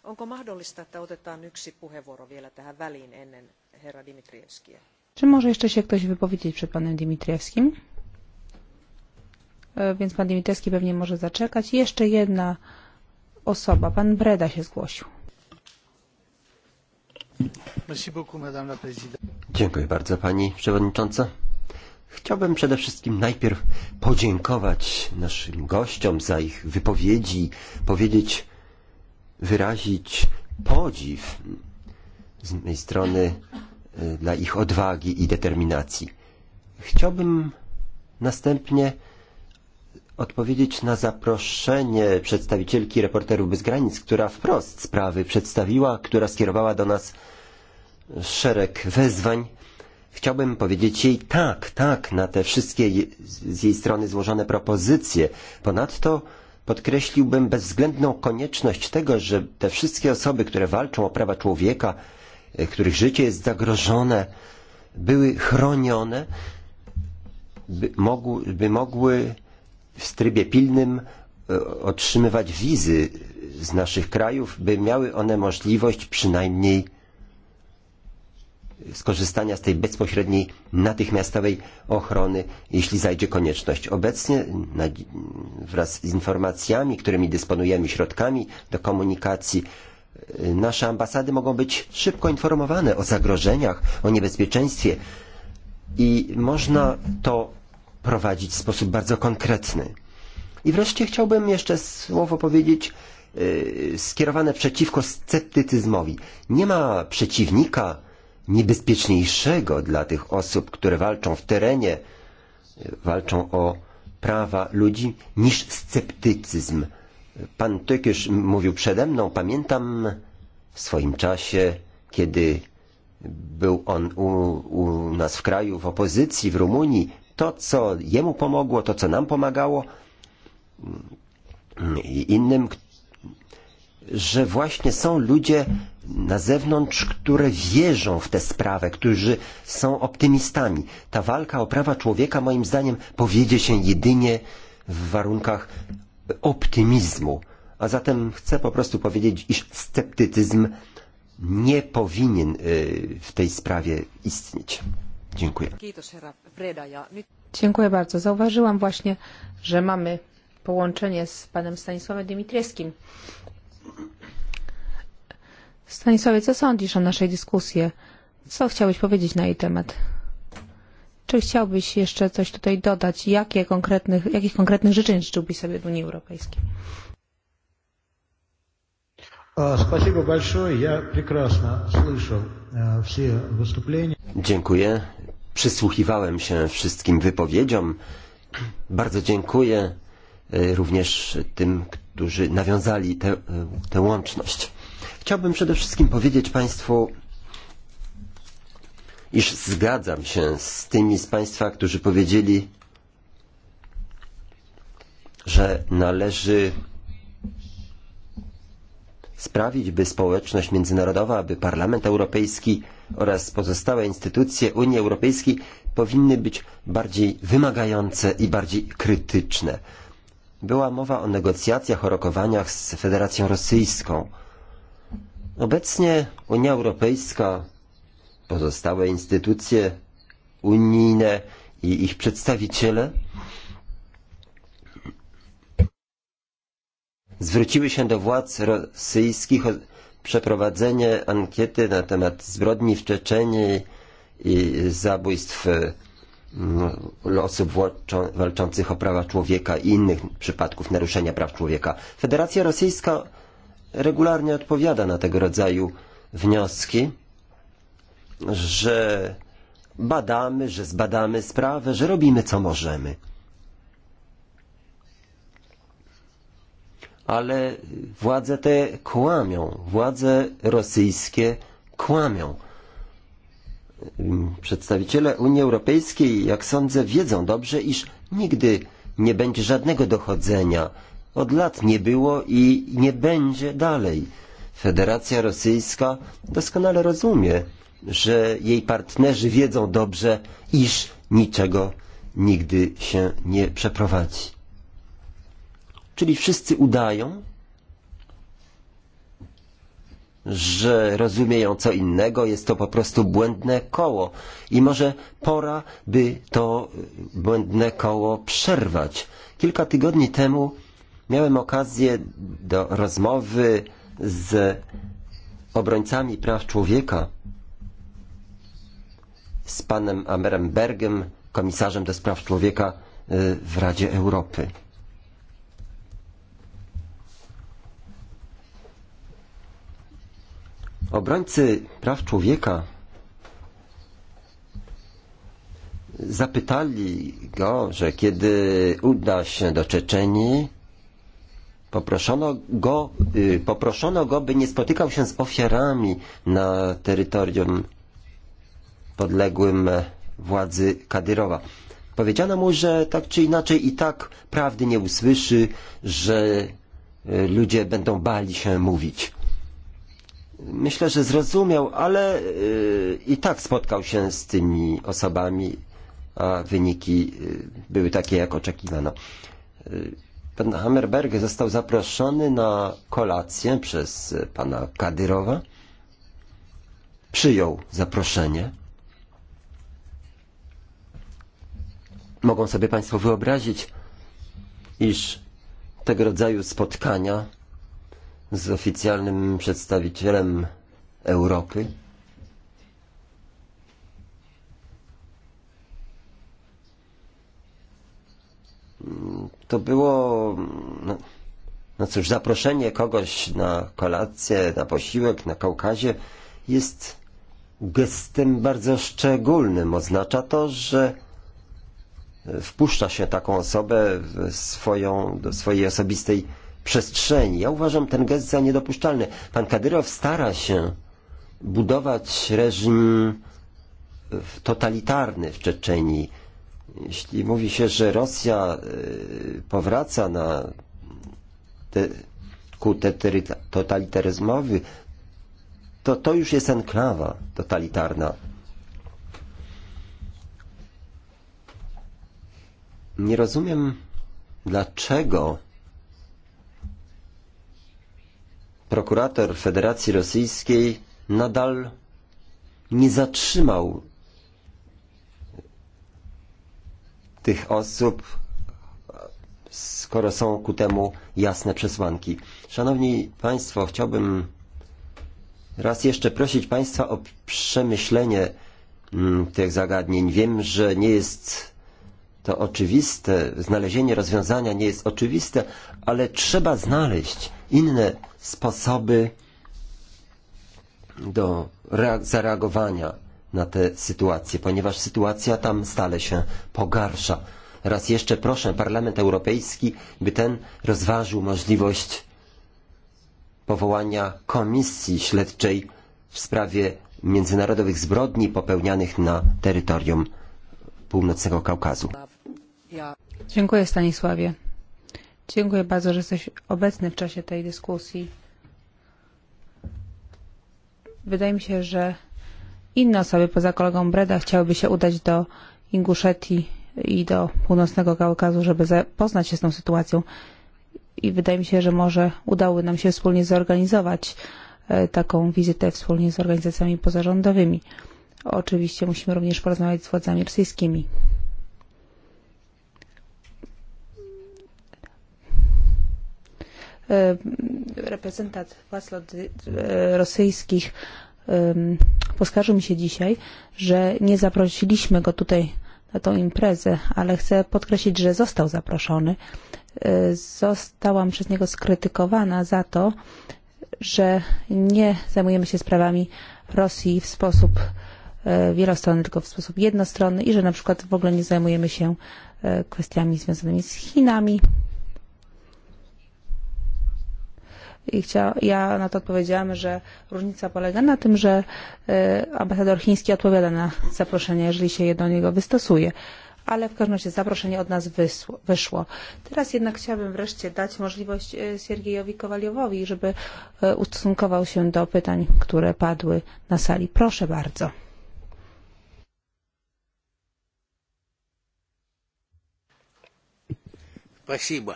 Onko mahdollista, että otetaan yksi puheenvuoro vielä tähän väliin ennen herra Dimitrievskiä? Czy może jeszcze się ktoś wypowiedzieć przed panem Dimitriewskim? E, więc pan Dimitriewski pewnie może zaczekać. Jeszcze jedna osoba, pan Breda się zgłosił. Dziękuję bardzo pani przewodnicząca. Chciałbym przede wszystkim najpierw podziękować naszym gościom za ich wypowiedzi, powiedzieć, wyrazić podziw z mojej strony e, dla ich odwagi i determinacji. Chciałbym następnie odpowiedzieć na zaproszenie przedstawicielki Reporterów Bez Granic, która wprost sprawy przedstawiła, która skierowała do nas szereg wezwań Chciałbym powiedzieć jej tak, tak na te wszystkie z jej strony złożone propozycje. Ponadto podkreśliłbym bezwzględną konieczność tego, że te wszystkie osoby, które walczą o prawa człowieka, e, których życie jest zagrożone, były chronione, by mogły, by mogły w trybie pilnym e, otrzymywać wizy z naszych krajów, by miały one możliwość przynajmniej skorzystania z tej bezpośredniej, natychmiastowej ochrony, jeśli zajdzie konieczność. Obecnie na, wraz z informacjami, którymi dysponujemy, środkami do komunikacji, nasze ambasady mogą być szybko informowane o zagrożeniach, o niebezpieczeństwie i można to prowadzić w sposób bardzo konkretny. I wreszcie chciałbym jeszcze słowo powiedzieć skierowane przeciwko sceptycyzmowi. Nie ma przeciwnika niebezpieczniejszego dla tych osób, które walczą w terenie, walczą o prawa ludzi, niż sceptycyzm. Pan Tykisz mówił przede mną, pamiętam w swoim czasie, kiedy był on u, u nas w kraju w opozycji, w Rumunii, to co jemu pomogło, to co nam pomagało i innym, że właśnie są ludzie, na zewnątrz, które wierzą w tę sprawę, którzy są optymistami. Ta walka o prawa człowieka, moim zdaniem, powiedzie się jedynie w warunkach optymizmu. A zatem chcę po prostu powiedzieć, iż sceptycyzm nie powinien w tej sprawie istnieć. Dziękuję. Dziękuję bardzo. Zauważyłam właśnie, że mamy połączenie z panem Stanisławem Dimitrieskim. Stanisławie, co sądzisz o naszej dyskusji? Co chciałbyś powiedzieć na jej temat? Czy chciałbyś jeszcze coś tutaj dodać? Jakie konkretnych, jakich konkretnych życzeń życzyłbyś sobie w Unii Europejskiej? Спасибо большое. Я прекрасно слышал все выступления. Dziękuję. Przysłuchiwałem się wszystkim wypowiedziom. Bardzo dziękuję e, również tym, którzy nawiązali tę, e, tę łączność. Chciałbym przede wszystkim powiedzieć Państwu, iż zgadzam się z tymi z Państwa, którzy powiedzieli, że należy sprawić, by społeczność międzynarodowa, aby Parlament Europejski oraz pozostałe instytucje Unii Europejskiej powinny być bardziej wymagające i bardziej krytyczne. Była mowa o negocjacjach, o rokowaniach z Federacją Rosyjską. Obecnie Unia Europejska, pozostałe instytucje unijne i ich przedstawiciele zwróciły się do władz rosyjskich o przeprowadzenie ankiety na temat zbrodni w Czeczenie i zabójstw mm, osób walczących o prawa człowieka i innych przypadków naruszenia praw człowieka. Federacja Rosyjska regularnie odpowiada na tego rodzaju wnioski, że badamy, że zbadamy sprawę, że robimy co możemy. Ale władze te kłamią, władze rosyjskie kłamią. Przedstawiciele Unii Europejskiej, jak sądzę, wiedzą dobrze, iż nigdy nie będzie żadnego dochodzenia od lat nie było i nie będzie dalej. Federacja Rosyjska doskonale rozumie, że jej partnerzy wiedzą dobrze, iż niczego nigdy się nie przeprowadzi. Czyli wszyscy udają, że rozumieją co innego, jest to po prostu błędne koło i może pora, by to błędne koło przerwać. Kilka tygodni temu Miałem okazję do rozmowy z obrońcami praw człowieka, z panem Amerem Bergem, komisarzem do spraw człowieka w Radzie Europy. Obrońcy praw człowieka zapytali go, że kiedy uda się do Czeczenii, Poproszono go, poproszono go, by nie spotykał się z ofiarami na terytorium podległym e, władzy Kadyrowa. Powiedziano mu, że tak czy inaczej i tak prawdy nie usłyszy, że e, ludzie będą bali się mówić. Myślę, że zrozumiał, ale e, i tak spotkał się z tymi osobami, a wyniki były takie, jak oczekiwano Pan Hammerberg został zaproszony na kolację przez pana Kadyrowa. Przyjął zaproszenie. Mogą sobie Państwo wyobrazić, iż tego rodzaju spotkania z oficjalnym przedstawicielem Europy to było no, no cóż, zaproszenie kogoś na kolację, na posiłek na Kaukazie jest gestem bardzo szczególnym. Oznacza to, że wpuszcza się taką osobę w swoją, do swojej osobistej przestrzeni. Ja uważam ten gest za niedopuszczalny. Pan Kadyrow stara się budować reżim totalitarny w Czeczeniu. Jeśli mówi się, że Rosja e, powraca na te, ku te totalitaryzmowi, to to już jest enklawa totalitarna. Nie rozumiem, dlaczego prokurator Federacji Rosyjskiej nadal nie zatrzymał tych osób, skoro są ku temu jasne przesłanki. Szanowni Państwo, chciałbym raz jeszcze prosić Państwa o przemyślenie mm, tych zagadnień. Wiem, że nie jest to oczywiste, znalezienie rozwiązania nie jest oczywiste, ale trzeba znaleźć inne sposoby do zareagowania na tę sytuację, ponieważ sytuacja tam stale się pogarsza. Raz jeszcze proszę Parlament Europejski, by ten rozważył możliwość powołania komisji śledczej w sprawie międzynarodowych zbrodni popełnianych na terytorium Północnego Kaukazu. Dziękuję Stanisławie. Dziękuję bardzo, że jesteś obecny w czasie tej dyskusji. Wydaje mi się, że inne osoby poza kolegą Breda chciałyby się udać do Inguszetii i do północnego Kaukazu, żeby poznać się z tą sytuacją. I wydaje mi się, że może udało nam się wspólnie zorganizować e, taką wizytę wspólnie z organizacjami pozarządowymi. Oczywiście musimy również porozmawiać z władzami rosyjskimi. E, reprezentant władz e, rosyjskich poskarżył mi się dzisiaj, że nie zaprosiliśmy go tutaj na tą imprezę, ale chcę podkreślić, że został zaproszony. E, zostałam przez niego skrytykowana za to, że nie zajmujemy się sprawami Rosji w sposób e, wielostronny, tylko w sposób jednostronny i że na przykład w ogóle nie zajmujemy się e, kwestiami związanymi z Chinami I chcia, ja na to odpowiedziałam, że różnica polega na tym, że y, e, ambasador chiński odpowiada na zaproszenie, jeżeli się je do niego wystosuje. Ale w każdym razie zaproszenie od nas wysło, wyszło. Teraz jednak chciałabym wreszcie dać możliwość e, Siergiejowi Kowaliowowi, żeby y, e, ustosunkował się do pytań, które padły na sali. Proszę bardzo. Спасибо.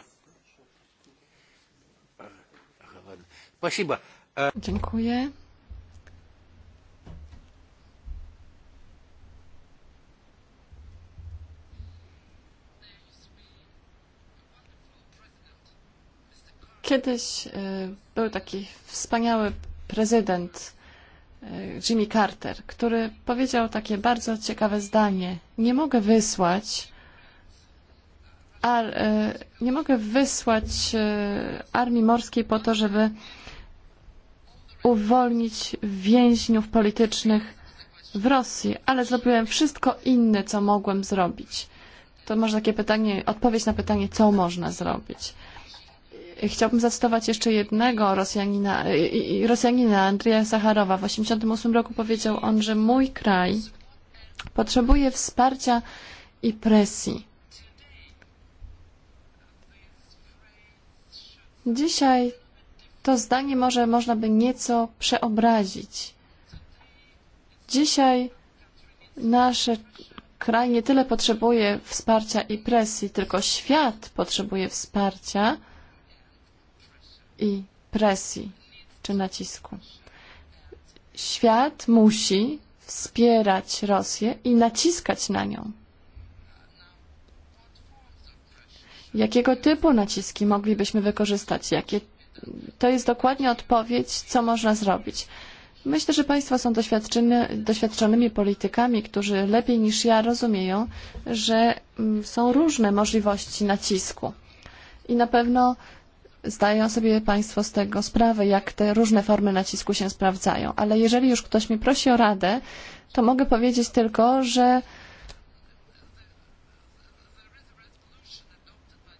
Pasiba. Э, Dziękuję. Kiedyś e, był taki wspaniały prezydent e, Jimmy Carter, który powiedział takie bardzo ciekawe zdanie. Nie mogę wysłać ar, e, nie mogę wysłać armii morskiej po to, żeby uwolnić więźniów politycznych w Rosji, ale zrobiłem wszystko inne, co mogłem zrobić. To może takie pytanie, odpowiedź na pytanie, co można zrobić. Chciałbym zacytować jeszcze jednego Rosjanina, Rosjanina Andrija Sacharowa. W 1988 roku powiedział on, że mój kraj potrzebuje wsparcia i presji. Dzisiaj to zdanie może można by nieco przeobrazić. Dzisiaj nasz kraj nie tyle potrzebuje wsparcia i presji, tylko świat potrzebuje wsparcia i presji czy nacisku. Świat musi wspierać Rosję i naciskać na nią. Jakiego typu naciski moglibyśmy wykorzystać? Jakie to jest dokładnie odpowiedź, co można zrobić. Myślę, że Państwo są doświadczonymi politykami, którzy lepiej niż ja rozumieją, że mm, są różne możliwości nacisku. I na pewno zdają sobie Państwo z tego sprawę, jak te różne formy nacisku się sprawdzają. Ale jeżeli już ktoś mi prosi o radę, to mogę powiedzieć tylko, że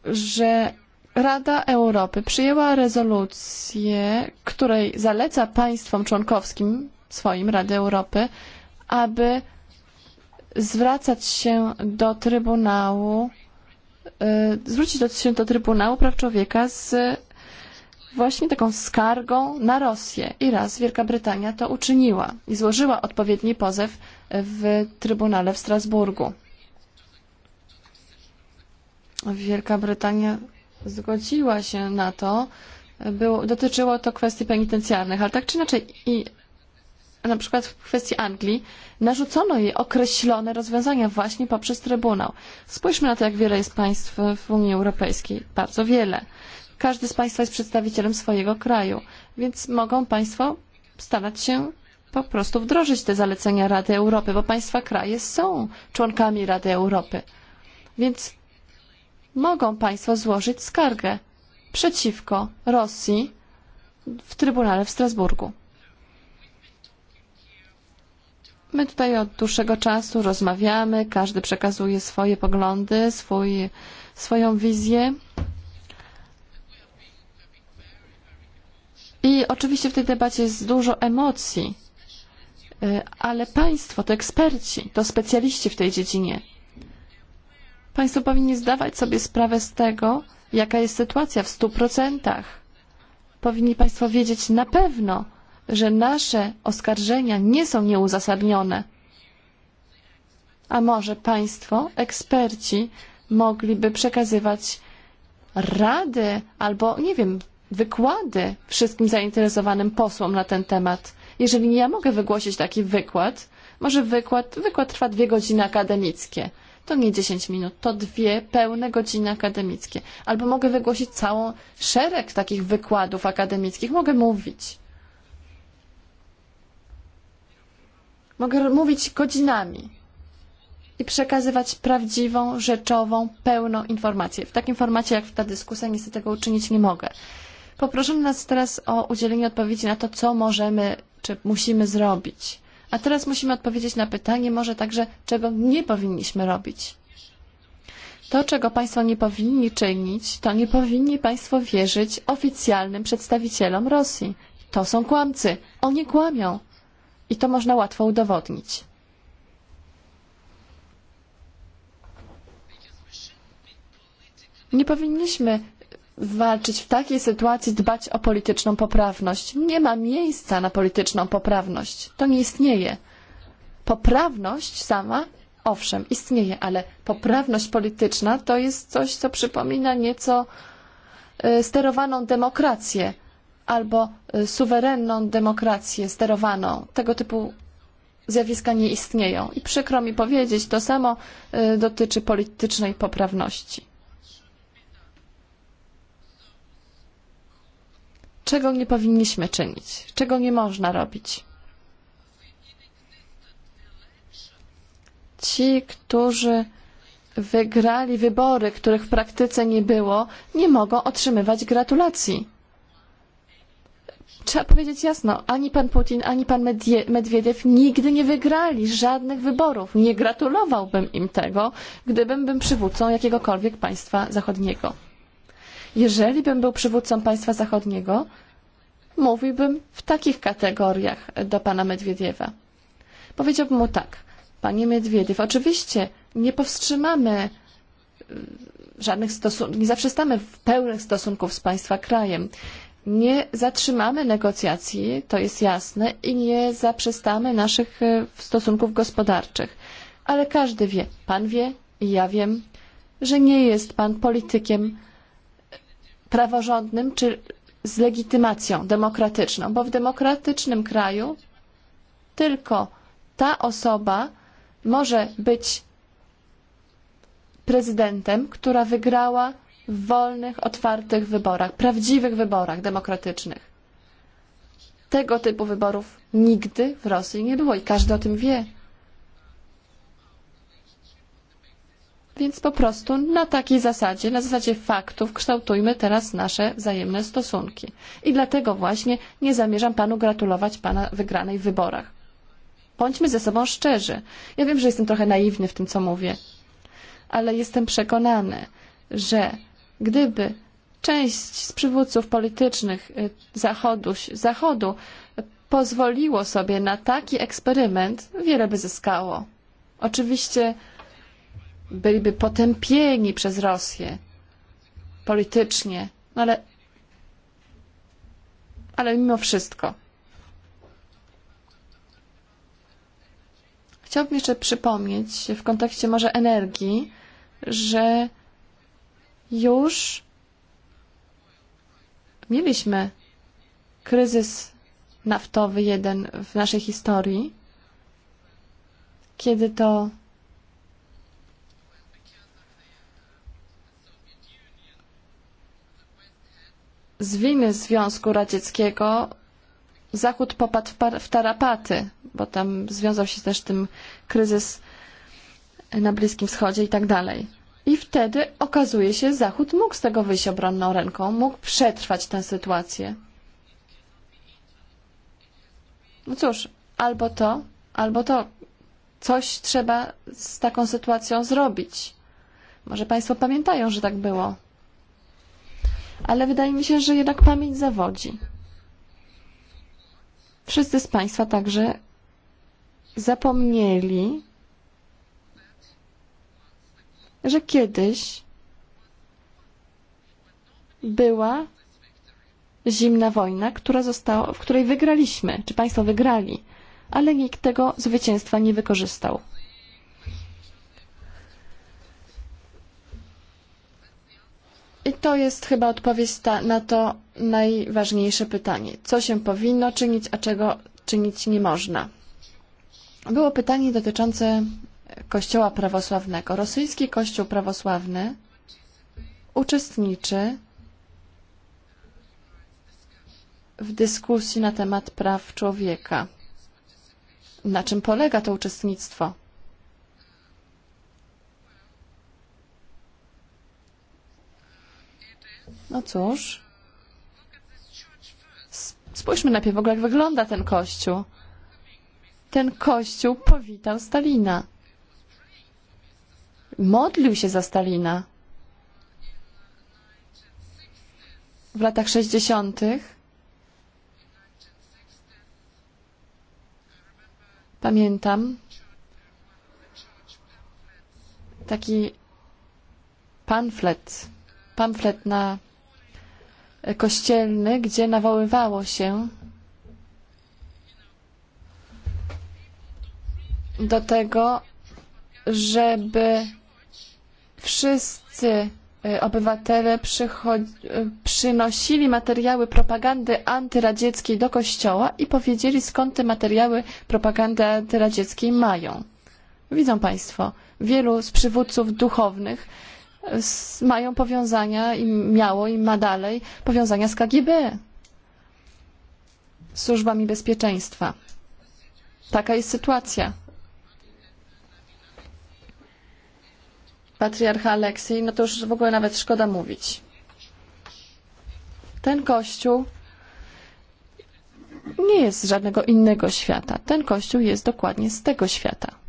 że Rada Europy przyjęła rezolucję, której zaleca państwom członkowskim swoim Rady Europy, aby zwracać się do Trybunału, zwrócić się do Trybunału Praw Człowieka z właśnie taką skargą na Rosję. I raz Wielka Brytania to uczyniła i złożyła odpowiedni pozew w Trybunale w Strasburgu. Wielka Brytania zgodziła się na to. Było, dotyczyło to kwestii penitencjarnych, ale tak czy inaczej i na przykład w kwestii Anglii narzucono jej określone rozwiązania właśnie poprzez Trybunał. Spójrzmy na to, jak wiele jest państw w Unii Europejskiej. Bardzo wiele. Każdy z państwa jest przedstawicielem swojego kraju, więc mogą państwo starać się po prostu wdrożyć te zalecenia Rady Europy, bo państwa kraje są członkami Rady Europy. Więc mogą Państwo złożyć skargę przeciwko Rosji w Trybunale w Strasburgu. My tutaj od dłuższego czasu rozmawiamy, każdy przekazuje swoje poglądy, swój, swoją wizję. I oczywiście w tej debacie jest dużo emocji, ale państwo to eksperci, to specjaliści w tej dziedzinie. Państwo powinni zdawać sobie sprawę z tego, jaka jest sytuacja w stu procentach. Powinni Państwo wiedzieć na pewno, że nasze oskarżenia nie są nieuzasadnione. A może Państwo, eksperci, mogliby przekazywać rady albo, nie wiem, wykłady wszystkim zainteresowanym posłom na ten temat. Jeżeli nie ja mogę wygłosić taki wykład, może wykład, wykład trwa dwie godziny akademickie to nie 10 minut, to dwie pełne godziny akademickie. Albo mogę wygłosić całą szereg takich wykładów akademickich, mogę mówić. Mogę mówić godzinami i przekazywać prawdziwą, rzeczową, pełną informację. W takim formacie jak ta dyskusja niestety tego uczynić nie mogę. Poproszono nas teraz o udzielenie odpowiedzi na to, co możemy czy musimy zrobić. A teraz musimy odpowiedzieć na pytanie może także, czego nie powinniśmy robić. To, czego Państwo nie powinni czynić, to nie powinni Państwo wierzyć oficjalnym przedstawicielom Rosji. To są kłamcy. Oni kłamią. I to można łatwo udowodnić. Nie powinniśmy walczyć w takiej sytuacji, dbać o polityczną poprawność. Nie ma miejsca na polityczną poprawność. To nie istnieje. Poprawność sama, owszem, istnieje, ale poprawność polityczna to jest coś, co przypomina nieco sterowaną demokrację albo suwerenną demokrację sterowaną. Tego typu zjawiska nie istnieją. I przykro mi powiedzieć, to samo dotyczy politycznej poprawności. czego nie powinniśmy czynić, czego nie można robić. Ci, którzy wygrali wybory, których w praktyce nie było, nie mogą otrzymywać gratulacji. Trzeba powiedzieć jasno, ani pan Putin, ani pan Medwiediew nigdy nie wygrali żadnych wyborów. Nie gratulowałbym im tego, gdybym był przywódcą jakiegokolwiek państwa zachodniego. Jeżeli bym był przywódcą państwa zachodniego, mówiłbym w takich kategoriach do pana Medwiediewa. Powiedziałbym mu tak, panie Medwiediew, oczywiście nie powstrzymamy e, żadnych stosunków, nie zaprzestamy w pełnych stosunków z państwa krajem. Nie zatrzymamy negocjacji, to jest jasne, i nie zaprzestamy naszych e, stosunków gospodarczych. Ale każdy wie, pan wie i ja wiem, że nie jest pan politykiem, praworządnym czy z legitymacją demokratyczną, bo w demokratycznym kraju tylko ta osoba może być prezydentem, która wygrała w wolnych, otwartych wyborach, prawdziwych wyborach demokratycznych. Tego typu wyborów nigdy w Rosji nie było i każdy o tym wie. Więc po prostu na takiej zasadzie, na zasadzie faktów kształtujmy teraz nasze wzajemne stosunki. I dlatego właśnie nie zamierzam panu gratulować pana wygranej w wyborach. Bądźmy ze sobą szczerzy. Ja wiem, że jestem trochę naiwny w tym, co mówię, ale jestem przekonany, że gdyby część z przywódców politycznych Zachodu, Zachodu pozwoliło sobie na taki eksperyment, wiele by zyskało. Oczywiście byliby potępieni przez Rosję politycznie, no ale, ale mimo wszystko. Chciałbym jeszcze przypomnieć w kontekście może energii, że już mieliśmy kryzys naftowy jeden w naszej historii, kiedy to z winy Związku Radzieckiego Zachód popadł w tarapaty, bo tam związał się też tym kryzys na Bliskim Wschodzie i tak dalej. I wtedy okazuje się, Zachód mógł z tego wyjść obronną ręką, mógł przetrwać tę sytuację. No cóż, albo to, albo to. Coś trzeba z taką sytuacją zrobić. Może Państwo pamiętają, że tak było ale wydaje mi się, że jednak pamięć zawodzi. Wszyscy z Państwa także zapomnieli, że kiedyś była zimna wojna, która została, w której wygraliśmy, czy Państwo wygrali, ale nikt tego zwycięstwa nie wykorzystał. I to jest chyba odpowiedź ta, na to najważniejsze pytanie. Co się powinno czynić, a czego czynić nie można? Było pytanie dotyczące Kościoła prawosławnego. Rosyjski Kościół prawosławny uczestniczy w dyskusji na temat praw człowieka. Na czym polega to uczestnictwo? No cóż, spójrzmy najpierw w ogóle, jak wygląda ten kościół. Ten kościół powitał Stalina. Modlił się za Stalina. W latach 60. Pamiętam taki pamflet, pamflet na kościelny, gdzie nawoływało się do tego, żeby wszyscy obywatele przynosili materiały propagandy antyradzieckiej do kościoła i powiedzieli, skąd te materiały propagandy antyradzieckiej mają. Widzą Państwo, wielu z przywódców duchownych mają powiązania i miało i ma dalej powiązania z KGB, służbami bezpieczeństwa. Taka jest sytuacja. Patriarcha Aleksji, no to już w ogóle nawet szkoda mówić. Ten kościół nie jest z żadnego innego świata. Ten kościół jest dokładnie z tego świata.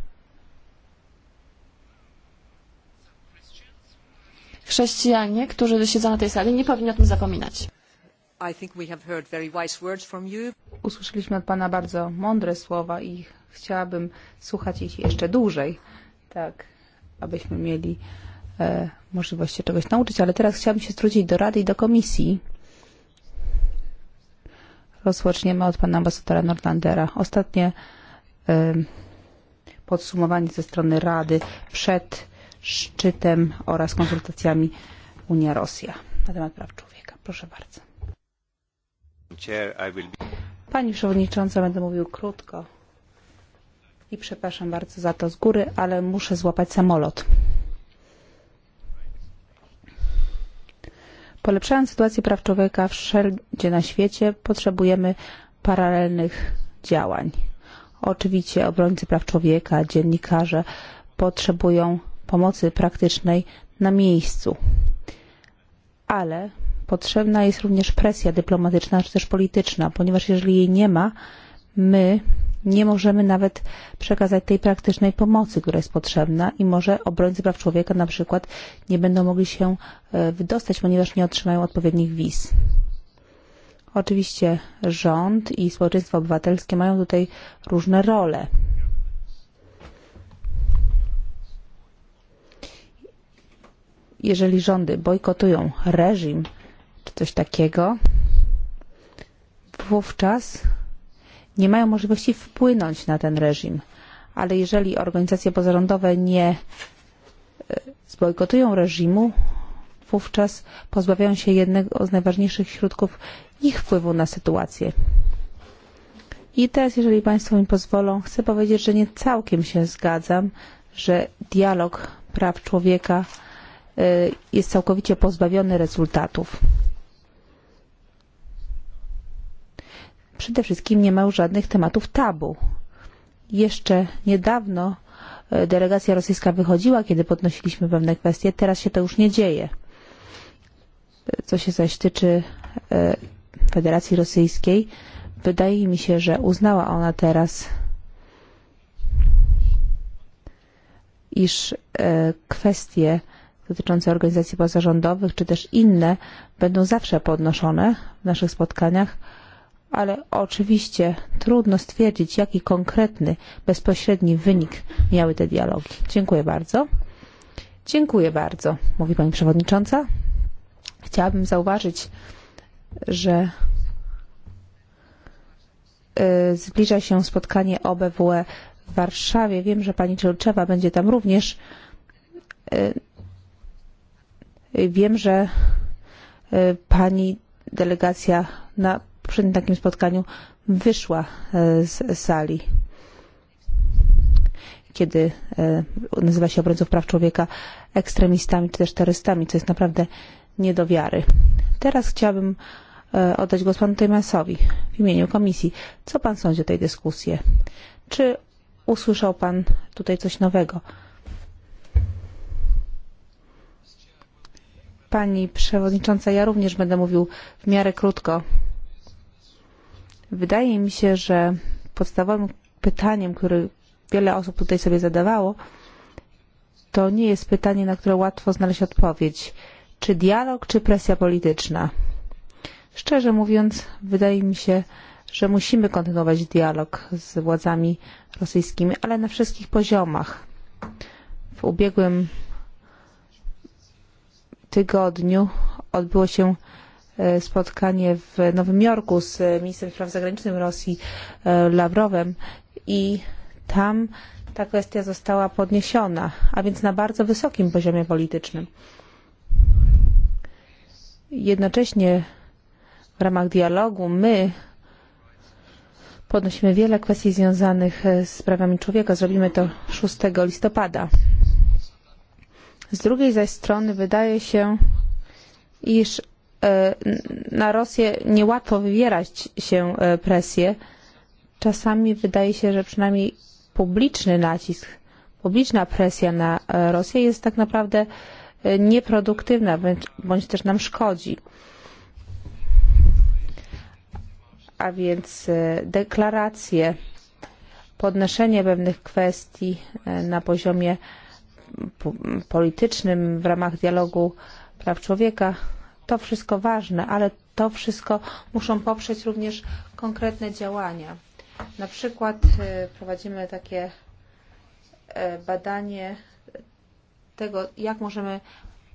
chrześcijanie, którzy siedzą na tej sali, nie powinni o tym zapominać. Usłyszeliśmy od Pana bardzo mądre słowa i chciałabym słuchać ich jeszcze dłużej, tak, abyśmy mieli e, możliwość się czegoś nauczyć, ale teraz chciałabym się zwrócić do Rady i do Komisji. Rozpoczniemy od Pana Ambasadora Nordlandera. Ostatnie e, podsumowanie ze strony Rady przed szczytem oraz konsultacjami Unia-Rosja na temat praw człowieka. Proszę bardzo. Pani Przewodnicząca, będę mówił krótko i przepraszam bardzo za to z góry, ale muszę złapać samolot. Polepszając sytuację praw człowieka wszędzie na świecie, potrzebujemy paralelnych działań. Oczywiście obrońcy praw człowieka, dziennikarze potrzebują pomocy praktycznej na miejscu. Ale potrzebna jest również presja dyplomatyczna czy też polityczna, ponieważ jeżeli jej nie ma, my nie możemy nawet przekazać tej praktycznej pomocy, która jest potrzebna i może obrońcy praw człowieka na przykład nie będą mogli się e, wydostać, ponieważ nie otrzymają odpowiednich wiz. Oczywiście rząd i społeczeństwo obywatelskie mają tutaj różne role. jeżeli rządy bojkotują reżim czy coś takiego, wówczas nie mają możliwości wpłynąć na ten reżim. Ale jeżeli organizacje pozarządowe nie e, zbojkotują reżimu, wówczas pozbawiają się jednego z najważniejszych środków ich wpływu na sytuację. I teraz, jeżeli Państwo mi pozwolą, chcę powiedzieć, że nie całkiem się zgadzam, że dialog praw człowieka E, jest całkowicie pozbawiony rezultatów. Przede wszystkim nie ma już żadnych tematów tabu. Jeszcze niedawno e, delegacja rosyjska wychodziła, kiedy podnosiliśmy pewne kwestie. Teraz się to już nie dzieje. E, co się zaś tyczy Federacji Rosyjskiej, wydaje mi się, że uznała ona teraz, iż kwestie dotyczące organizacji pozarządowych, czy też inne, będą zawsze podnoszone w naszych spotkaniach, ale oczywiście trudno stwierdzić, jaki konkretny, bezpośredni wynik miały te dialogi. Dziękuję bardzo. Dziękuję bardzo, mówi pani przewodnicząca. Chciałabym zauważyć, że zbliża się spotkanie OBWE w Warszawie. Wiem, że pani Czelczewa będzie tam również Wiem, że e, pani delegacja na poprzednim takim spotkaniu wyszła e, z sali, kiedy e, nazywa się obrońców praw człowieka ekstremistami czy też terrorystami, co jest naprawdę nie do wiary. Teraz chciałabym oddać głos panu Tejmasowi w imieniu komisji. Co pan sądzi o tej dyskusji? Czy usłyszał pan tutaj coś nowego? Pani Przewodnicząca, ja również będę mówił w miarę krótko. Wydaje mi się, że podstawowym pytaniem, które wiele osób tutaj sobie zadawało, to nie jest pytanie, na które łatwo znaleźć odpowiedź. Czy dialog, czy presja polityczna? Szczerze mówiąc, wydaje mi się, że musimy kontynuować dialog z władzami rosyjskimi, ale na wszystkich poziomach. W ubiegłym tygodniu odbyło się e, spotkanie w Nowym Jorku z ministrem spraw zagranicznych Rosji e, Lawrowem i tam ta kwestia została podniesiona, a więc na bardzo wysokim poziomie politycznym. Jednocześnie w ramach dialogu my podnosimy wiele kwestii związanych e, z prawami człowieka. Zrobimy to 6 listopada. Z drugiej zaś strony wydaje się, iż e, na Rosję niełatwo wywierać się e, presję. Czasami wydaje się, że przynajmniej publiczny nacisk, publiczna presja na e, Rosję jest tak naprawdę nieproduktywna bądź też nam szkodzi. A więc deklaracje, podnoszenie pewnych kwestii na poziomie politycznym, w ramach dialogu praw człowieka. To wszystko ważne, ale to wszystko muszą poprzeć również konkretne działania. Na przykład e, prowadzimy takie e, badanie tego, jak możemy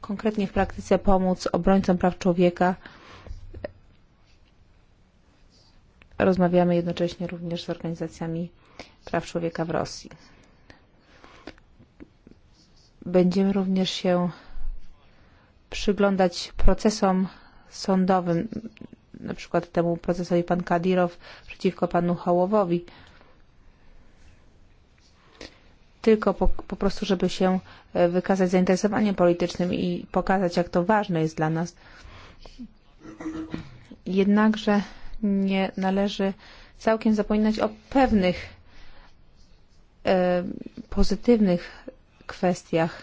konkretnie w praktyce pomóc obrońcom praw człowieka. Rozmawiamy jednocześnie również z organizacjami praw człowieka w Rosji. Będziemy również się przyglądać procesom sądowym, na przykład temu procesowi pan Kadirow przeciwko panu Hałowowi. Tylko po, po prostu, żeby się e, wykazać zainteresowaniem politycznym i pokazać, jak to ważne jest dla nas. Jednakże nie należy całkiem zapominać o pewnych e, pozytywnych kwestiach.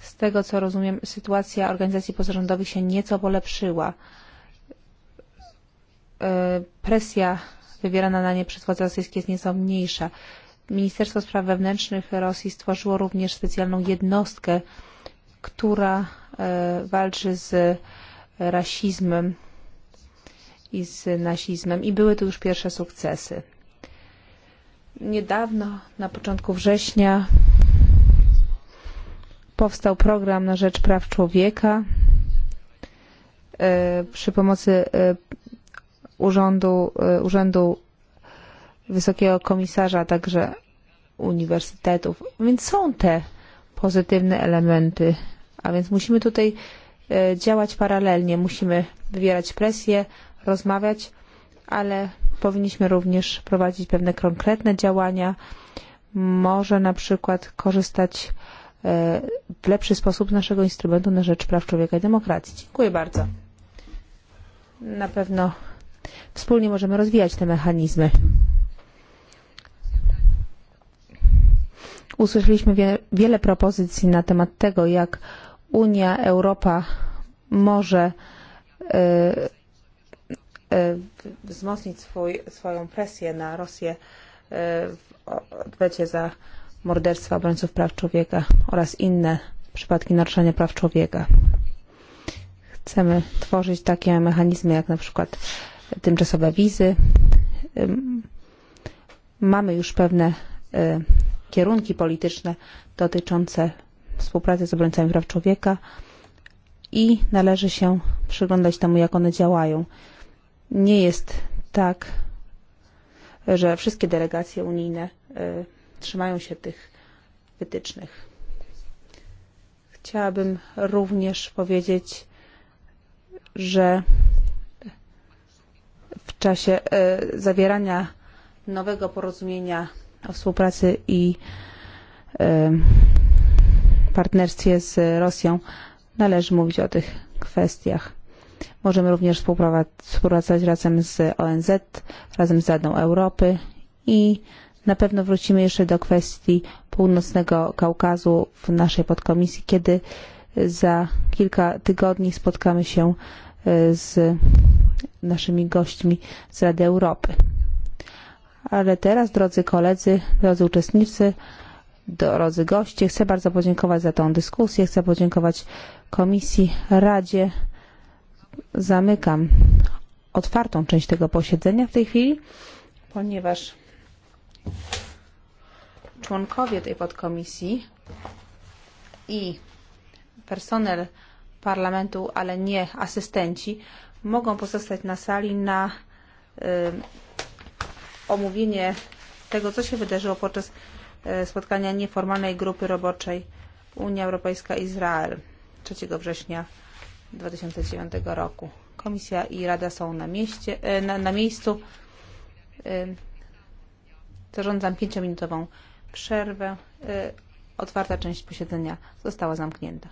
Z tego co rozumiem, sytuacja organizacji pozarządowych się nieco polepszyła. E, presja wywierana na nie przez władze rosyjskie jest nieco mniejsza. Ministerstwo Spraw Wewnętrznych Rosji stworzyło również specjalną jednostkę, która e, walczy z rasizmem i z nazizmem i były tu już pierwsze sukcesy. Niedawno, na początku września, Powstał program na rzecz praw człowieka e, przy pomocy e, urzędu, e, urzędu Wysokiego Komisarza, także uniwersytetów. Więc są te pozytywne elementy, a więc musimy tutaj działać paralelnie, musimy wywierać presję, rozmawiać, ale powinniśmy również prowadzić pewne konkretne działania. Może na przykład korzystać E, w lepszy sposób naszego instrumentu na rzecz praw człowieka i demokracji. Dziękuję bardzo. Na pewno wspólnie możemy rozwijać te mechanizmy. Usłyszeliśmy wie, wiele propozycji na temat tego, jak Unia, Europa może y, e, y, e, wzmocnić swój, swoją presję na Rosję y, w odwecie za y, morderstwa obrońców praw człowieka oraz inne przypadki naruszania praw człowieka. Chcemy tworzyć takie mechanizmy jak na przykład tymczasowe wizy. Mamy już pewne kierunki polityczne dotyczące współpracy z obrońcami praw człowieka i należy się przyglądać temu, jak one działają. Nie jest tak, że wszystkie delegacje unijne trzymają się tych wytycznych. Chciałabym również powiedzieć, że w czasie e, zawierania nowego porozumienia o współpracy i e, partnerstwie z Rosją należy mówić o tych kwestiach. Możemy również współpracować razem z ONZ, razem z Radą Europy i Na pewno wrócimy jeszcze do kwestii Północnego Kaukazu w naszej podkomisji, kiedy za kilka tygodni spotkamy się e, z naszymi gośćmi z Rady Europy. Ale teraz, drodzy koledzy, drodzy uczestnicy, drodzy goście, chcę bardzo podziękować za tą dyskusję, chcę podziękować Komisji, Radzie. Zamykam otwartą część tego posiedzenia w tej chwili, ponieważ Członkowie tej podkomisji i personel parlamentu, ale nie asystenci, mogą pozostać na sali na y, omówienie tego, co się wydarzyło podczas y, spotkania nieformalnej grupy roboczej Unia Europejska-Izrael 3 września 2009 roku. Komisja i Rada są na, mieście, y, na, na miejscu. Y, Zarządzam pięciominutową przerwę. Otwarta część posiedzenia została zamknięta.